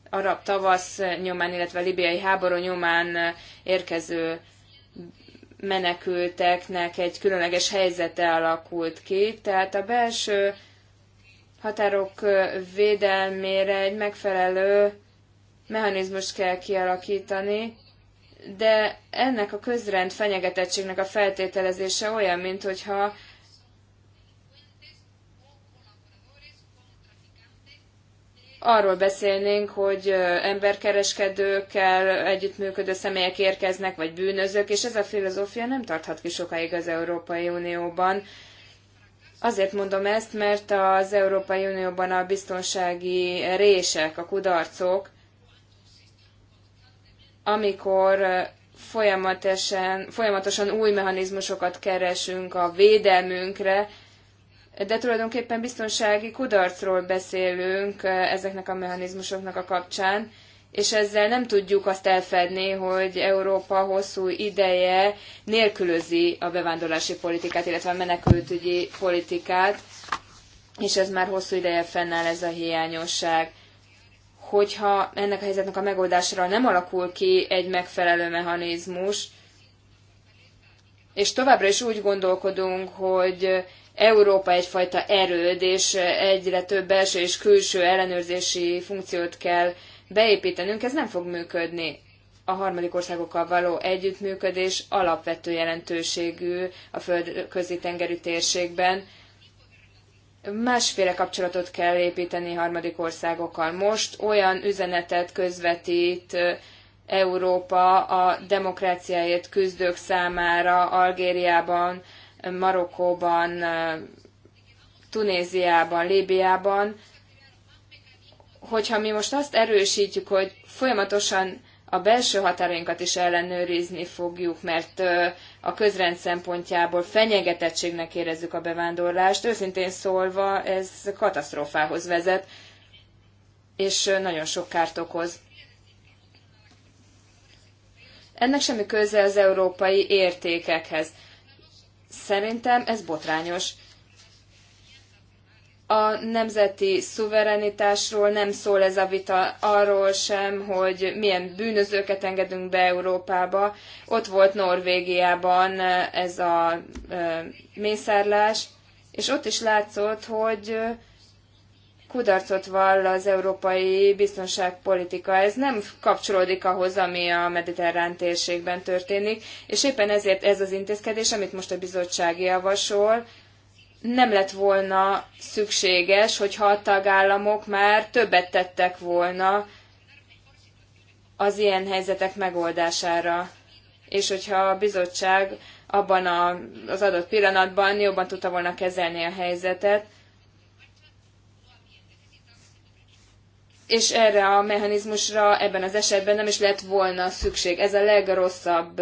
arab tavasz nyomán, illetve a libiai háború nyomán érkező menekülteknek egy különleges helyzete alakult ki, tehát a belső határok védelmére egy megfelelő mechanizmus kell kialakítani, de ennek a közrend fenyegetettségnek a feltételezése olyan, mint hogyha arról beszélnénk, hogy emberkereskedőkkel együttműködő személyek érkeznek, vagy bűnözők, és ez a filozófia nem tarthat ki sokáig az Európai Unióban. Azért mondom ezt, mert az Európai Unióban a biztonsági rések, a kudarcok, amikor folyamatosan, folyamatosan új mechanizmusokat keresünk a védelmünkre, de tulajdonképpen biztonsági kudarcról beszélünk eh, ezeknek a mechanizmusoknak a kapcsán, és ezzel nem tudjuk azt elfedni, hogy Európa hosszú ideje nélkülözi a bevándorlási politikát, illetve a menekültügyi politikát, és ez már hosszú ideje fennáll ez a hiányosság. Hogyha ennek a helyzetnek a megoldásra nem alakul ki egy megfelelő mechanizmus, és továbbra is úgy gondolkodunk, hogy Európa egyfajta erőd, és egyre több belső és külső ellenőrzési funkciót kell beépítenünk, ez nem fog működni. A harmadik országokkal való együttműködés alapvető jelentőségű a földközi tengeri térségben. Másféle kapcsolatot kell építeni harmadik országokkal. Most olyan üzenetet közvetít Európa a demokráciáért küzdők számára Algériában, Marokkóban, Tunéziában, Líbiában, hogyha mi most azt erősítjük, hogy folyamatosan a belső határainkat is ellenőrizni fogjuk, mert a közrend szempontjából fenyegetettségnek érezzük a bevándorlást. Őszintén szólva ez katasztrófához vezet, és nagyon sok kárt okoz. Ennek semmi köze az európai értékekhez. Szerintem ez botrányos. A nemzeti szuverenitásról nem szól ez a vita arról sem, hogy milyen bűnözőket engedünk be Európába. Ott volt Norvégiában ez a mészárlás, és ott is látszott, hogy kudarcot vall az európai biztonságpolitika. Ez nem kapcsolódik ahhoz, ami a mediterrán térségben történik, és éppen ezért ez az intézkedés, amit most a bizottság javasol, nem lett volna szükséges, hogyha a tagállamok már többet tettek volna az ilyen helyzetek megoldására. És hogyha a bizottság abban a, az adott pillanatban jobban tudta volna kezelni a helyzetet, és erre a mechanizmusra ebben az esetben nem is lett volna szükség. Ez a legrosszabb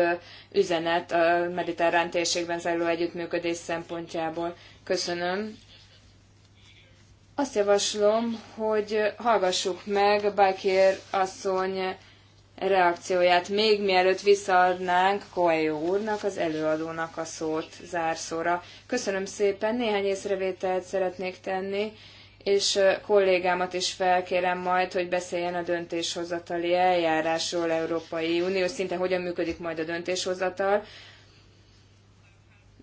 üzenet a mediterrán térségben zajló együttműködés szempontjából. Köszönöm. Azt javaslom, hogy hallgassuk meg Bajkér asszony reakcióját, még mielőtt visszaadnánk Koelyó úrnak, az előadónak a szót zárszóra. Köszönöm szépen, néhány észrevételt szeretnék tenni és kollégámat is felkérem majd, hogy beszéljen a döntéshozatali eljárásról Európai Unió szinten, hogyan működik majd a döntéshozatal,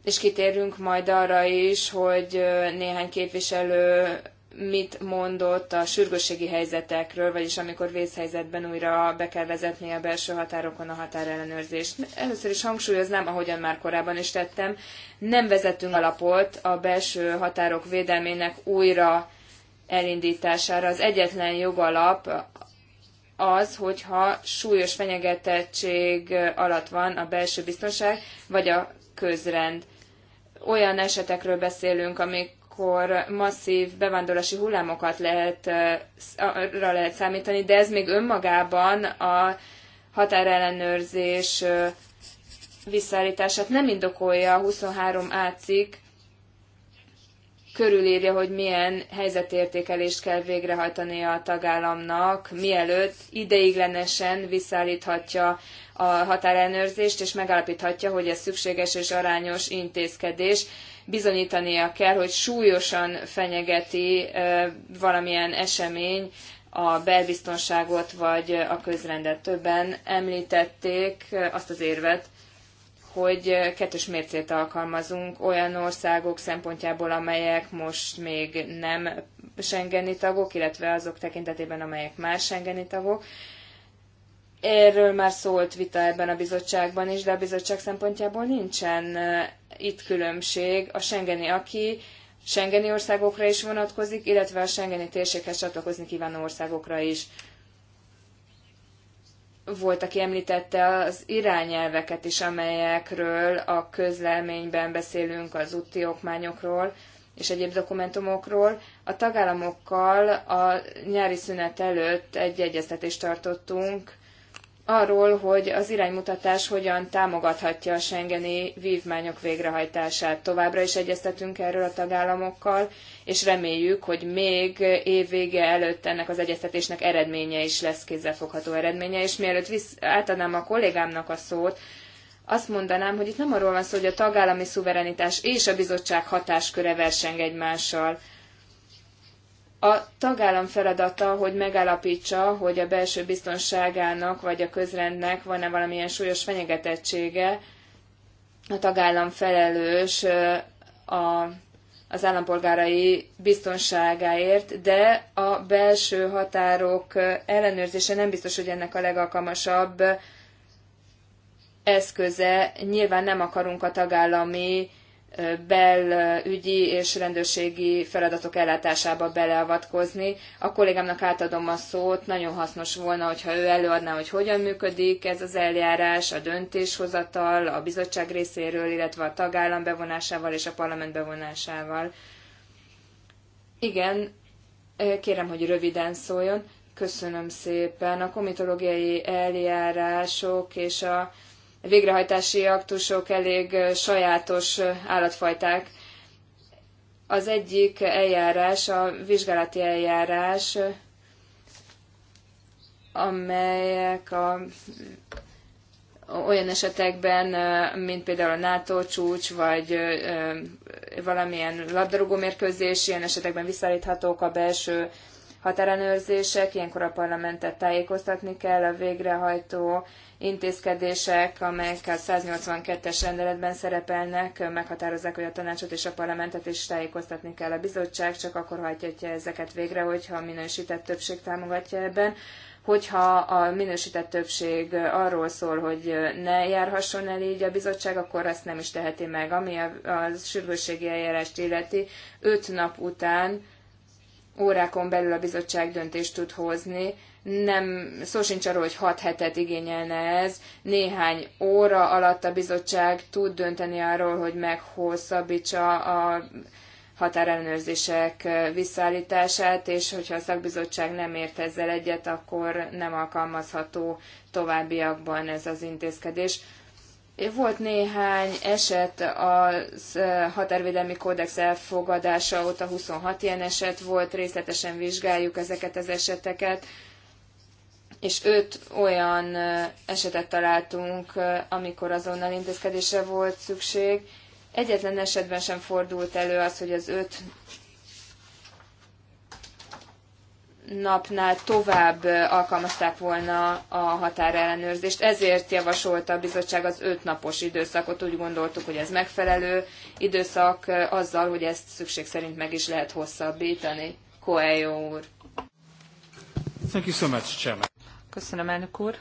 és kitérünk majd arra is, hogy néhány képviselő mit mondott a sürgősségi helyzetekről, vagyis amikor vészhelyzetben újra be kell vezetni a belső határokon a határellenőrzést. Először is hangsúlyoznám, ahogyan már korábban is tettem, nem vezetünk alapot a belső határok védelmének újra elindítására. Az egyetlen jogalap az, hogyha súlyos fenyegetettség alatt van a belső biztonság, vagy a közrend. Olyan esetekről beszélünk, amikor masszív bevándorlási hullámokat lehet, arra lehet számítani, de ez még önmagában a határellenőrzés visszaállítását nem indokolja a 23 A körülírja, hogy milyen helyzetértékelést kell végrehajtani a tagállamnak, mielőtt ideiglenesen visszaállíthatja a határellenőrzést, és megállapíthatja, hogy ez szükséges és arányos intézkedés. Bizonyítania kell, hogy súlyosan fenyegeti valamilyen esemény a belbiztonságot vagy a közrendet. Többen említették azt az érvet, hogy kettős mércét alkalmazunk olyan országok szempontjából, amelyek most még nem Schengeni tagok, illetve azok tekintetében, amelyek már Schengeni tagok. Erről már szólt vita ebben a bizottságban is, de a bizottság szempontjából nincsen itt különbség. A Schengeni aki Schengeni országokra is vonatkozik, illetve a Schengeni térséghez csatlakozni kívánó országokra is volt, aki említette az irányelveket is, amelyekről a közleményben beszélünk, az úti okmányokról és egyéb dokumentumokról. A tagállamokkal a nyári szünet előtt egy egyeztetést tartottunk arról, hogy az iránymutatás hogyan támogathatja a Schengeni vívmányok végrehajtását. Továbbra is egyeztetünk erről a tagállamokkal, és reméljük, hogy még évvége előtt ennek az egyeztetésnek eredménye is lesz kézzelfogható eredménye, és mielőtt visz, átadnám a kollégámnak a szót, azt mondanám, hogy itt nem arról van szó, hogy a tagállami szuverenitás és a bizottság hatásköre verseng egymással. A tagállam feladata, hogy megállapítsa, hogy a belső biztonságának vagy a közrendnek van-e valamilyen súlyos fenyegetettsége, a tagállam felelős a az állampolgárai biztonságáért, de a belső határok ellenőrzése nem biztos, hogy ennek a legalkalmasabb eszköze. Nyilván nem akarunk a tagállami belügyi és rendőrségi feladatok ellátásába beleavatkozni. A kollégámnak átadom a szót, nagyon hasznos volna, hogyha ő előadná, hogy hogyan működik ez az eljárás, a döntéshozatal, a bizottság részéről, illetve a tagállam bevonásával és a parlament bevonásával. Igen, kérem, hogy röviden szóljon. Köszönöm szépen. A komitológiai eljárások és a végrehajtási aktusok elég sajátos állatfajták. Az egyik eljárás, a vizsgálati eljárás, amelyek a, olyan esetekben, mint például a NATO csúcs, vagy valamilyen labdarúgó mérkőzés, ilyen esetekben visszaállíthatók a belső határenőrzések, ilyenkor a parlamentet tájékoztatni kell, a végrehajtó intézkedések, amelyek a 182-es rendeletben szerepelnek, meghatározzák, hogy a tanácsot és a parlamentet is tájékoztatni kell a bizottság, csak akkor hajtja ezeket végre, hogyha a minősített többség támogatja ebben hogyha a minősített többség arról szól, hogy ne járhasson el így a bizottság, akkor ezt nem is teheti meg. Ami a, a sürgősségi eljárást illeti, öt nap után órákon belül a bizottság döntést tud hozni, nem, szó sincs arról, hogy 6 hetet igényelne ez. Néhány óra alatt a bizottság tud dönteni arról, hogy meghosszabbítsa a határellenőrzések visszaállítását, és hogyha a szakbizottság nem ért ezzel egyet, akkor nem alkalmazható továbbiakban ez az intézkedés. Volt néhány eset a határvédelmi kódex elfogadása óta 26 ilyen eset volt, részletesen vizsgáljuk ezeket az eseteket és öt olyan esetet találtunk, amikor azonnal intézkedésre volt szükség. Egyetlen esetben sem fordult elő az, hogy az öt napnál tovább alkalmazták volna a határellenőrzést. Ezért javasolta a bizottság az öt napos időszakot. Úgy gondoltuk, hogy ez megfelelő időszak azzal, hogy ezt szükség szerint meg is lehet hosszabbítani. Coelho úr. Thank you so much, Chairman. Köszönöm, elnök úr.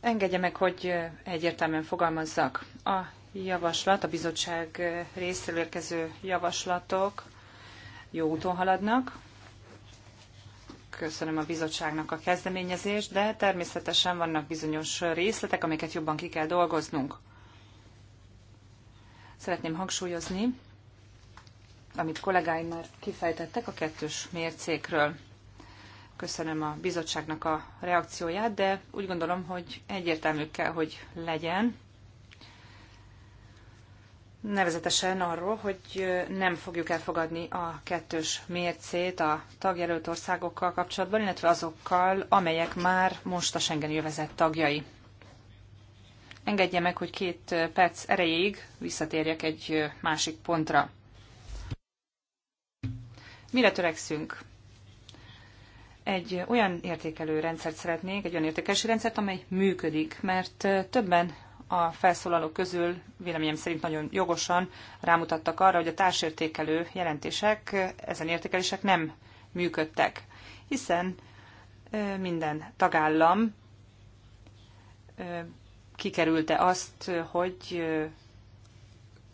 Engedje meg, hogy egyértelműen fogalmazzak. A javaslat, a bizottság részéről érkező javaslatok jó úton haladnak. Köszönöm a bizottságnak a kezdeményezést, de természetesen vannak bizonyos részletek, amiket jobban ki kell dolgoznunk. Szeretném hangsúlyozni, amit kollégáim már kifejtettek a kettős mércékről köszönöm a bizottságnak a reakcióját, de úgy gondolom, hogy egyértelmű kell, hogy legyen. Nevezetesen arról, hogy nem fogjuk elfogadni a kettős mércét a tagjelölt országokkal kapcsolatban, illetve azokkal, amelyek már most a Schengeni övezet tagjai. Engedje meg, hogy két perc erejéig visszatérjek egy másik pontra. Mire törekszünk? egy olyan értékelő rendszert szeretnék, egy olyan értékelési rendszert, amely működik, mert többen a felszólalók közül véleményem szerint nagyon jogosan rámutattak arra, hogy a társértékelő jelentések, ezen értékelések nem működtek, hiszen minden tagállam kikerülte azt, hogy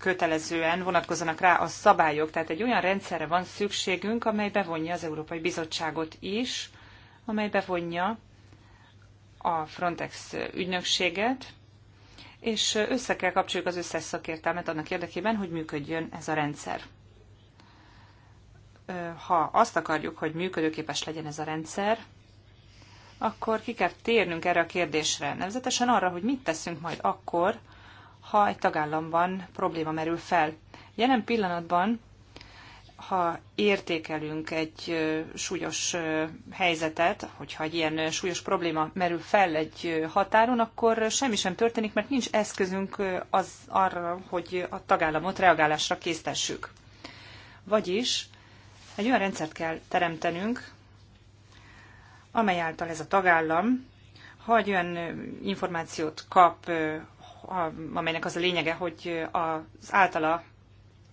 kötelezően vonatkozzanak rá a szabályok. Tehát egy olyan rendszerre van szükségünk, amely bevonja az Európai Bizottságot is, amely bevonja a Frontex ügynökséget, és össze kell kapcsoljuk az összes szakértelmet annak érdekében, hogy működjön ez a rendszer. Ha azt akarjuk, hogy működőképes legyen ez a rendszer, akkor ki kell térnünk erre a kérdésre, nevezetesen arra, hogy mit teszünk majd akkor, ha egy tagállamban probléma merül fel. Jelen pillanatban, ha értékelünk egy súlyos helyzetet, hogyha egy ilyen súlyos probléma merül fel egy határon, akkor semmi sem történik, mert nincs eszközünk az arra, hogy a tagállamot reagálásra késztessük. Vagyis egy olyan rendszert kell teremtenünk, amely által ez a tagállam, ha egy olyan információt kap, amelynek az a lényege, hogy az általa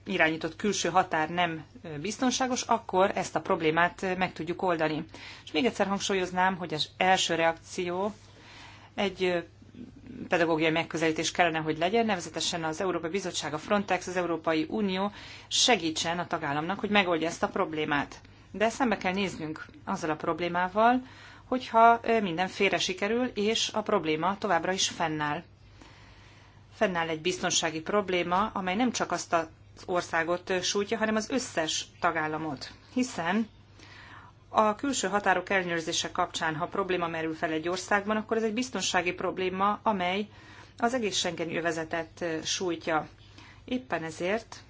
irányított külső határ nem biztonságos, akkor ezt a problémát meg tudjuk oldani. És még egyszer hangsúlyoznám, hogy az első reakció egy pedagógiai megközelítés kellene, hogy legyen, nevezetesen az Európai Bizottság, a Frontex, az Európai Unió segítsen a tagállamnak, hogy megoldja ezt a problémát. De szembe kell néznünk azzal a problémával, hogyha minden félre sikerül, és a probléma továbbra is fennáll fennáll egy biztonsági probléma, amely nem csak azt az országot sújtja, hanem az összes tagállamot. Hiszen a külső határok ellenőrzése kapcsán, ha probléma merül fel egy országban, akkor ez egy biztonsági probléma, amely az egész Schengen övezetet sújtja. Éppen ezért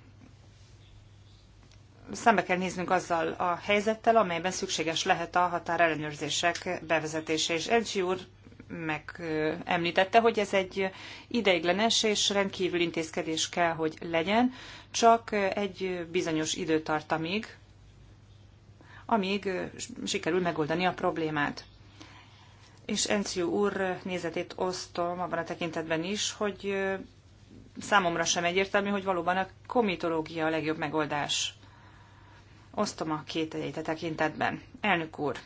szembe kell néznünk azzal a helyzettel, amelyben szükséges lehet a határellenőrzések bevezetése. És Elcsi úr megemlítette, hogy ez egy ideiglenes és rendkívül intézkedés kell, hogy legyen, csak egy bizonyos időtartamig, amíg sikerül megoldani a problémát. És Enciu úr nézetét osztom abban a tekintetben is, hogy számomra sem egyértelmű, hogy valóban a komitológia a legjobb megoldás. Osztom a két a tekintetben. Elnök úr,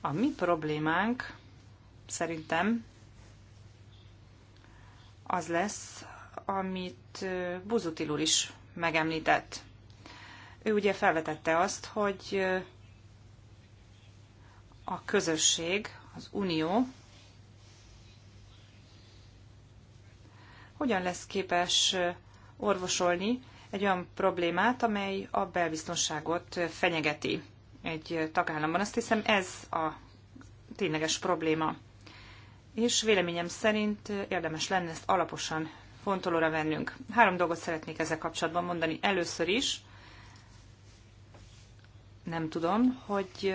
a mi problémánk szerintem az lesz, amit Buzutil úr is megemlített. Ő ugye felvetette azt, hogy a közösség, az unió hogyan lesz képes orvosolni egy olyan problémát, amely a belbiztonságot fenyegeti egy tagállamban. Azt hiszem ez a tényleges probléma és véleményem szerint érdemes lenne ezt alaposan fontolóra vennünk. Három dolgot szeretnék ezzel kapcsolatban mondani. Először is, nem tudom, hogy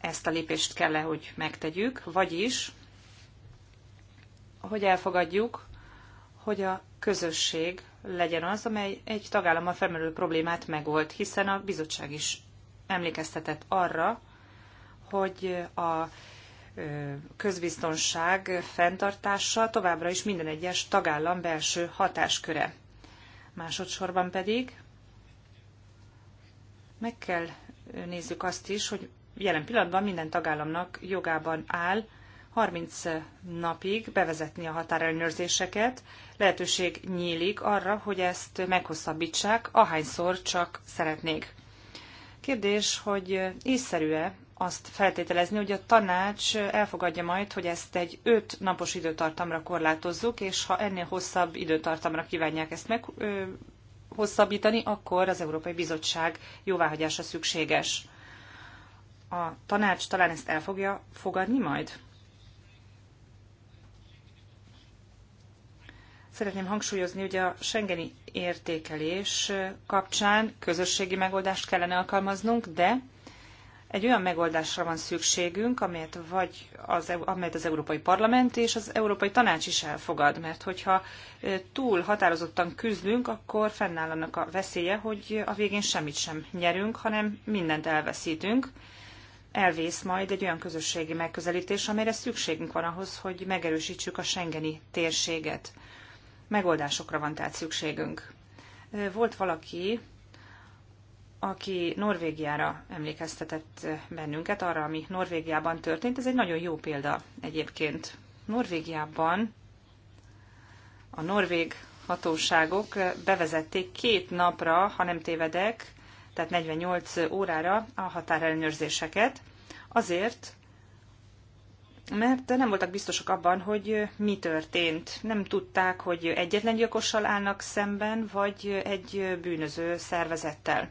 ezt a lépést kell -e, hogy megtegyük, vagyis, hogy elfogadjuk, hogy a közösség legyen az, amely egy tagállammal felmerülő problémát megold, hiszen a bizottság is emlékeztetett arra, hogy a közbiztonság fenntartása továbbra is minden egyes tagállam belső hatásköre. Másodszorban pedig meg kell nézzük azt is, hogy jelen pillanatban minden tagállamnak jogában áll 30 napig bevezetni a határellenőrzéseket. Lehetőség nyílik arra, hogy ezt meghosszabbítsák, ahányszor csak szeretnék. Kérdés, hogy észszerű-e azt feltételezni, hogy a tanács elfogadja majd, hogy ezt egy öt napos időtartamra korlátozzuk, és ha ennél hosszabb időtartamra kívánják ezt meg ö, hosszabbítani, akkor az Európai Bizottság jóváhagyása szükséges. A tanács talán ezt el fogja fogadni majd? Szeretném hangsúlyozni, hogy a Schengeni értékelés kapcsán közösségi megoldást kellene alkalmaznunk, de egy olyan megoldásra van szükségünk, amelyet, vagy az, e amelyet az Európai Parlament és az Európai Tanács is elfogad, mert hogyha túl határozottan küzdünk, akkor fennáll annak a veszélye, hogy a végén semmit sem nyerünk, hanem mindent elveszítünk. Elvész majd egy olyan közösségi megközelítés, amelyre szükségünk van ahhoz, hogy megerősítsük a Schengeni térséget. Megoldásokra van tehát szükségünk. Volt valaki, aki Norvégiára emlékeztetett bennünket, arra, ami Norvégiában történt. Ez egy nagyon jó példa egyébként. Norvégiában a norvég hatóságok bevezették két napra, ha nem tévedek, tehát 48 órára a határellenőrzéseket, azért, mert nem voltak biztosak abban, hogy mi történt. Nem tudták, hogy egyetlen gyilkossal állnak szemben, vagy egy bűnöző szervezettel.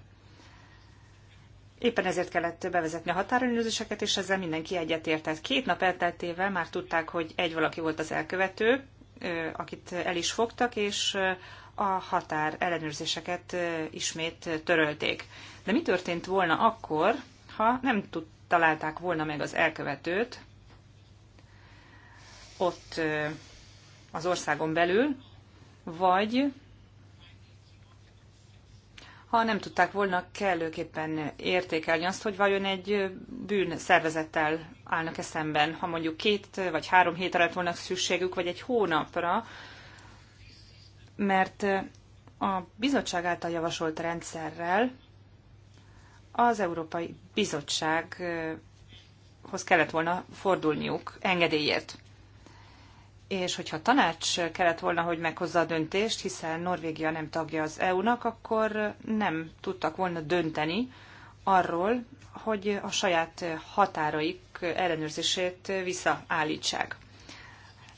Éppen ezért kellett bevezetni a határőrzéseket, és ezzel mindenki egyetértett. Két nap elteltével már tudták, hogy egy valaki volt az elkövető, akit el is fogtak, és a határ ellenőrzéseket ismét törölték. De mi történt volna akkor, ha nem tud, találták volna meg az elkövetőt ott az országon belül, vagy ha nem tudták volna kellőképpen értékelni azt, hogy vajon egy bűn szervezettel állnak-e szemben, ha mondjuk két vagy három hétre lett volna szükségük, vagy egy hónapra, mert a bizottság által javasolt rendszerrel az Európai Bizottsághoz kellett volna fordulniuk engedélyért és hogyha tanács kellett volna, hogy meghozza a döntést, hiszen Norvégia nem tagja az EU-nak, akkor nem tudtak volna dönteni arról, hogy a saját határaik ellenőrzését visszaállítsák.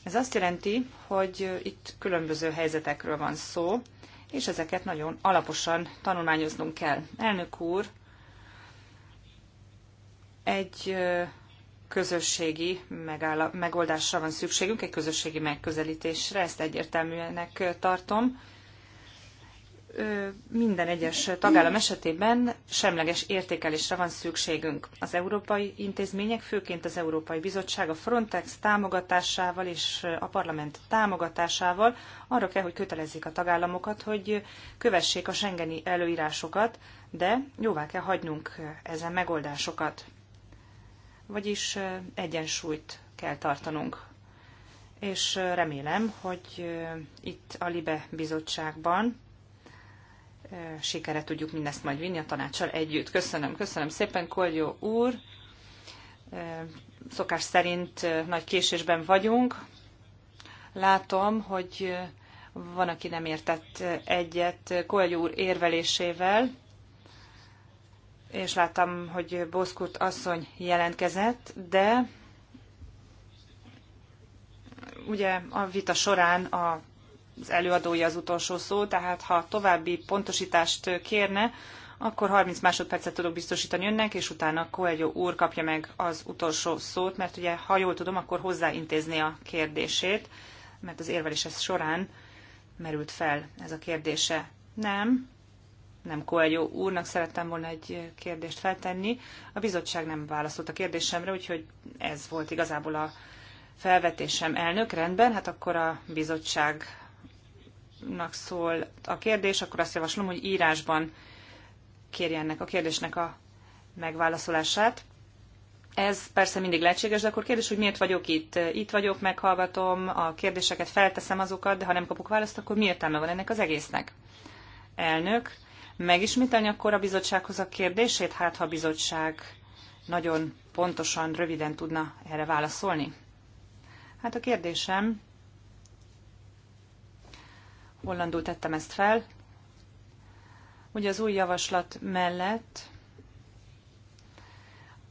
Ez azt jelenti, hogy itt különböző helyzetekről van szó, és ezeket nagyon alaposan tanulmányoznunk kell. Elnök úr, egy közösségi megoldásra van szükségünk, egy közösségi megközelítésre, ezt egyértelműenek tartom. Minden egyes tagállam esetében semleges értékelésre van szükségünk. Az európai intézmények, főként az Európai Bizottság a Frontex támogatásával és a parlament támogatásával arra kell, hogy kötelezzék a tagállamokat, hogy kövessék a Schengeni előírásokat, de jóvá kell hagynunk ezen megoldásokat vagyis egyensúlyt kell tartanunk. És remélem, hogy itt a Libe bizottságban sikere tudjuk mindezt majd vinni a tanácsal együtt. Köszönöm, köszönöm szépen, Kolgyó úr. Szokás szerint nagy késésben vagyunk. Látom, hogy van, aki nem értett egyet Kolgyó úr érvelésével és láttam, hogy Boszkurt asszony jelentkezett, de ugye a vita során a, az előadója az utolsó szó, tehát ha további pontosítást kérne, akkor 30 másodpercet tudok biztosítani önnek, és utána Coelho úr kapja meg az utolsó szót, mert ugye, ha jól tudom, akkor hozzáintézni a kérdését, mert az érvelés során merült fel ez a kérdése. Nem, nem Coelho úrnak szerettem volna egy kérdést feltenni. A bizottság nem válaszolt a kérdésemre, úgyhogy ez volt igazából a felvetésem elnök. Rendben, hát akkor a bizottságnak szól a kérdés, akkor azt javaslom, hogy írásban kérje ennek a kérdésnek a megválaszolását. Ez persze mindig lehetséges, de akkor kérdés, hogy miért vagyok itt. Itt vagyok, meghallgatom, a kérdéseket felteszem azokat, de ha nem kapok választ, akkor mi értelme van ennek az egésznek? Elnök, megismételni akkor a bizottsághoz a kérdését, hát ha a bizottság nagyon pontosan, röviden tudna erre válaszolni? Hát a kérdésem, hollandul tettem ezt fel, ugye az új javaslat mellett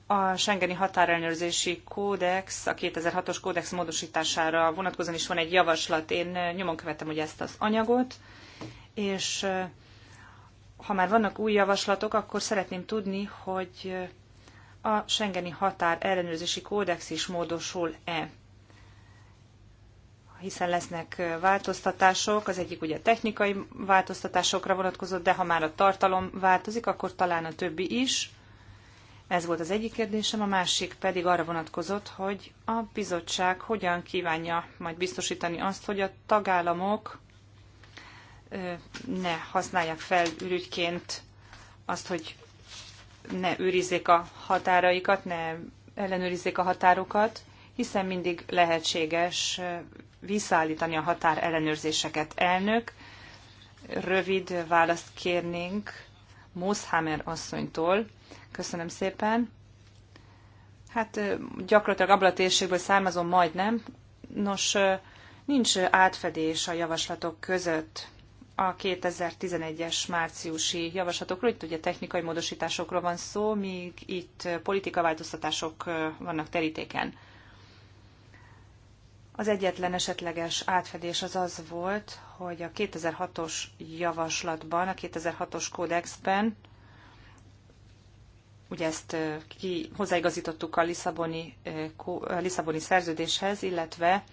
a Schengeni határellenőrzési kódex, a 2006-os kódex módosítására vonatkozóan is van egy javaslat. Én nyomon követem ugye ezt az anyagot, és ha már vannak új javaslatok, akkor szeretném tudni, hogy a Schengeni határ ellenőrzési kódex is módosul-e hiszen lesznek változtatások, az egyik ugye technikai változtatásokra vonatkozott, de ha már a tartalom változik, akkor talán a többi is. Ez volt az egyik kérdésem, a másik pedig arra vonatkozott, hogy a bizottság hogyan kívánja majd biztosítani azt, hogy a tagállamok ne használják fel ürügyként azt, hogy ne őrizzék a határaikat, ne ellenőrizzék a határokat, hiszen mindig lehetséges visszaállítani a határ ellenőrzéseket. Elnök, rövid választ kérnénk Mooshammer asszonytól. Köszönöm szépen. Hát gyakorlatilag abban a térségből származom majdnem. Nos, nincs átfedés a javaslatok között a 2011-es márciusi javaslatokról, itt ugye technikai módosításokról van szó, míg itt politikaváltoztatások vannak terítéken. Az egyetlen esetleges átfedés az az volt, hogy a 2006-os javaslatban, a 2006-os kódexben, ugye ezt ki, hozzáigazítottuk a Lisszaboni, a Lisszaboni szerződéshez, illetve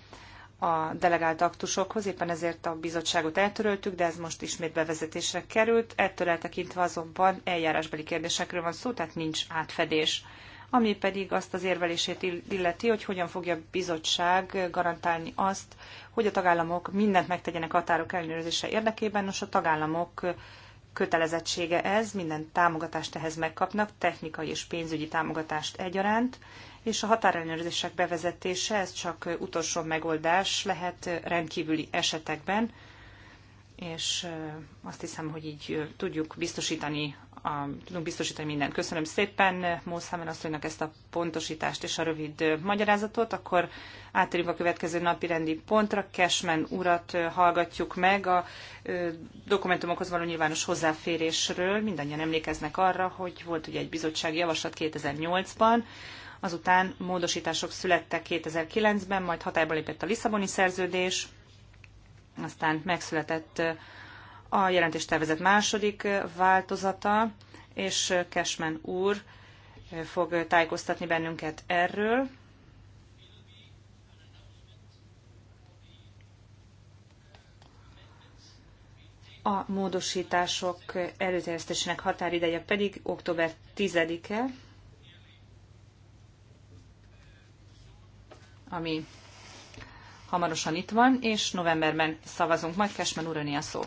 a delegált aktusokhoz, éppen ezért a bizottságot eltöröltük, de ez most ismét bevezetésre került. Ettől eltekintve azonban eljárásbeli kérdésekről van szó, tehát nincs átfedés. Ami pedig azt az érvelését illeti, hogy hogyan fogja a bizottság garantálni azt, hogy a tagállamok mindent megtegyenek határok ellenőrzése érdekében, nos a tagállamok kötelezettsége ez, minden támogatást ehhez megkapnak, technikai és pénzügyi támogatást egyaránt, és a határellenőrzések bevezetése, ez csak utolsó megoldás lehet rendkívüli esetekben, és azt hiszem, hogy így tudjuk biztosítani a, tudunk biztosítani mindent. Köszönöm szépen Mószámen asszonynak ezt a pontosítást és a rövid magyarázatot. Akkor átérünk a következő napi rendi pontra. Kesmen urat hallgatjuk meg a dokumentumokhoz való nyilvános hozzáférésről. Mindannyian emlékeznek arra, hogy volt ugye egy bizottsági javaslat 2008-ban, azután módosítások születtek 2009-ben, majd hatályba lépett a Lisszaboni szerződés, aztán megszületett a jelentéstervezet második változata, és Cashman úr fog tájékoztatni bennünket erről. A módosítások előterjesztésének határideje pedig október 10-e, ami hamarosan itt van, és novemberben szavazunk. Majd Cashman úr, a szó.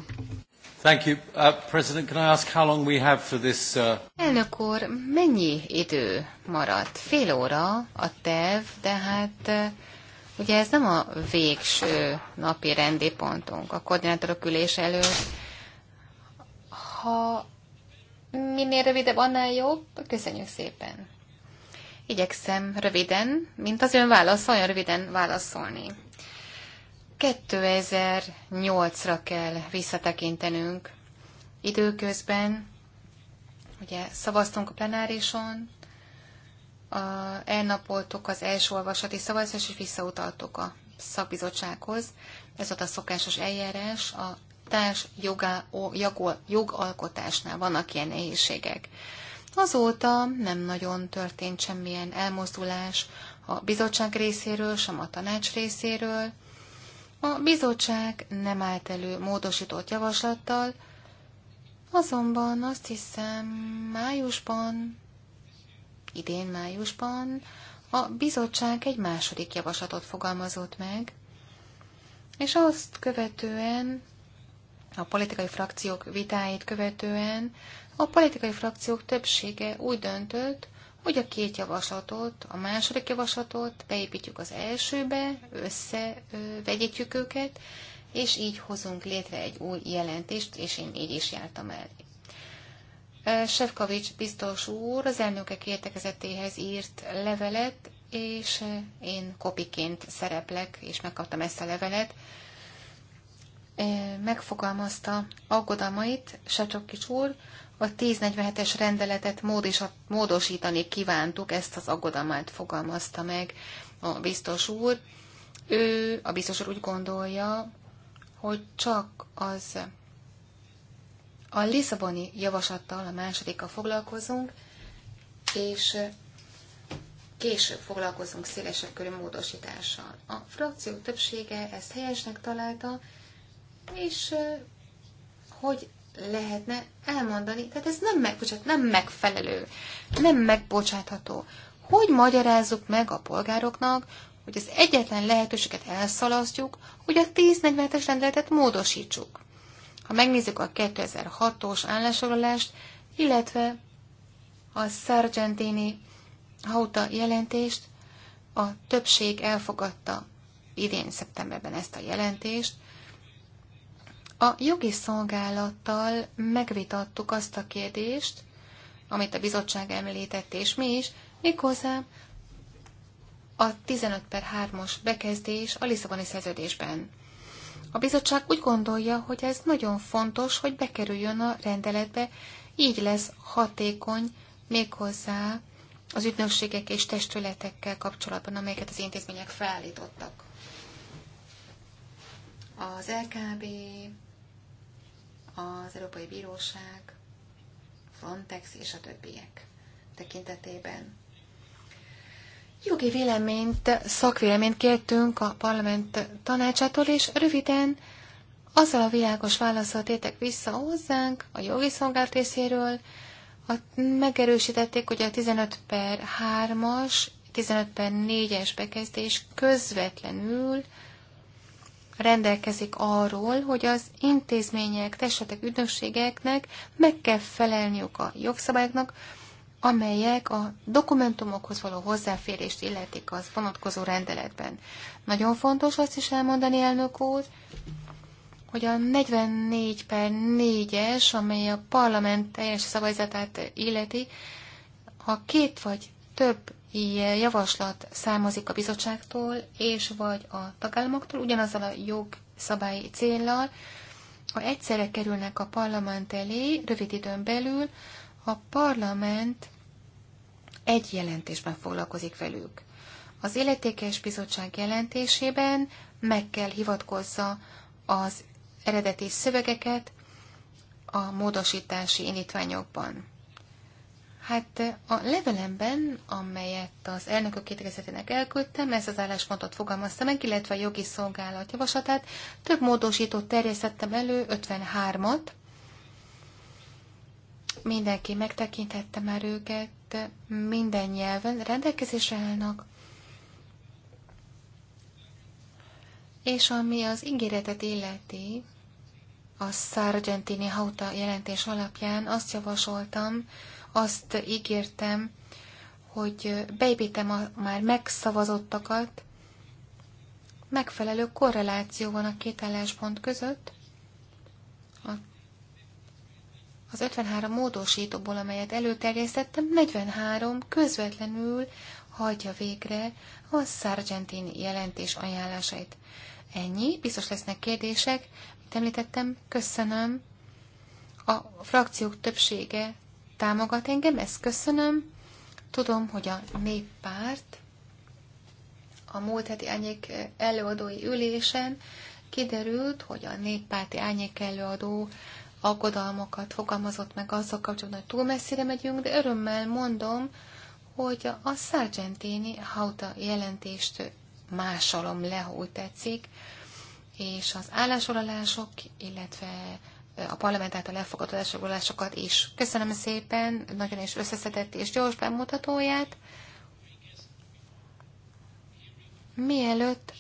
Thank you. Uh, President, can I ask how long we have for this? Uh... Elnök úr, mennyi idő maradt? Fél óra a terv, de hát uh, ugye ez nem a végső napi rendi pontunk a koordinátorok ülés előtt. Ha minél rövidebb, annál jobb. Köszönjük szépen. Igyekszem röviden, mint az ön válasz, olyan röviden válaszolni. 2008-ra kell visszatekintenünk. Időközben ugye szavaztunk a plenárison, a, elnapoltuk az első olvasati szavazást, és visszautaltuk a szakbizottsághoz. Ez volt a szokásos eljárás. A társ jogá, jogol, jogalkotásnál vannak ilyen nehézségek. Azóta nem nagyon történt semmilyen elmozdulás a bizottság részéről, sem a tanács részéről. A bizottság nem állt elő módosított javaslattal, azonban azt hiszem májusban, idén májusban a bizottság egy második javaslatot fogalmazott meg, és azt követően, a politikai frakciók vitáit követően a politikai frakciók többsége úgy döntött, hogy a két javaslatot, a második javaslatot beépítjük az elsőbe, összevegyítjük őket, és így hozunk létre egy új jelentést, és én így is jártam el. Sefkovics biztos úr az elnökek értekezetéhez írt levelet, és én kopiként szereplek, és megkaptam ezt a levelet. Megfogalmazta aggodalmait Sacsokics úr, a 1047-es rendeletet módosítani kívántuk, ezt az aggodalmát fogalmazta meg a biztos úr. Ő, a biztos úr úgy gondolja, hogy csak az a Lisszaboni javaslattal, a másodikkal foglalkozunk, és később foglalkozunk szélesebb körű módosítással. A frakció többsége ezt helyesnek találta, és hogy lehetne elmondani. Tehát ez nem, meg, bocsánat, nem megfelelő, nem megbocsátható. Hogy magyarázzuk meg a polgároknak, hogy az egyetlen lehetőséget elszalasztjuk, hogy a 1047-es rendeletet módosítsuk. Ha megnézzük a 2006-os állásfoglalást, illetve a Sargentini Hauta jelentést, a többség elfogadta idén szeptemberben ezt a jelentést, a jogi szolgálattal megvitattuk azt a kérdést, amit a bizottság említett, és mi is, méghozzá a 15 per 3-os bekezdés a Lisszaboni szerződésben. A bizottság úgy gondolja, hogy ez nagyon fontos, hogy bekerüljön a rendeletbe, így lesz hatékony méghozzá az ügynökségek és testületekkel kapcsolatban, amelyeket az intézmények felállítottak. Az LKB, az Európai Bíróság, Frontex és a többiek tekintetében. Jogi véleményt, szakvéleményt kértünk a parlament tanácsától, és röviden azzal a világos válaszot értek vissza hozzánk a jogi szolgált részéről. A, megerősítették, hogy a 15 per 3-as, 15 per 4-es bekezdés közvetlenül rendelkezik arról, hogy az intézmények, testetek, ügynökségeknek meg kell felelniük a jogszabályoknak, amelyek a dokumentumokhoz való hozzáférést illetik az vonatkozó rendeletben. Nagyon fontos azt is elmondani, elnök úr, hogy a 44 per 4-es, amely a parlament teljes szabályzatát illeti, ha két vagy több javaslat származik a bizottságtól és vagy a tagállamoktól, ugyanazzal a jogszabályi céllal, ha egyszerre kerülnek a parlament elé, rövid időn belül, a parlament egy jelentésben foglalkozik velük. Az Életékes Bizottság jelentésében meg kell hivatkozza az eredeti szövegeket a módosítási indítványokban. Hát eh, a levelemben, amelyet az elnökök kétkezetének elküldtem, ezt az álláspontot fogalmaztam meg, illetve a jogi szolgálat javaslatát. Több módosítót terjesztettem elő, 53-at. Mindenki megtekintette már őket, minden nyelven rendelkezésre állnak. És ami az ígéretet illeti, a Sargentini Hauta jelentés alapján azt javasoltam, azt ígértem, hogy beépítem a már megszavazottakat, megfelelő korreláció van a két álláspont között, a az 53 módosítóból, amelyet előterjesztettem, 43 közvetlenül hagyja végre a Sargentin jelentés ajánlásait. Ennyi, biztos lesznek kérdések, mint említettem, köszönöm. A frakciók többsége támogat engem, ezt köszönöm. Tudom, hogy a néppárt a múlt heti ányék előadói ülésen kiderült, hogy a néppárti ányék előadó aggodalmakat fogalmazott meg azzal kapcsolatban, hogy túl messzire megyünk, de örömmel mondom, hogy a Sargentini Hauta jelentést másolom le, úgy tetszik, és az állásolások, illetve a parlament által elfogadott elsorgolásokat is. Köszönöm szépen, nagyon is összeszedett és gyors bemutatóját. Mielőtt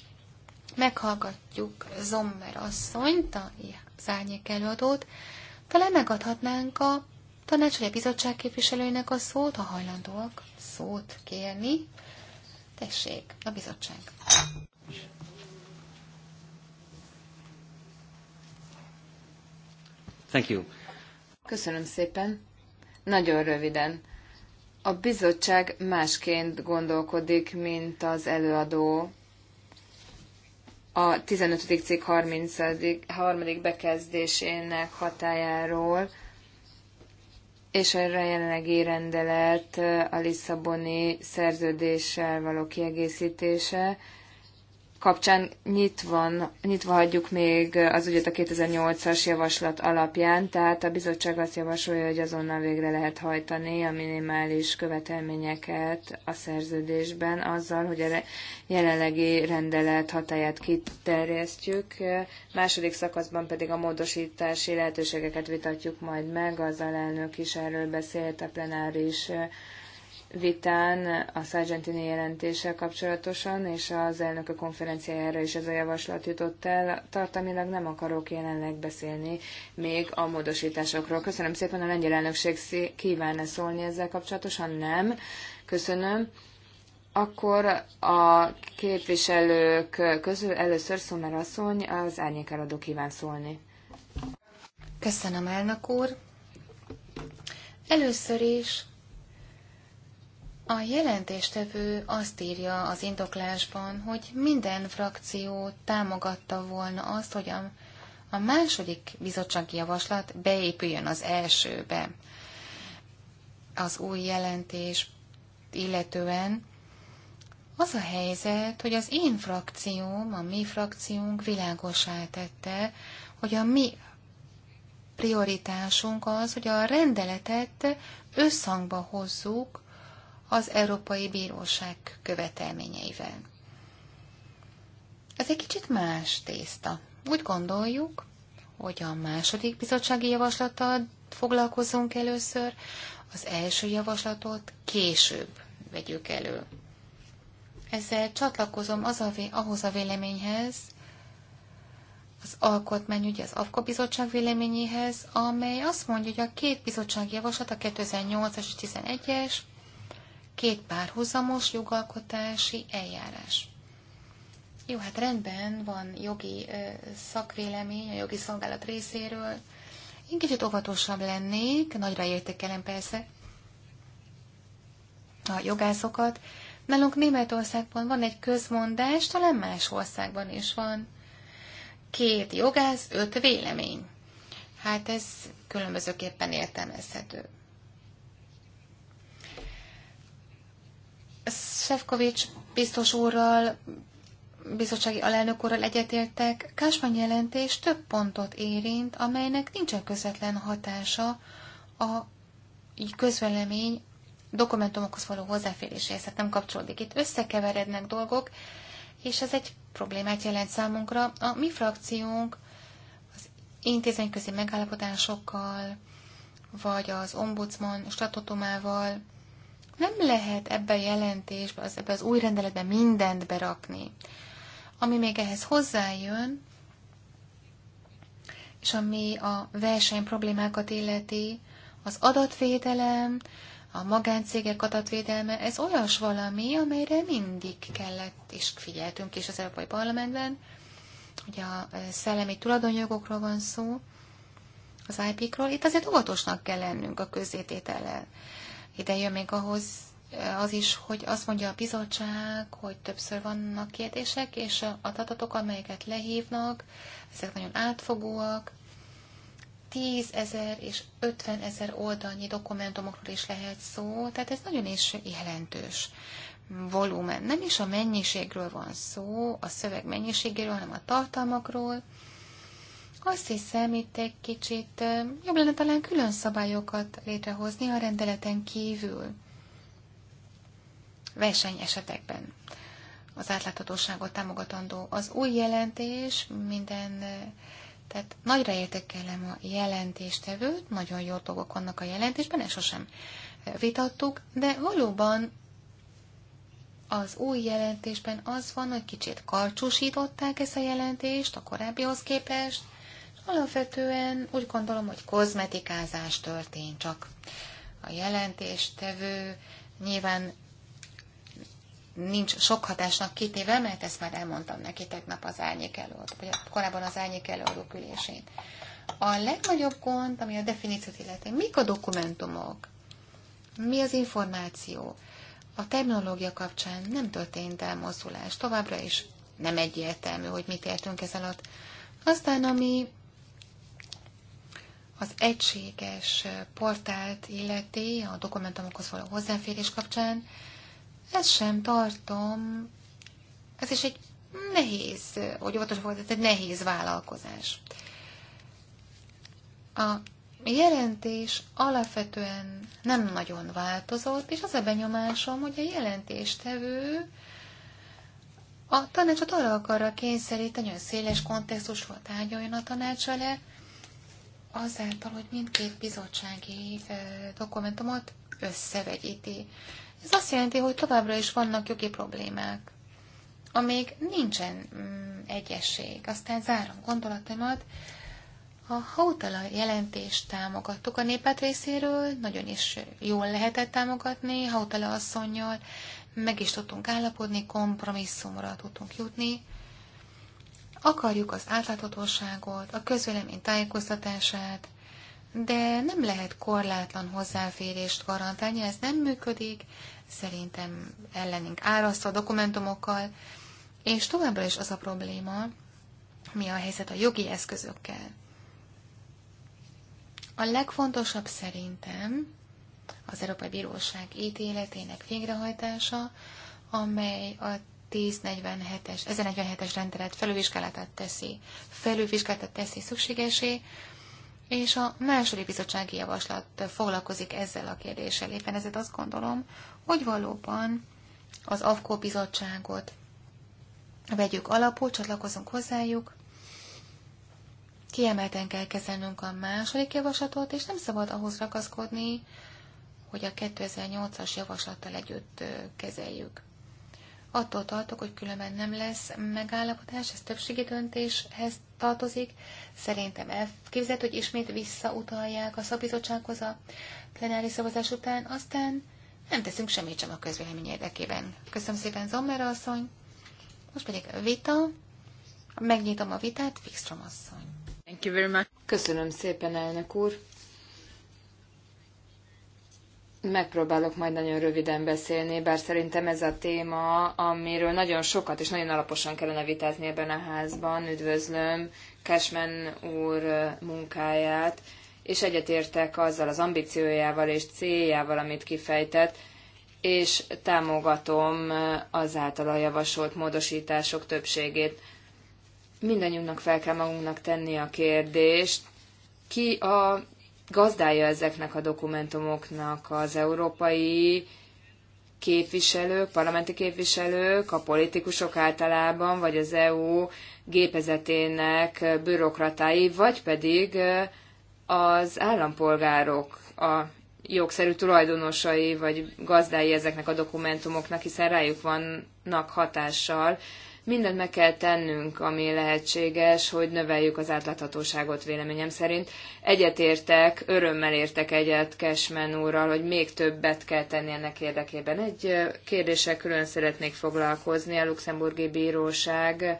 meghallgatjuk Zommer asszonyt, a zárnyék előadót, talán megadhatnánk a tanács vagy a bizottság képviselőinek a szót, ha hajlandóak szót kérni. Tessék, a bizottság. Thank you. Köszönöm szépen. Nagyon röviden. A bizottság másként gondolkodik, mint az előadó a 15. cikk 30. 3. bekezdésének hatájáról, és erre a jelenlegi rendelet a Lisszaboni szerződéssel való kiegészítése, kapcsán nyitva, nyitva hagyjuk még az ügyet a 2008-as javaslat alapján, tehát a bizottság azt javasolja, hogy azonnal végre lehet hajtani a minimális követelményeket a szerződésben azzal, hogy a jelenlegi rendelet hatáját kiterjesztjük. Második szakaszban pedig a módosítási lehetőségeket vitatjuk majd meg, az alelnök is erről beszélt a plenáris vitán a Sargentini jelentéssel kapcsolatosan, és az a konferenciájára is ez a javaslat jutott el. tartamilag nem akarok jelenleg beszélni még a módosításokról. Köszönöm szépen, a lengyel elnökség kívánne szólni ezzel kapcsolatosan? Nem. Köszönöm. Akkor a képviselők közül először Szomer asszony, az árnyékeladó kíván szólni. Köszönöm, elnök úr. Először is a jelentéstevő azt írja az indoklásban, hogy minden frakció támogatta volna azt, hogy a, a második bizottsági javaslat beépüljön az elsőbe. Az új jelentés illetően az a helyzet, hogy az én frakcióm, a mi frakciónk világosá tette, hogy a mi prioritásunk az, hogy a rendeletet összhangba hozzuk az Európai Bíróság követelményeivel. Ez egy kicsit más tészta. Úgy gondoljuk, hogy a második bizottsági javaslattal foglalkozunk először, az első javaslatot később vegyük elő. Ezzel csatlakozom az a, ahhoz a véleményhez, az ugye az AFKA bizottság véleményéhez, amely azt mondja, hogy a két bizottság javaslat, a 2008-as és 2011 es két párhuzamos jogalkotási eljárás. Jó, hát rendben, van jogi ö, szakvélemény a jogi szolgálat részéről. Én kicsit óvatosabb lennék, nagyra értékelem persze a jogászokat. Nálunk Németországban van egy közmondás, talán más országban is van. Két jogász, öt vélemény. Hát ez különbözőképpen értelmezhető. Szefkovics biztos úrral, bizottsági alelnök úrral egyetértek, Kásman jelentés több pontot érint, amelynek nincsen közvetlen hatása a közvelemény dokumentumokhoz való hozzáféréséhez, tehát nem kapcsolódik. Itt összekeverednek dolgok, és ez egy problémát jelent számunkra. A mi frakciónk az intézményközi megállapodásokkal, vagy az ombudsman statutumával, nem lehet ebbe a jelentésbe, az, ebbe az új rendeletbe mindent berakni. Ami még ehhez hozzájön, és ami a verseny problémákat illeti, az adatvédelem, a magáncégek adatvédelme, ez olyas valami, amelyre mindig kellett, és figyeltünk is az Európai Parlamentben, hogy a szellemi tulajdonjogokról van szó, az IP-król, itt azért óvatosnak kell lennünk a közzététellel. Ide jön még ahhoz eh, az is, hogy azt mondja a bizottság, hogy többször vannak kérdések, és a adatok, amelyeket lehívnak, ezek nagyon átfogóak, 10 ezer és 50 ezer oldalnyi dokumentumokról is lehet szó, tehát ez nagyon is jelentős volumen. Nem is a mennyiségről van szó, a szöveg mennyiségéről, hanem a tartalmakról. Azt hiszem, itt egy kicsit jobb lenne talán külön szabályokat létrehozni a rendeleten kívül. Verseny esetekben az átláthatóságot támogatandó az új jelentés, minden, tehát nagyra értékelem a jelentéstevőt, nagyon jó dolgok vannak a jelentésben, ezt sosem vitattuk, de valóban az új jelentésben az van, hogy kicsit karcsúsították ezt a jelentést a korábbihoz képest, Alapvetően úgy gondolom, hogy kozmetikázás történt, csak a jelentéstevő nyilván nincs sok hatásnak kitéve, mert ezt már elmondtam neki tegnap az árnyék előadó, vagy korábban az árnyék előadó ülésén. A legnagyobb gond, ami a definíciót illeti, mik a dokumentumok, mi az információ, a terminológia kapcsán nem történt elmozdulás, továbbra is nem egyértelmű, hogy mit értünk ez alatt. Aztán, ami az egységes portált illeti a dokumentumokhoz való hozzáférés kapcsán, ez sem tartom, ez is egy nehéz, hogy óvatos volt, ez egy nehéz vállalkozás. A jelentés alapvetően nem nagyon változott, és az a benyomásom, hogy a jelentéstevő a tanácsot arra akarra kényszeríteni, hogy széles kontextusról tárgyaljon a tanács vele, azáltal, hogy mindkét bizottsági dokumentumot összevegyíti. Ez azt jelenti, hogy továbbra is vannak jogi problémák, amíg nincsen mm, egyesség. Aztán zárom gondolatomat. A Hautala jelentést támogattuk a népet részéről, nagyon is jól lehetett támogatni, Hautala asszonynal meg is tudtunk állapodni, kompromisszumra tudtunk jutni. Akarjuk az átláthatóságot, a közvélemény tájékoztatását, de nem lehet korlátlan hozzáférést garantálni, ez nem működik, szerintem ellenünk árasztva a dokumentumokkal, és továbbra is az a probléma, mi a helyzet a jogi eszközökkel. A legfontosabb szerintem az Európai Bíróság ítéletének végrehajtása, amely a 1047-es, 1047-es rendelet felülvizsgálatát teszi, felülvizsgálatát teszi szükségesé, és a második bizottsági javaslat foglalkozik ezzel a kérdéssel. Éppen ezért azt gondolom, hogy valóban az AFKO bizottságot vegyük alapul, csatlakozunk hozzájuk, kiemelten kell kezelnünk a második javaslatot, és nem szabad ahhoz ragaszkodni, hogy a 2008-as javaslattal együtt kezeljük. Attól tartok, hogy különben nem lesz megállapodás, ez többségi döntéshez tartozik. Szerintem elképzelhető, hogy ismét visszautalják a szabizottsághoz a plenári szavazás után, aztán nem teszünk semmit sem a közvélemény érdekében. Köszönöm szépen, Zommer asszony. Most pedig a vita. Megnyitom a vitát, Wikström asszony. Thank you very much. Köszönöm szépen, elnök úr. Megpróbálok majd nagyon röviden beszélni, bár szerintem ez a téma, amiről nagyon sokat és nagyon alaposan kellene vitázni ebben a házban. Üdvözlöm Cashman úr munkáját, és egyetértek azzal az ambíciójával és céljával, amit kifejtett, és támogatom az a javasolt módosítások többségét. Mindannyiunknak fel kell magunknak tenni a kérdést, ki a gazdája ezeknek a dokumentumoknak az európai képviselők, parlamenti képviselők, a politikusok általában, vagy az EU gépezetének bürokratái, vagy pedig az állampolgárok a jogszerű tulajdonosai vagy gazdái ezeknek a dokumentumoknak, hiszen rájuk vannak hatással Mindent meg kell tennünk, ami lehetséges, hogy növeljük az átláthatóságot véleményem szerint. Egyetértek, örömmel értek egyet Kesmen úrral, hogy még többet kell tenni ennek érdekében. Egy kérdéssel külön szeretnék foglalkozni a Luxemburgi Bíróság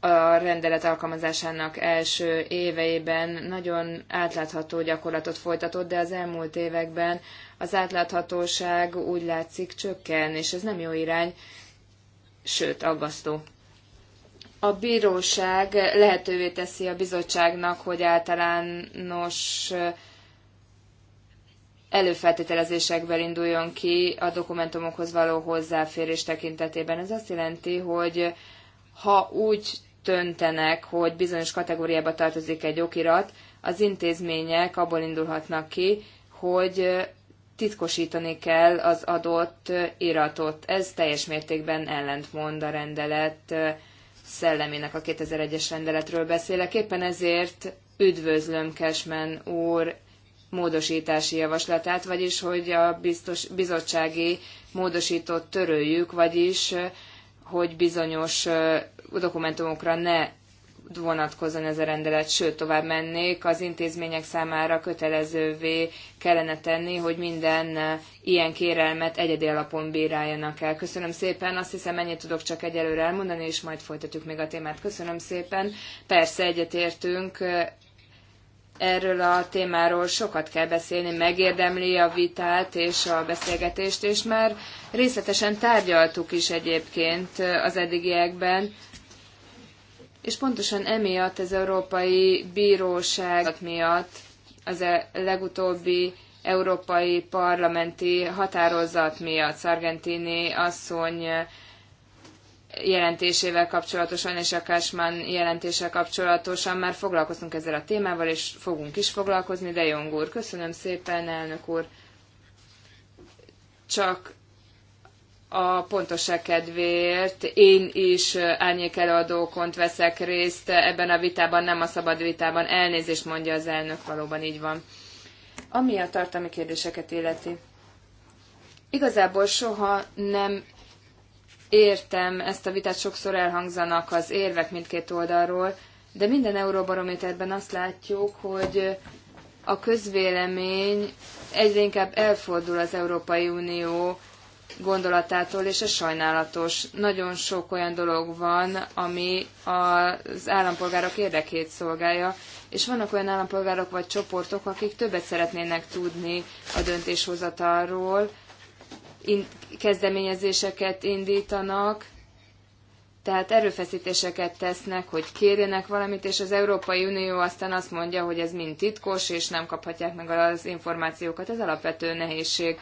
a rendelet alkalmazásának első éveiben nagyon átlátható gyakorlatot folytatott, de az elmúlt években az átláthatóság úgy látszik csökken, és ez nem jó irány sőt aggasztó. A bíróság lehetővé teszi a bizottságnak, hogy általános előfeltételezésekből induljon ki a dokumentumokhoz való hozzáférés tekintetében. Ez azt jelenti, hogy ha úgy döntenek, hogy bizonyos kategóriába tartozik egy okirat, az intézmények abból indulhatnak ki, hogy titkosítani kell az adott iratot. Ez teljes mértékben ellentmond a rendelet szellemének a 2001-es rendeletről beszélek. Éppen ezért üdvözlöm Kesmen úr módosítási javaslatát, vagyis hogy a biztos, bizottsági módosított töröljük, vagyis hogy bizonyos dokumentumokra ne vonatkozzon ez a rendelet, sőt, tovább mennék, az intézmények számára kötelezővé kellene tenni, hogy minden eh, ilyen kérelmet egyedi alapon bíráljanak el. Köszönöm szépen, azt hiszem ennyit tudok csak egyelőre elmondani, és majd folytatjuk még a témát. Köszönöm szépen. Persze egyetértünk, eh, erről a témáról sokat kell beszélni, megérdemli a vitát és a beszélgetést, és már részletesen tárgyaltuk is egyébként eh, az eddigiekben és pontosan emiatt az Európai Bíróság miatt az a e- legutóbbi európai parlamenti határozat miatt Szargentini asszony jelentésével kapcsolatosan és a Cashman jelentéssel kapcsolatosan már foglalkoztunk ezzel a témával, és fogunk is foglalkozni, de Jong úr, köszönöm szépen, elnök úr. Csak a pontosság kedvéért. Én is árnyékelőadókont veszek részt ebben a vitában, nem a szabad vitában. Elnézést mondja az elnök, valóban így van. Ami a tartalmi kérdéseket illeti. Igazából soha nem értem ezt a vitát, sokszor elhangzanak az érvek mindkét oldalról, de minden euróbarométerben azt látjuk, hogy a közvélemény egyre inkább elfordul az Európai Unió gondolatától, és ez sajnálatos. Nagyon sok olyan dolog van, ami az állampolgárok érdekét szolgálja, és vannak olyan állampolgárok vagy csoportok, akik többet szeretnének tudni a döntéshozatalról, kezdeményezéseket indítanak, tehát erőfeszítéseket tesznek, hogy kérjenek valamit, és az Európai Unió aztán azt mondja, hogy ez mind titkos, és nem kaphatják meg az információkat. Ez alapvető nehézség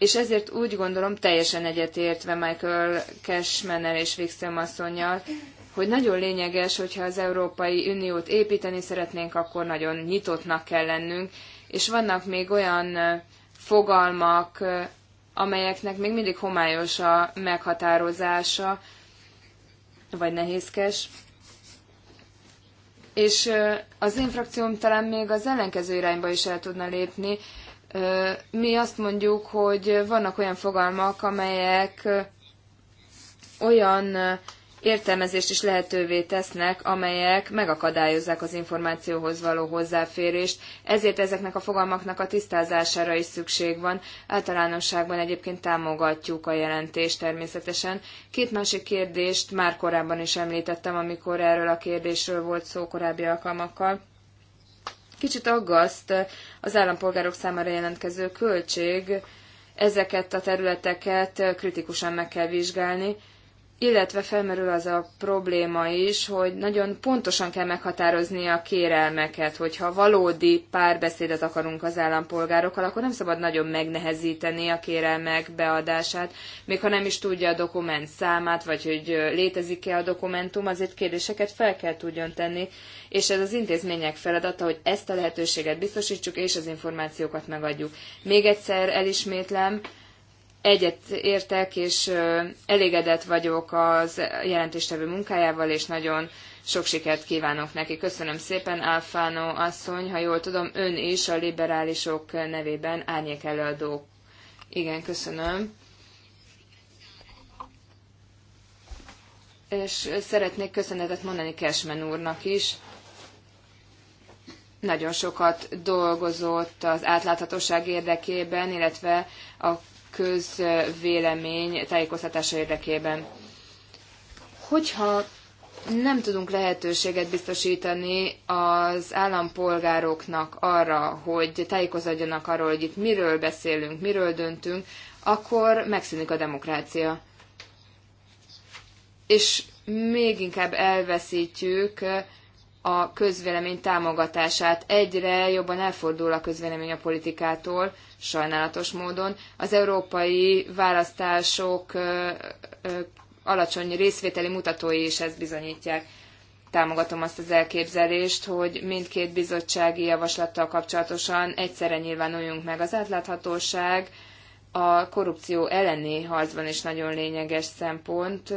és ezért úgy gondolom, teljesen egyetértve Michael cashman és Wikström asszonynal, hogy nagyon lényeges, hogyha az Európai Uniót építeni szeretnénk, akkor nagyon nyitottnak kell lennünk, és vannak még olyan fogalmak, amelyeknek még mindig homályos a meghatározása, vagy nehézkes. És az én frakcióm talán még az ellenkező irányba is el tudna lépni, mi azt mondjuk, hogy vannak olyan fogalmak, amelyek olyan értelmezést is lehetővé tesznek, amelyek megakadályozzák az információhoz való hozzáférést, ezért ezeknek a fogalmaknak a tisztázására is szükség van. Általánosságban egyébként támogatjuk a jelentést természetesen. Két másik kérdést már korábban is említettem, amikor erről a kérdésről volt szó korábbi alkalmakkal. Kicsit aggaszt eh, az állampolgárok számára jelentkező költség, ezeket a területeket eh, kritikusan meg kell vizsgálni, illetve felmerül az a probléma is, hogy nagyon pontosan kell meghatározni a kérelmeket, hogyha valódi párbeszédet akarunk az állampolgárokkal, akkor nem szabad nagyon megnehezíteni a kérelmek beadását, még ha nem is tudja a dokument számát, vagy hogy létezik-e a dokumentum, azért kérdéseket fel kell tudjon tenni, és ez az intézmények feladata, hogy ezt a lehetőséget biztosítsuk, és az információkat megadjuk. Még egyszer elismétlem, egyet értek, és elégedett vagyok az jelentéstevő munkájával, és nagyon sok sikert kívánok neki. Köszönöm szépen, Alfano asszony, ha jól tudom, ön is a liberálisok nevében árnyék előadó. Igen, köszönöm. És szeretnék köszönetet mondani Kesmen úrnak is. Nagyon sokat dolgozott az átláthatóság érdekében, illetve a közvélemény tájékoztatása érdekében. Hogyha nem tudunk lehetőséget biztosítani az állampolgároknak arra, hogy tájékozódjanak arról, hogy itt miről beszélünk, miről döntünk, akkor megszűnik a demokrácia. És még inkább elveszítjük a közvélemény támogatását. Egyre jobban elfordul a közvélemény a politikától, sajnálatos módon. Az európai választások alacsony részvételi mutatói is ezt bizonyítják. Támogatom azt az elképzelést, hogy mindkét bizottsági javaslattal kapcsolatosan egyszerre nyilvánuljunk meg az átláthatóság, a korrupció elleni harcban is nagyon lényeges szempont,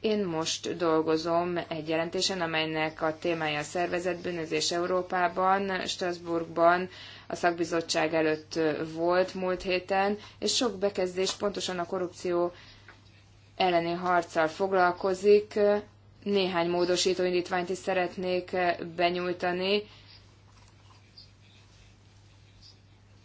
én most dolgozom egy jelentésen, amelynek a témája a szervezetbűnözés Európában, Strasbourgban a szakbizottság előtt volt múlt héten, és sok bekezdés pontosan a korrupció elleni harccal foglalkozik. Néhány módosító indítványt is szeretnék benyújtani,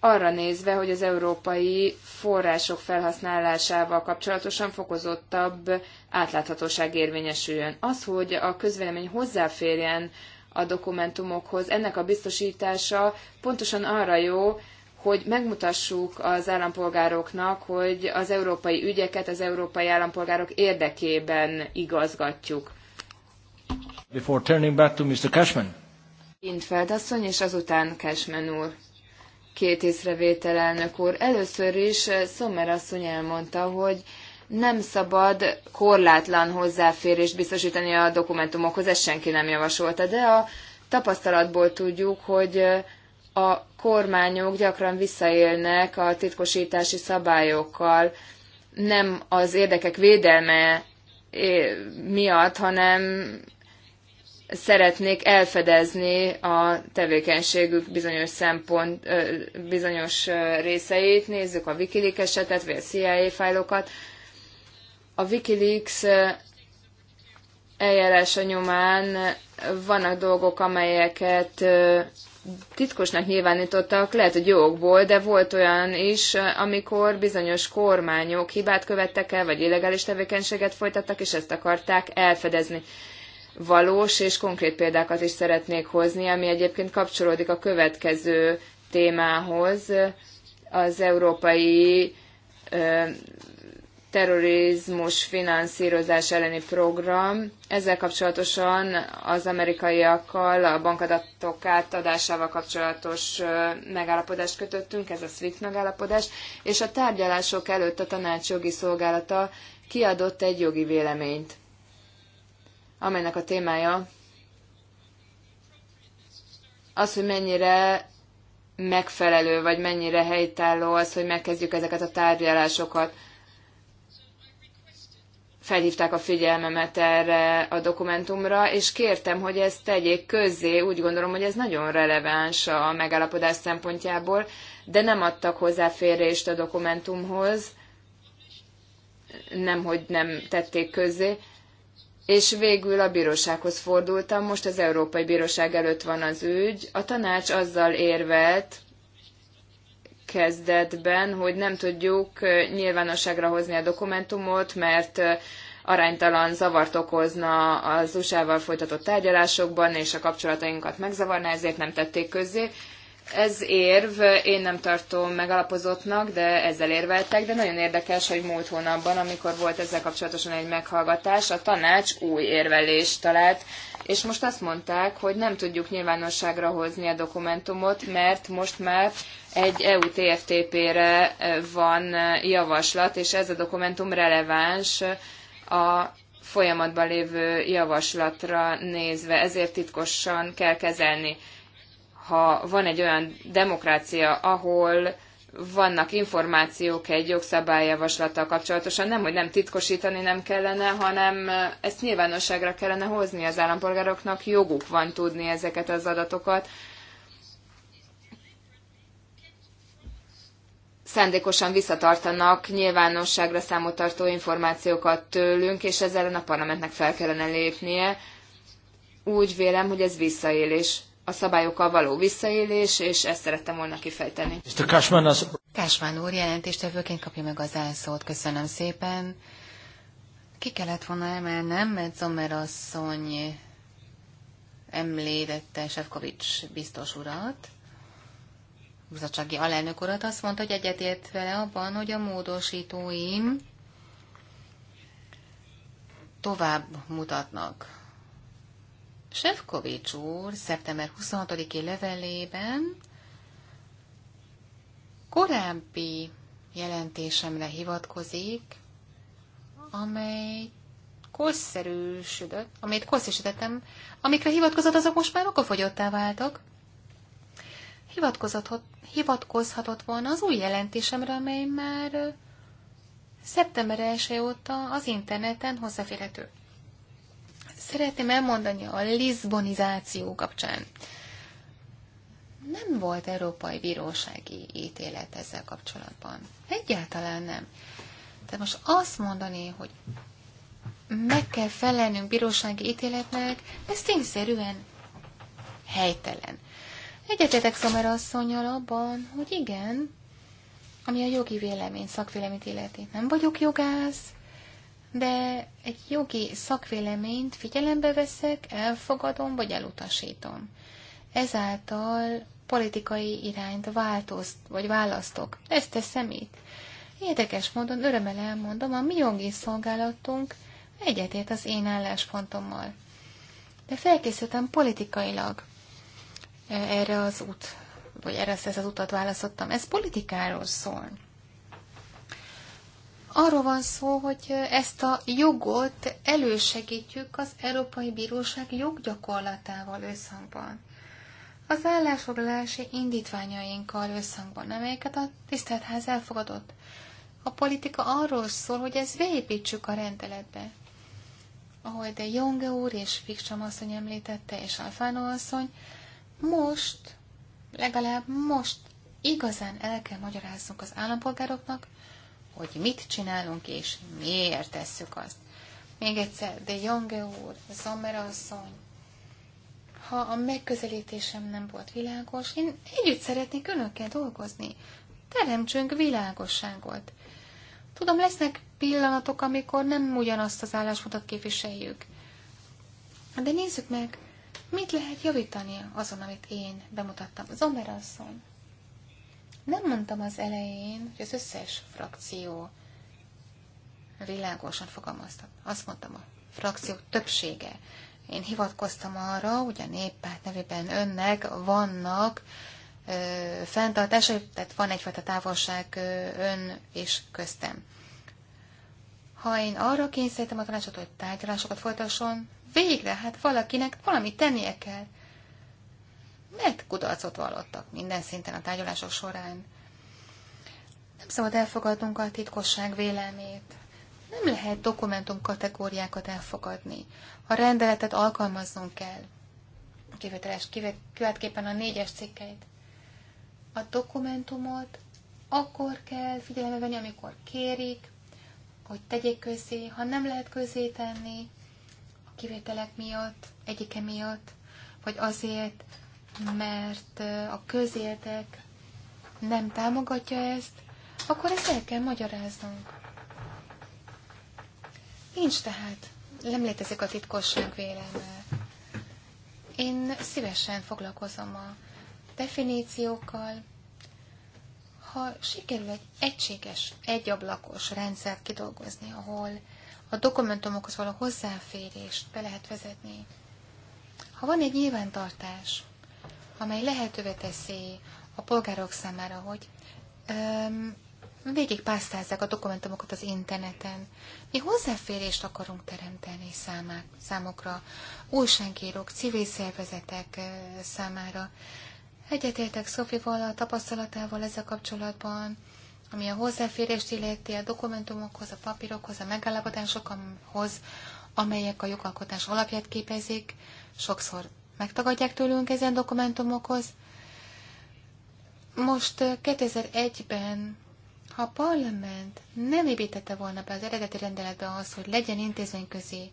arra nézve, hogy az európai források felhasználásával kapcsolatosan fokozottabb átláthatóság érvényesüljön. Az, hogy a közvélemény hozzáférjen a dokumentumokhoz, ennek a biztosítása pontosan arra jó, hogy megmutassuk az állampolgároknak, hogy az európai ügyeket az európai állampolgárok érdekében igazgatjuk. Before turning back to Mr. Cashman. Intfeld asszony, és azután Cashman úr két észrevétel, elnök úr. Először is eh, Szomer asszony elmondta, hogy nem szabad korlátlan hozzáférést biztosítani a dokumentumokhoz, ezt senki nem javasolta, de a tapasztalatból tudjuk, hogy eh, a kormányok gyakran visszaélnek a titkosítási szabályokkal, nem az érdekek védelme eh, miatt, hanem szeretnék elfedezni a tevékenységük bizonyos szempont, bizonyos részeit. Nézzük a Wikileaks esetet, vagy a CIA fájlokat. A Wikileaks eljárása nyomán vannak dolgok, amelyeket titkosnak nyilvánítottak, lehet, hogy jogból, de volt olyan is, amikor bizonyos kormányok hibát követtek el, vagy illegális tevékenységet folytattak, és ezt akarták elfedezni valós és konkrét példákat is szeretnék hozni, ami egyébként kapcsolódik a következő témához, az európai terrorizmus finanszírozás elleni program. Ezzel kapcsolatosan az amerikaiakkal a bankadatok átadásával kapcsolatos megállapodást kötöttünk, ez a SWIFT megállapodás, és a tárgyalások előtt a tanács jogi szolgálata kiadott egy jogi véleményt amelynek a témája az, hogy mennyire megfelelő, vagy mennyire helytálló az, hogy megkezdjük ezeket a tárgyalásokat. Felhívták a figyelmemet erre a dokumentumra, és kértem, hogy ezt tegyék közzé. Úgy gondolom, hogy ez nagyon releváns a megállapodás szempontjából, de nem adtak hozzáférést a dokumentumhoz, nemhogy nem tették közzé és végül a bírósághoz fordultam, most az Európai Bíróság előtt van az ügy. A tanács azzal érvelt kezdetben, hogy nem tudjuk nyilvánosságra hozni a dokumentumot, mert aránytalan zavart okozna az USA-val folytatott tárgyalásokban, és a kapcsolatainkat megzavarná, ezért nem tették közzé ez érv, én nem tartom megalapozottnak, de ezzel érveltek, de nagyon érdekes, hogy múlt hónapban, amikor volt ezzel kapcsolatosan egy meghallgatás, a tanács új érvelést talált, és most azt mondták, hogy nem tudjuk nyilvánosságra hozni a dokumentumot, mert most már egy EU TFTP-re van javaslat, és ez a dokumentum releváns a folyamatban lévő javaslatra nézve, ezért titkosan kell kezelni ha van egy olyan demokrácia, ahol vannak információk egy jogszabályjavaslattal kapcsolatosan, nem, hogy nem titkosítani nem kellene, hanem ezt nyilvánosságra kellene hozni az állampolgároknak, joguk van tudni ezeket az adatokat. Szándékosan visszatartanak nyilvánosságra számotartó információkat tőlünk, és ezzel a parlamentnek fel kellene lépnie. Úgy vélem, hogy ez visszaélés a szabályokkal való visszaélés, és ezt szerettem volna kifejteni. Mr. az... úr jelentéstevőként kapja meg az elszót. Köszönöm szépen. Ki kellett volna emelnem, mert Zomer asszony említette Sefkovics biztos urat, Buzacsagi alelnök urat, azt mondta, hogy egyetért vele abban, hogy a módosítóim tovább mutatnak Sefkovics úr szeptember 26-i levelében korábbi jelentésemre hivatkozik, amely korszerűsödött, amit korszerűsödöttem, amikre hivatkozott, azok most már okafogyottá váltak. Hivatkozhatott, hivatkozhatott volna az új jelentésemre, amely már szeptember 1 óta az interneten hozzáférhető szeretném elmondani a Lisbonizáció kapcsán. Nem volt Európai Bírósági ítélet ezzel kapcsolatban. Egyáltalán nem. Tehát most azt mondani, hogy meg kell felelnünk bírósági ítéletnek, ez tényszerűen helytelen. Egyetetek Szomer asszonyal abban, hogy igen, ami a jogi vélemény, szakvéleményt illeti. Nem vagyok jogász, de egy jogi szakvéleményt figyelembe veszek, elfogadom vagy elutasítom. Ezáltal politikai irányt változt, vagy választok. Ezt teszem itt. Érdekes módon örömmel elmondom, a mi jogi szolgálatunk egyetért az én álláspontommal. De felkészültem politikailag eh, erre az út, vagy erre ezt az utat választottam. Ez politikáról szól. Arról van szó, hogy ezt a jogot elősegítjük az Európai Bíróság joggyakorlatával összhangban. Az állásfoglalási indítványainkkal összhangban, amelyeket a tisztelt ház elfogadott. A politika arról szól, hogy ezt beépítsük a rendeletbe. Ahogy de Jonge úr és Fiksam asszony említette, és Alfánó asszony, most, legalább most igazán el kell magyaráznunk az állampolgároknak, hogy mit csinálunk és miért tesszük azt. Még egyszer, de Jonge úr, Zamera asszony, ha a megközelítésem nem volt világos, én együtt szeretnék önökkel dolgozni. Teremtsünk világosságot. Tudom, lesznek pillanatok, amikor nem ugyanazt az állásmódot képviseljük. De nézzük meg, mit lehet javítani azon, amit én bemutattam. Zomer asszony. Nem mondtam az elején, hogy az összes frakció világosan fogalmaztam. Azt mondtam, a frakció többsége. Én hivatkoztam arra, hogy a néppárt nevében önnek vannak ö, fenntartása, tehát van egyfajta távolság ö, ön és köztem. Ha én arra kényszerítem a tanácsot, hogy tárgyalásokat folytasson, végre, hát valakinek valamit tennie kell mert kudarcot vallottak minden szinten a tárgyalások során. Nem szabad elfogadnunk a titkosság vélemét. Nem lehet dokumentum kategóriákat elfogadni. A rendeletet alkalmaznunk kell. Kivételes, kivet, következőképpen a négyes cikkeit. A dokumentumot akkor kell figyelembe venni, amikor kérik, hogy tegyék közé, ha nem lehet közé tenni, a kivételek miatt, egyike miatt, vagy azért, mert a közérdek nem támogatja ezt, akkor ezt el kell magyaráznunk. Nincs tehát, nem létezik a titkosság véleme. Én szívesen foglalkozom a definíciókkal. Ha sikerül egy egységes, egyablakos rendszert kidolgozni, ahol a dokumentumokhoz való hozzáférést be lehet vezetni, ha van egy nyilvántartás, amely lehetővé teszi a polgárok számára, hogy öm, végig pásztázzák a dokumentumokat az interneten. Mi hozzáférést akarunk teremteni számák, számokra, újságírók, civil szervezetek számára. Egyetértek Szofival a tapasztalatával ezzel kapcsolatban, ami a hozzáférést illeti a dokumentumokhoz, a papírokhoz, a megállapodásokhoz, amelyek a jogalkotás alapját képezik, sokszor megtagadják tőlünk ezen dokumentumokhoz. Most 2001-ben, eh, ha a parlament nem építette volna be az eredeti rendeletbe az, hogy legyen intézményközi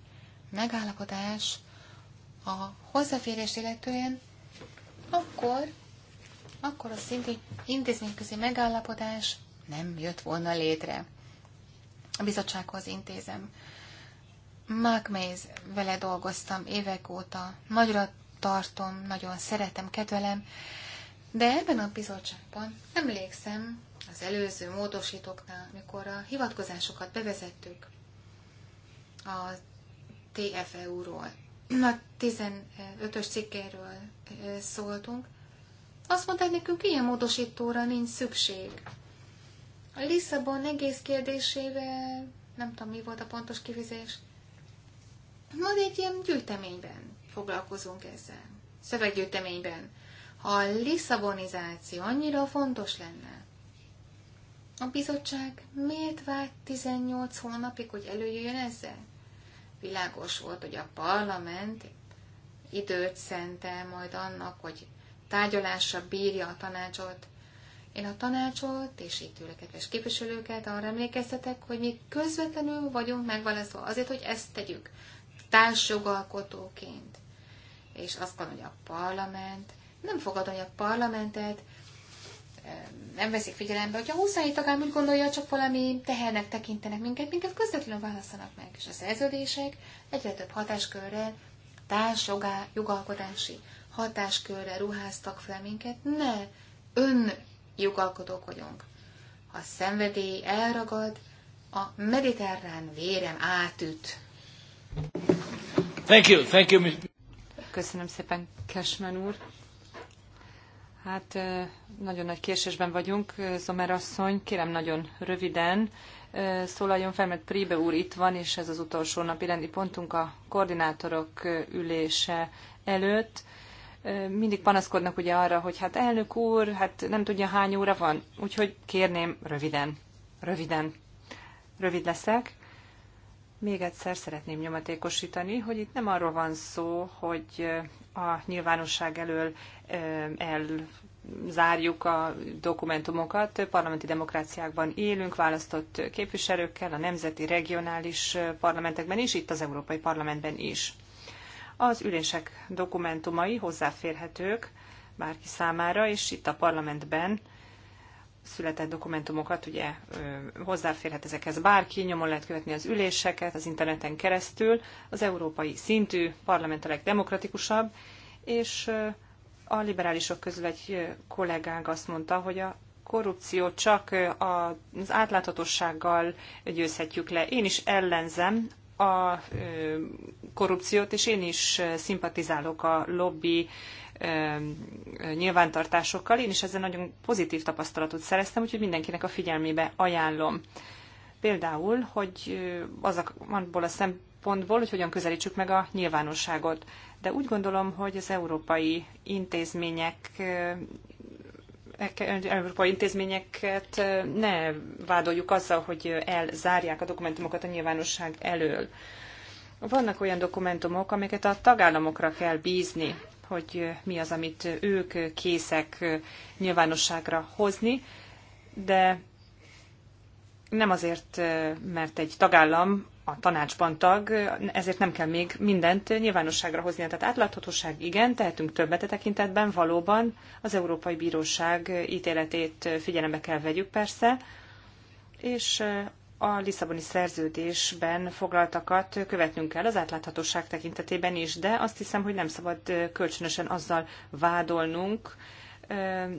megállapodás a hozzáférés illetően, akkor, akkor az intézményközi megállapodás nem jött volna létre. A bizottsághoz intézem. Mark Mays vele dolgoztam évek óta. Nagyra tartom, nagyon szeretem, kedvelem, de ebben a bizottságban emlékszem az előző módosítóknál, mikor a hivatkozásokat bevezettük a TFEU-ról, a 15-ös cikkéről eh, szóltunk, azt mondták nekünk, ilyen módosítóra nincs szükség. A Lisszabon egész kérdésével, nem tudom mi volt a pontos kifizés, majd egy ilyen gyűjteményben foglalkozunk ezzel. Szöveggyűjteményben. Ha a liszabonizáció annyira fontos lenne, a bizottság miért várt 18 hónapig, hogy előjöjjön ezzel? Világos volt, hogy a parlament időt szentel majd annak, hogy tárgyalásra bírja a tanácsot. Én a tanácsot, és itt ülő kedves képviselőket arra emlékeztetek, hogy mi közvetlenül vagyunk megválaszolva azért, hogy ezt tegyük társjogalkotóként és azt gondolom, hogy a parlament, nem fogadom, hogy a parlamentet nem veszik figyelembe, hogyha a 27 tagállam úgy gondolja, csak valami tehernek tekintenek minket, minket közvetlenül választanak meg, és a szerződések egyre több hatáskörrel, társjogá, jogalkotási hatáskörre ruháztak fel minket, ne ön jogalkotók vagyunk. Ha a szenvedély elragad, a mediterrán vérem átüt. Thank you, thank you, Köszönöm szépen, Kesmen úr. Hát nagyon nagy késésben vagyunk, Zomer asszony, kérem nagyon röviden szólaljon fel, mert Príbe úr itt van, és ez az utolsó napi rendi pontunk a koordinátorok ülése előtt. Mindig panaszkodnak ugye arra, hogy hát elnök úr, hát nem tudja hány óra van, úgyhogy kérném röviden, röviden, rövid leszek. Még egyszer szeretném nyomatékosítani, hogy itt nem arról van szó, hogy a nyilvánosság elől elzárjuk a dokumentumokat. Parlamenti demokráciákban élünk, választott képviselőkkel, a nemzeti, regionális parlamentekben is, itt az Európai Parlamentben is. Az ülések dokumentumai hozzáférhetők bárki számára, és itt a parlamentben született dokumentumokat, ugye hozzáférhet ezekhez bárki, nyomon lehet követni az üléseket az interneten keresztül, az európai szintű parlament a legdemokratikusabb, és a liberálisok közül egy kollégánk azt mondta, hogy a korrupció csak az átláthatósággal győzhetjük le. Én is ellenzem a korrupciót, és én is szimpatizálok a lobby nyilvántartásokkal. Én is ezzel nagyon pozitív tapasztalatot szereztem, úgyhogy mindenkinek a figyelmébe ajánlom. Például, hogy abból a szempontból, hogy hogyan közelítsük meg a nyilvánosságot. De úgy gondolom, hogy az európai intézmények e, európai intézményeket ne vádoljuk azzal, hogy elzárják a dokumentumokat a nyilvánosság elől. Vannak olyan dokumentumok, amiket a tagállamokra kell bízni hogy mi az, amit ők készek nyilvánosságra hozni, de nem azért, mert egy tagállam a tanácsban tag, ezért nem kell még mindent nyilvánosságra hozni. Tehát átláthatóság igen, tehetünk többet a e tekintetben, valóban az Európai Bíróság ítéletét figyelembe kell vegyük persze, és a Lisszaboni szerződésben foglaltakat követnünk kell az átláthatóság tekintetében is, de azt hiszem, hogy nem szabad kölcsönösen azzal vádolnunk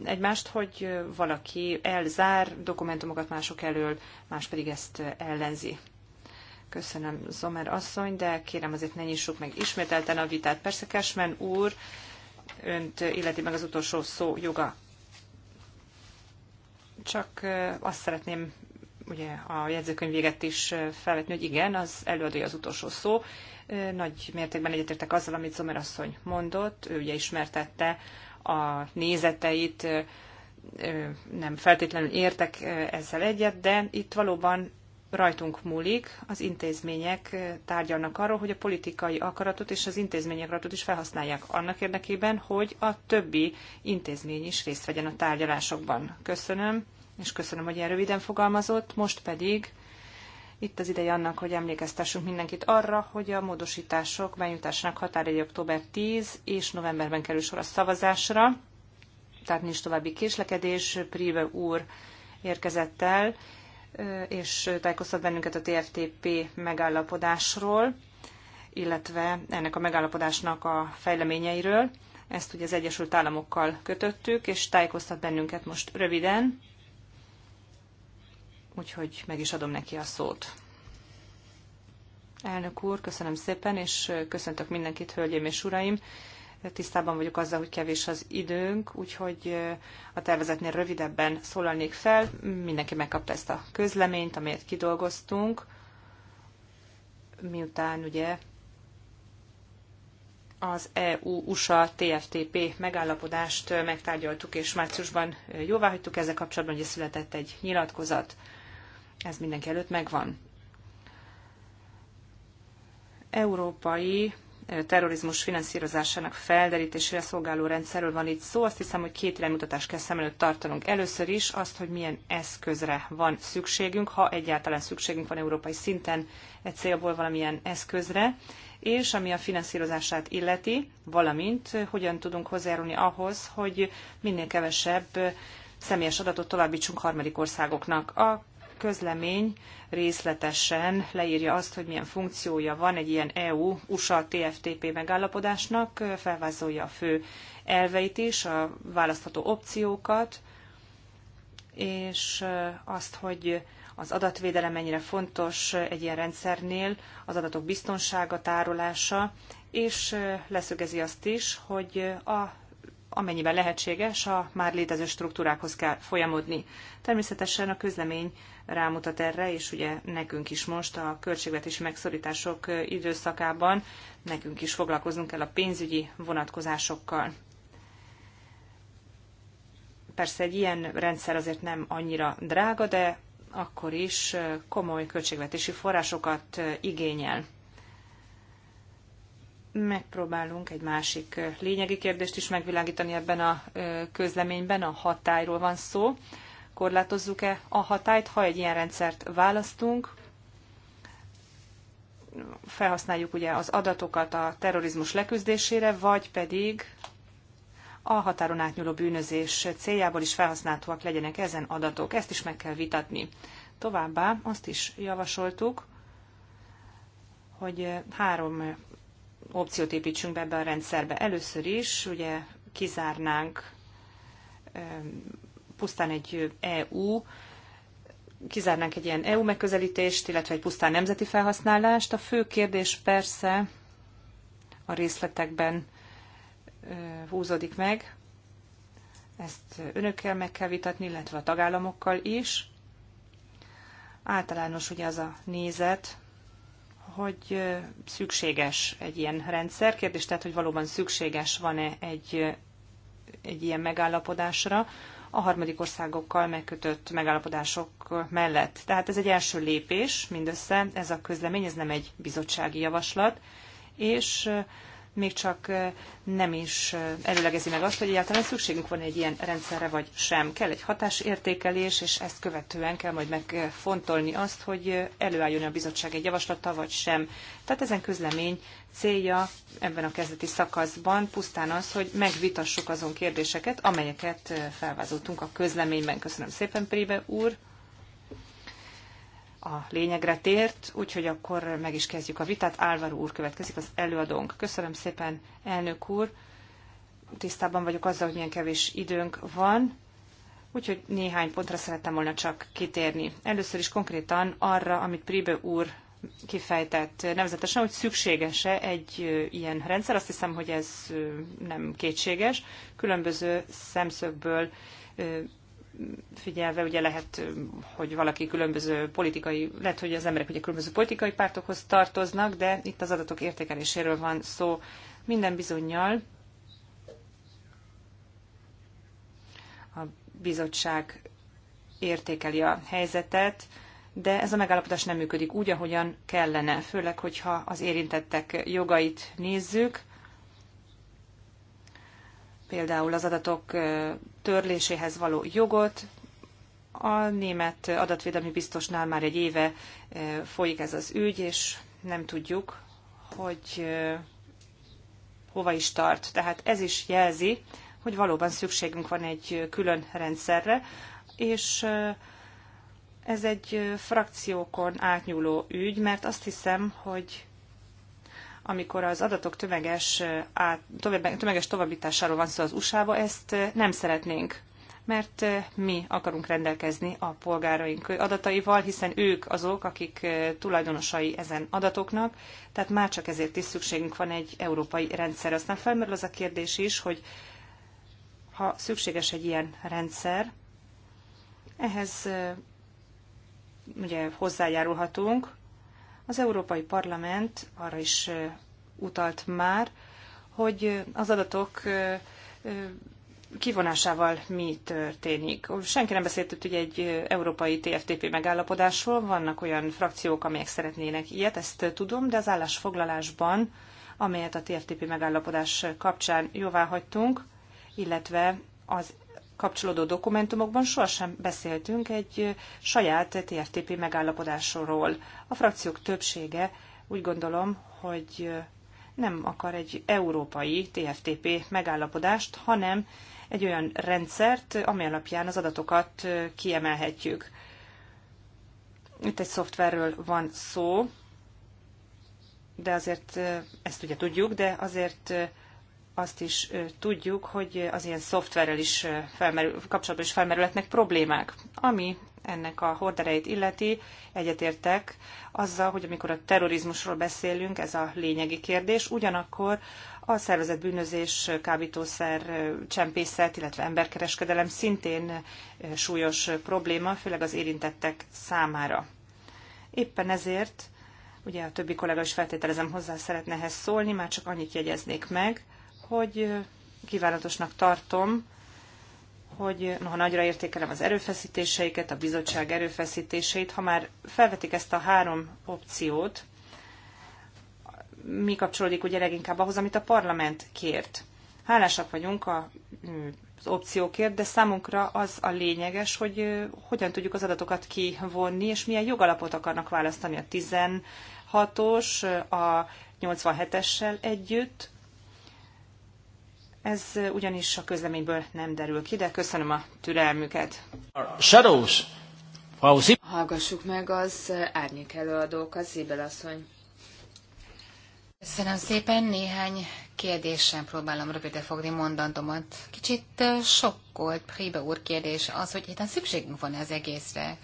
egymást, hogy valaki elzár dokumentumokat mások elől, más pedig ezt ellenzi. Köszönöm, Zomer asszony, de kérem azért ne nyissuk meg ismételten a vitát. Persze Kesmen úr, önt illeti meg az utolsó szó joga. Csak azt szeretném ugye a jegyzőkönyv véget is felvetni, hogy igen, az előadója az utolsó szó. Nagy mértékben egyetértek azzal, amit Zomer asszony mondott, ő ugye ismertette a nézeteit, nem feltétlenül értek ezzel egyet, de itt valóban rajtunk múlik, az intézmények tárgyalnak arról, hogy a politikai akaratot és az intézmények akaratot is felhasználják annak érdekében, hogy a többi intézmény is részt vegyen a tárgyalásokban. Köszönöm és köszönöm, hogy ilyen röviden fogalmazott. Most pedig itt az ideje annak, hogy emlékeztessünk mindenkit arra, hogy a módosítások benyújtásának határideje október 10 és novemberben kerül sor a szavazásra, tehát nincs további késlekedés. Príve úr érkezett el, és tájékoztat bennünket a TFTP megállapodásról, illetve ennek a megállapodásnak a fejleményeiről. Ezt ugye az Egyesült Államokkal kötöttük, és tájékoztat bennünket most röviden úgyhogy meg is adom neki a szót. Elnök úr, köszönöm szépen, és köszöntök mindenkit, hölgyeim és uraim. Tisztában vagyok azzal, hogy kevés az időnk, úgyhogy eh, a tervezetnél rövidebben szólalnék fel. Mindenki megkapta ezt a közleményt, amelyet kidolgoztunk. Miután ugye az EU-USA TFTP megállapodást eh, megtárgyaltuk, és márciusban eh, jóváhagytuk. Ezzel kapcsolatban ugye született egy nyilatkozat. Ez mindenki előtt megvan. Európai eh, terrorizmus finanszírozásának felderítésére szolgáló rendszerről van itt szó. Azt hiszem, hogy két iránymutatást kell szem előtt tartanunk. Először is azt, hogy milyen eszközre van szükségünk, ha egyáltalán szükségünk van európai szinten egy célból valamilyen eszközre, és ami a finanszírozását illeti, valamint eh, hogyan tudunk hozzájárulni ahhoz, hogy minél kevesebb eh, személyes adatot továbbítsunk harmadik országoknak. A közlemény részletesen leírja azt, hogy milyen funkciója van egy ilyen EU-USA-TFTP megállapodásnak, felvázolja a fő elveit is, a választható opciókat, és azt, hogy az adatvédelem mennyire fontos egy ilyen rendszernél, az adatok biztonsága, tárolása, és leszögezi azt is, hogy a amennyiben lehetséges, a már létező struktúrákhoz kell folyamodni. Természetesen a közlemény rámutat erre, és ugye nekünk is most a költségvetési megszorítások időszakában nekünk is foglalkoznunk kell a pénzügyi vonatkozásokkal. Persze egy ilyen rendszer azért nem annyira drága, de akkor is komoly költségvetési forrásokat igényel megpróbálunk egy másik lényegi kérdést is megvilágítani ebben a közleményben, a hatályról van szó. Korlátozzuk-e a hatályt, ha egy ilyen rendszert választunk, felhasználjuk ugye az adatokat a terrorizmus leküzdésére, vagy pedig a határon átnyúló bűnözés céljából is felhasználhatóak legyenek ezen adatok. Ezt is meg kell vitatni. Továbbá azt is javasoltuk, hogy három opciót építsünk be ebbe a rendszerbe. Először is ugye kizárnánk pusztán egy EU, kizárnánk egy ilyen EU megközelítést, illetve egy pusztán nemzeti felhasználást. A fő kérdés persze a részletekben húzódik meg. Ezt önökkel meg kell vitatni, illetve a tagállamokkal is. Általános ugye az a nézet, hogy szükséges egy ilyen rendszer. Kérdés tehát, hogy valóban szükséges van-e egy, egy ilyen megállapodásra a harmadik országokkal megkötött megállapodások mellett. Tehát ez egy első lépés mindössze, ez a közlemény, ez nem egy bizottsági javaslat, és még csak nem is előlegezi meg azt, hogy egyáltalán szükségünk van egy ilyen rendszerre, vagy sem. Kell egy hatásértékelés, és ezt követően kell majd megfontolni azt, hogy előálljon a bizottság egy javaslata, vagy sem. Tehát ezen közlemény célja ebben a kezdeti szakaszban pusztán az, hogy megvitassuk azon kérdéseket, amelyeket felvázoltunk a közleményben. Köszönöm szépen, Príbe úr! a lényegre tért, úgyhogy akkor meg is kezdjük a vitát. Álvaro úr következik, az előadónk. Köszönöm szépen, elnök úr. Tisztában vagyok azzal, hogy milyen kevés időnk van, úgyhogy néhány pontra szerettem volna csak kitérni. Először is konkrétan arra, amit Pribe úr kifejtett, nevezetesen, hogy szükséges-e egy ilyen rendszer. Azt hiszem, hogy ez nem kétséges. Különböző szemszögből figyelve, ugye lehet, hogy valaki különböző politikai, lehet, hogy az emberek ugye különböző politikai pártokhoz tartoznak, de itt az adatok értékeléséről van szó minden bizonyal. A bizottság értékeli a helyzetet, de ez a megállapodás nem működik úgy, ahogyan kellene, főleg, hogyha az érintettek jogait nézzük, például az adatok törléséhez való jogot. A német adatvédelmi biztosnál már egy éve e, folyik ez az ügy, és nem tudjuk, hogy e, hova is tart. Tehát ez is jelzi, hogy valóban szükségünk van egy külön rendszerre, és e, ez egy frakciókon átnyúló ügy, mert azt hiszem, hogy amikor az adatok tömeges, át, tömeges továbbításáról van szó az USA-ba, ezt nem szeretnénk mert mi akarunk rendelkezni a polgáraink adataival, hiszen ők azok, akik tulajdonosai ezen adatoknak, tehát már csak ezért is szükségünk van egy európai rendszer. Aztán felmerül az a kérdés is, hogy ha szükséges egy ilyen rendszer, ehhez ugye hozzájárulhatunk, az Európai Parlament arra is utalt már, hogy az adatok kivonásával mi történik. Senki nem beszélt itt ugye egy európai TFTP megállapodásról, vannak olyan frakciók, amelyek szeretnének ilyet, ezt tudom, de az állásfoglalásban, amelyet a TFTP megállapodás kapcsán jóvá hagytunk, illetve az kapcsolódó dokumentumokban sohasem beszéltünk egy saját TFTP megállapodásról. A frakciók többsége úgy gondolom, hogy nem akar egy európai TFTP megállapodást, hanem egy olyan rendszert, amely alapján az adatokat kiemelhetjük. Itt egy szoftverről van szó, de azért eh, ezt ugye tudjuk, de azért eh, azt is tudjuk, hogy az ilyen szoftverrel is felmerül, kapcsolatban is felmerülhetnek problémák. Ami ennek a hordereit illeti, egyetértek azzal, hogy amikor a terrorizmusról beszélünk, ez a lényegi kérdés, ugyanakkor a szervezett bűnözés, kábítószer, csempészet, illetve emberkereskedelem szintén súlyos probléma, főleg az érintettek számára. Éppen ezért, ugye a többi kollega is feltételezem hozzá szeretne ehhez szólni, már csak annyit jegyeznék meg, hogy kívánatosnak tartom, hogy noha nagyra értékelem az erőfeszítéseiket, a bizottság erőfeszítéseit, ha már felvetik ezt a három opciót, mi kapcsolódik ugye leginkább ahhoz, amit a parlament kért. Hálásak vagyunk a, az opciókért, de számunkra az a lényeges, hogy hogyan tudjuk az adatokat kivonni, és milyen jogalapot akarnak választani a 16-os, a 87-essel együtt, ez ugyanis a közleményből nem derül ki, de köszönöm a türelmüket. Shadows. Hallgassuk meg az árnyék előadók, az Zibel asszony. Köszönöm szépen, néhány kérdésen próbálom rövidre fogni mondandomat. Kicsit sokkolt príbe úr kérdés az, hogy itt szükségünk van az egészre.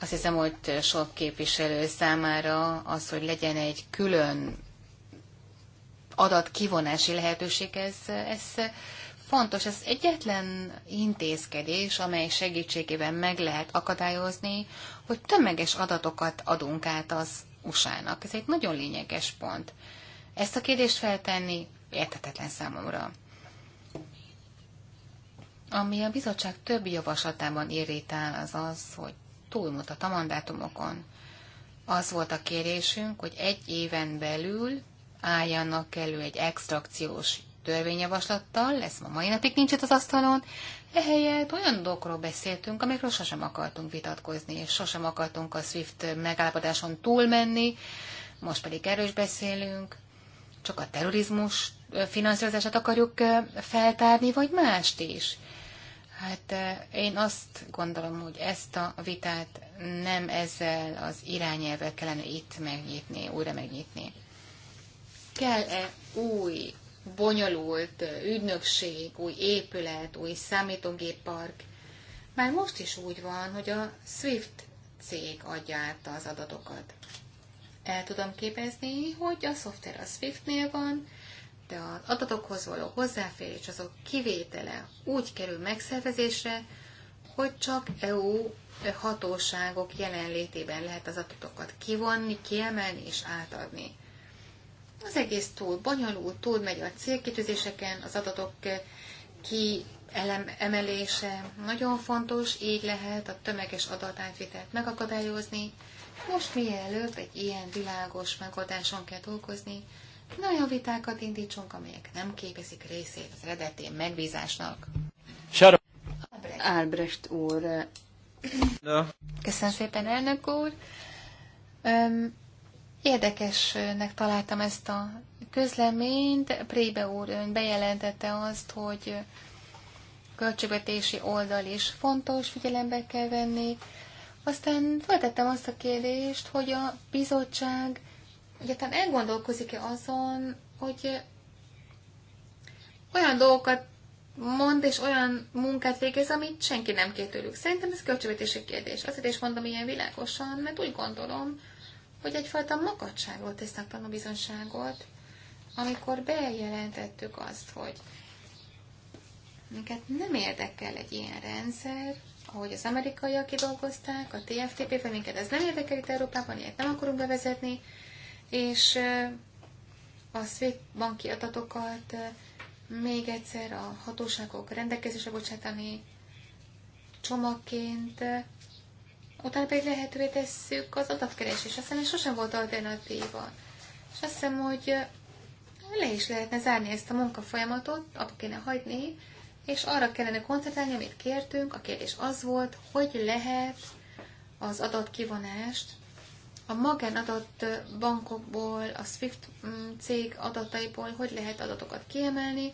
Azt hiszem, hogy sok képviselő számára az, hogy legyen egy külön adat kivonási lehetőség, ez, ez fontos. Ez egyetlen intézkedés, amely segítségével meg lehet akadályozni, hogy tömeges adatokat adunk át az USA-nak. Ez egy nagyon lényeges pont. Ezt a kérdést feltenni értetetlen számomra. Ami a bizottság többi javaslatában irritál, az az, hogy túlmutat a mandátumokon. Az volt a kérésünk, hogy egy éven belül álljanak elő egy extrakciós törvényjavaslattal, ez ma mai napig nincs itt az asztalon, ehelyett olyan dolgokról beszéltünk, amikről sosem akartunk vitatkozni, és sosem akartunk a SWIFT megállapodáson túlmenni, most pedig erről is beszélünk, csak a terrorizmus finanszírozását akarjuk feltárni, vagy mást is. Hát én azt gondolom, hogy ezt a vitát nem ezzel az irányelvel kellene itt megnyitni, újra megnyitni kell-e új, bonyolult ügynökség, új épület, új számítógéppark. Már most is úgy van, hogy a SWIFT cég adja át az adatokat. El tudom képezni, hogy a szoftver a Swiftnél van, de az adatokhoz való hozzáférés, azok kivétele úgy kerül megszervezésre, hogy csak EU hatóságok jelenlétében lehet az adatokat kivonni, kiemelni és átadni. Az egész túl bonyolult, túl megy a célkitűzéseken, az adatok eh, ki emelése nagyon fontos, így lehet a tömeges adatátvitelt megakadályozni. Most mielőtt egy ilyen világos megoldáson kell dolgozni, ne olyan vitákat indítsunk, amelyek nem képezik részét az eredeti megbízásnak. Sharon. Albrecht úr. Köszönöm szépen, elnök úr. Érdekesnek találtam ezt a közleményt. Prébe úr ön bejelentette azt, hogy költségvetési oldal is fontos, figyelembe kell venni. Aztán feltettem azt a kérdést, hogy a bizottság egyáltalán elgondolkozik-e azon, hogy olyan dolgokat mond és olyan munkát végez, amit senki nem kér tőlük. Szerintem ez költségvetési kérdés. Azért is mondom ilyen világosan, mert úgy gondolom, hogy egyfajta makadságot tesznek bizonságot, amikor bejelentettük azt, hogy minket nem érdekel egy ilyen rendszer, ahogy az amerikaiak kidolgozták, a TFTP-ben minket ez nem érdekel itt Európában, ilyet nem akarunk bevezetni, és a szvét banki adatokat még egyszer a hatóságok rendelkezésre bocsátani csomagként utána pedig lehetővé tesszük az adatkeresés. Aztán ez sosem volt alternatíva. És azt hiszem, hogy le is lehetne zárni ezt a munkafolyamatot, abba kéne hagyni, és arra kellene koncentrálni, amit kértünk. A kérdés az volt, hogy lehet az adatkivonást a magánadat bankokból, a SWIFT mm, cég adataiból, hogy lehet adatokat kiemelni.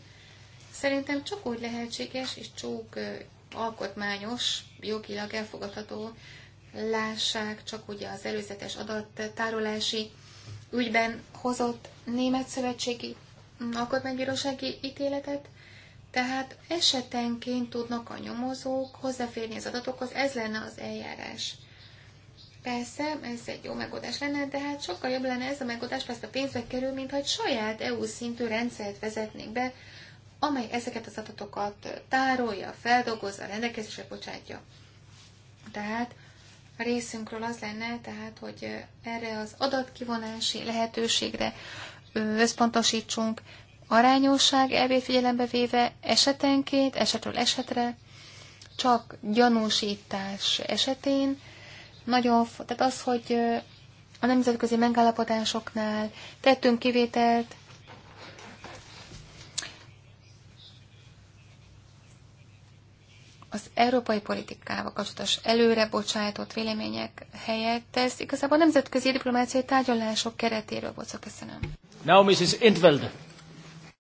Szerintem csak úgy lehetséges, és csak alkotmányos, jogilag elfogadható lássák, csak ugye az előzetes adattárolási ügyben hozott német szövetségi alkotmánybírósági ítéletet, tehát esetenként tudnak a nyomozók hozzáférni az adatokhoz, ez lenne az eljárás. Persze, ez egy jó megoldás lenne, de hát sokkal jobb lenne ez a megoldás, persze a pénzbe kerül, mint hogy saját EU szintű rendszert vezetnék be, amely ezeket az adatokat tárolja, feldolgozza, rendelkezésre bocsátja. Tehát részünkről az lenne, tehát, hogy erre az adatkivonási lehetőségre összpontosítsunk, arányosság elvét figyelembe véve esetenként, esetről esetre, csak gyanúsítás esetén, nagyon, tehát az, hogy a nemzetközi megállapodásoknál tettünk kivételt, az európai politikával kapcsolatos előre bocsájtott vélemények helyett ez igazából nemzetközi diplomáciai tárgyalások keretéről volt szó. Köszönöm. Now Mrs. Intveld.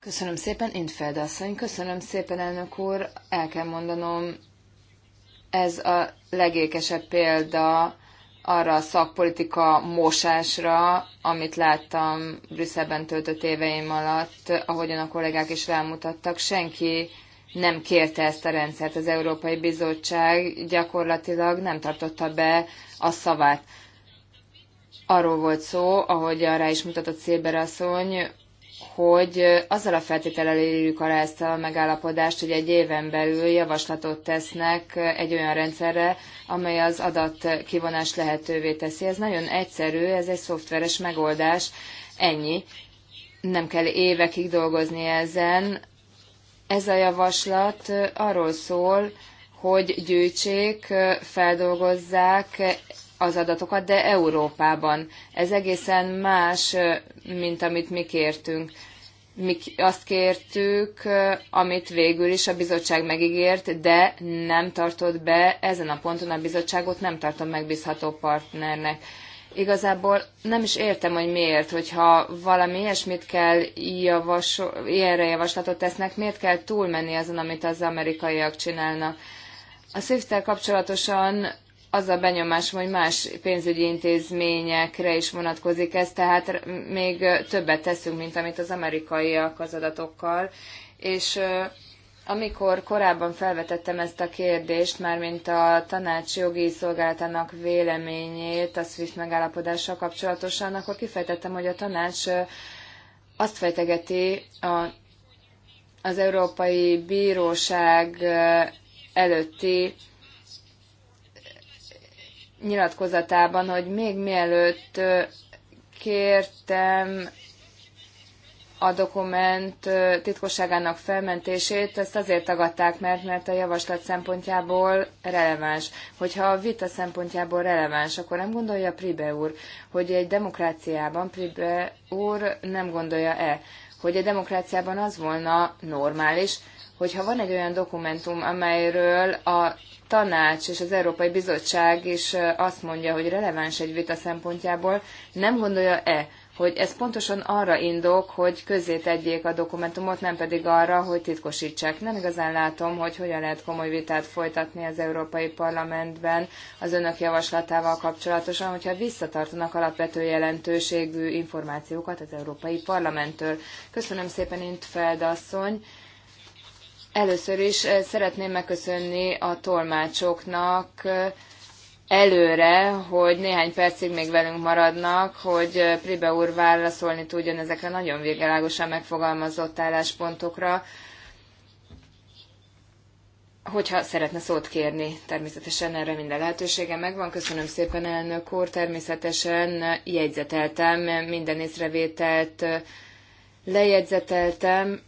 Köszönöm szépen, Intveld asszony. Köszönöm szépen, elnök úr. El kell mondanom, ez a legékesebb példa arra a szakpolitika mosásra, amit láttam Brüsszelben töltött éveim alatt, ahogyan a kollégák is rámutattak. Senki nem kérte ezt a rendszert. Az Európai Bizottság gyakorlatilag nem tartotta be a szavát. Arról volt szó, ahogy rá is mutatott Széber asszony, hogy azzal a feltétellel írjuk alá ezt a megállapodást, hogy egy éven belül javaslatot tesznek egy olyan rendszerre, amely az kivonás lehetővé teszi. Ez nagyon egyszerű, ez egy szoftveres megoldás, ennyi. Nem kell évekig dolgozni ezen, ez a javaslat arról szól, hogy gyűjtsék, feldolgozzák az adatokat, de Európában. Ez egészen más, mint amit mi kértünk. Mi azt kértük, amit végül is a bizottság megígért, de nem tartott be, ezen a ponton a bizottságot nem tartom megbízható partnernek. Igazából nem is értem, hogy miért, hogyha valami ilyesmit kell javasol, ilyenre javaslatot tesznek, miért kell túlmenni azon, amit az amerikaiak csinálnak. A swift kapcsolatosan az a benyomás, hogy más pénzügyi intézményekre is vonatkozik ez, tehát még többet teszünk, mint amit az amerikaiak az adatokkal, és amikor korábban felvetettem ezt a kérdést, mármint a tanács jogi szolgálatának véleményét a SWIFT megállapodással kapcsolatosan, akkor kifejtettem, hogy a tanács azt fejtegeti a, az Európai Bíróság előtti nyilatkozatában, hogy még mielőtt kértem a dokument titkosságának felmentését, ezt azért tagadták, mert, mert a javaslat szempontjából releváns. Hogyha a vita szempontjából releváns, akkor nem gondolja Pribe úr, hogy egy demokráciában Pribe úr nem gondolja-e, hogy a demokráciában az volna normális, hogyha van egy olyan dokumentum, amelyről a tanács és az Európai Bizottság is azt mondja, hogy releváns egy vita szempontjából, nem gondolja-e, hogy ez pontosan arra indok, hogy közzétegyék a dokumentumot, nem pedig arra, hogy titkosítsák. Nem igazán látom, hogy hogyan lehet komoly vitát folytatni az Európai Parlamentben az önök javaslatával kapcsolatosan, hogyha visszatartanak alapvető jelentőségű információkat az Európai Parlamenttől. Köszönöm szépen, Int Feldasszony. Először is eh, szeretném megköszönni a tolmácsoknak, eh, előre, hogy néhány percig még velünk maradnak, hogy Pribe úr válaszolni tudjon ezekre nagyon végelágosan megfogalmazott álláspontokra, hogyha szeretne szót kérni. Természetesen erre minden lehetősége megvan. Köszönöm szépen, elnök úr. Természetesen jegyzeteltem, minden észrevételt lejegyzeteltem.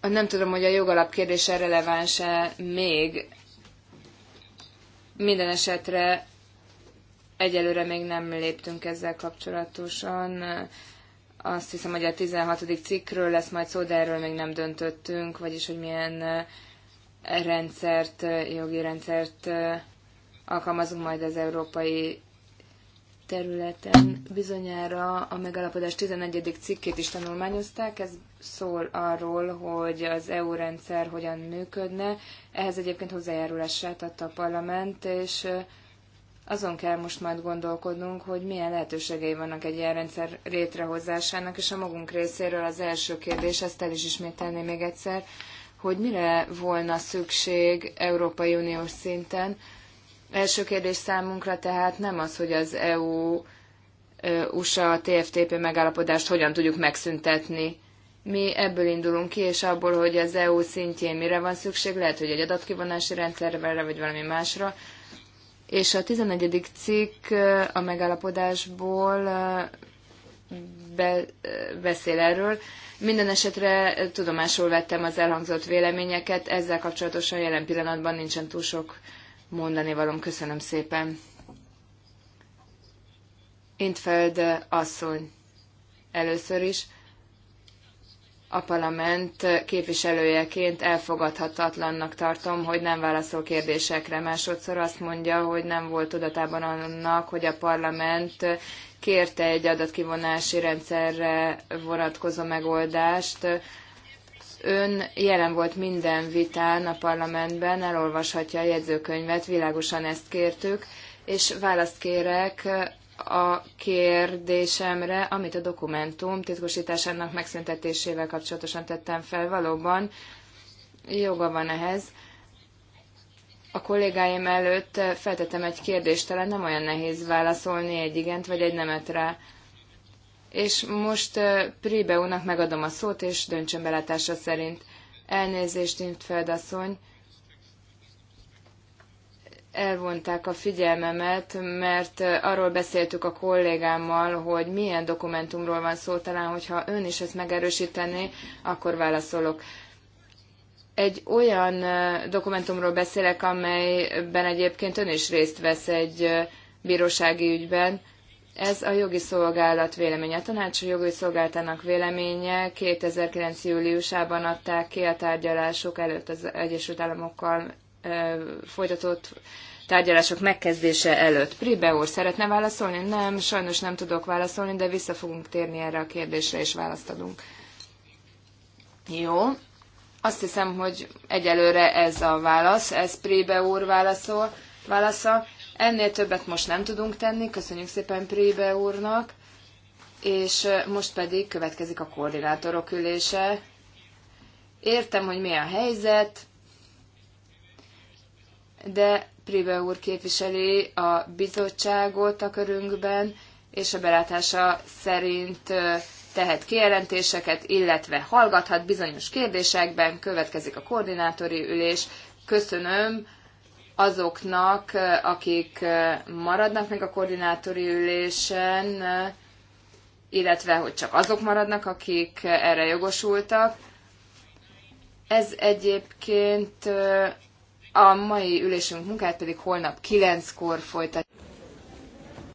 Nem tudom, hogy a jogalap kérdése releváns-e még minden esetre egyelőre még nem léptünk ezzel kapcsolatosan. Azt hiszem, hogy a 16. cikkről lesz majd szó, de erről még nem döntöttünk, vagyis hogy milyen eh, rendszert, eh, jogi rendszert eh, alkalmazunk majd az európai területen bizonyára a megalapodás 11. cikkét is tanulmányozták, ez szól arról, hogy az EU rendszer hogyan működne. Ehhez egyébként hozzájárulását adta a parlament, és azon kell most majd gondolkodnunk, hogy milyen lehetőségei vannak egy ilyen rendszer létrehozásának, és a magunk részéről az első kérdés, ezt el is ismételni még egyszer, hogy mire volna szükség Európai Uniós szinten, Első kérdés számunkra tehát nem az, hogy az EU USA TFTP megállapodást hogyan tudjuk megszüntetni. Mi ebből indulunk ki, és abból, hogy az EU szintjén mire van szükség, lehet, hogy egy adatkivonási rendszerre, vagy valami másra. És a 11. cikk a megállapodásból be, beszél erről. Minden esetre tudomásul vettem az elhangzott véleményeket, ezzel kapcsolatosan jelen pillanatban nincsen túl sok mondani valom. Köszönöm szépen. Intfeld asszony először is a parlament képviselőjeként elfogadhatatlannak tartom, hogy nem válaszol kérdésekre. Másodszor azt mondja, hogy nem volt tudatában annak, hogy a parlament kérte egy adatkivonási rendszerre vonatkozó megoldást, ön jelen volt minden vitán a parlamentben, elolvashatja a jegyzőkönyvet, világosan ezt kértük, és választ kérek a kérdésemre, amit a dokumentum titkosításának megszüntetésével kapcsolatosan tettem fel. Valóban joga van ehhez. A kollégáim előtt feltettem egy kérdést, talán nem olyan nehéz válaszolni egy igent vagy egy nemet rá és most Pribeunak megadom a szót, és döntsön belátása szerint. Elnézést, Intfeld asszony. Elvonták a figyelmemet, mert arról beszéltük a kollégámmal, hogy milyen dokumentumról van szó, talán hogyha ön is ezt megerősítené, akkor válaszolok egy olyan dokumentumról beszélek, amelyben egyébként ön is részt vesz egy bírósági ügyben, ez a jogi szolgálat véleménye. A tanács jogi szolgáltának véleménye 2009. júliusában adták ki a tárgyalások előtt az Egyesült Államokkal folytatott tárgyalások megkezdése előtt. Pribe úr szeretne válaszolni? Nem, sajnos nem tudok válaszolni, de vissza fogunk térni erre a kérdésre, és választ adunk. Jó. Azt hiszem, hogy egyelőre ez a válasz, ez Pribe úr válaszol, válasza. Ennél többet most nem tudunk tenni, köszönjük szépen Prébe úrnak, és most pedig következik a koordinátorok ülése. Értem, hogy mi a helyzet, de Prébe úr képviseli a bizottságot a körünkben, és a belátása szerint tehet kijelentéseket, illetve hallgathat bizonyos kérdésekben, következik a koordinátori ülés. Köszönöm azoknak, akik maradnak meg a koordinátori ülésen, illetve hogy csak azok maradnak, akik erre jogosultak. Ez egyébként a mai ülésünk munkáját pedig holnap kilenckor folytatjuk.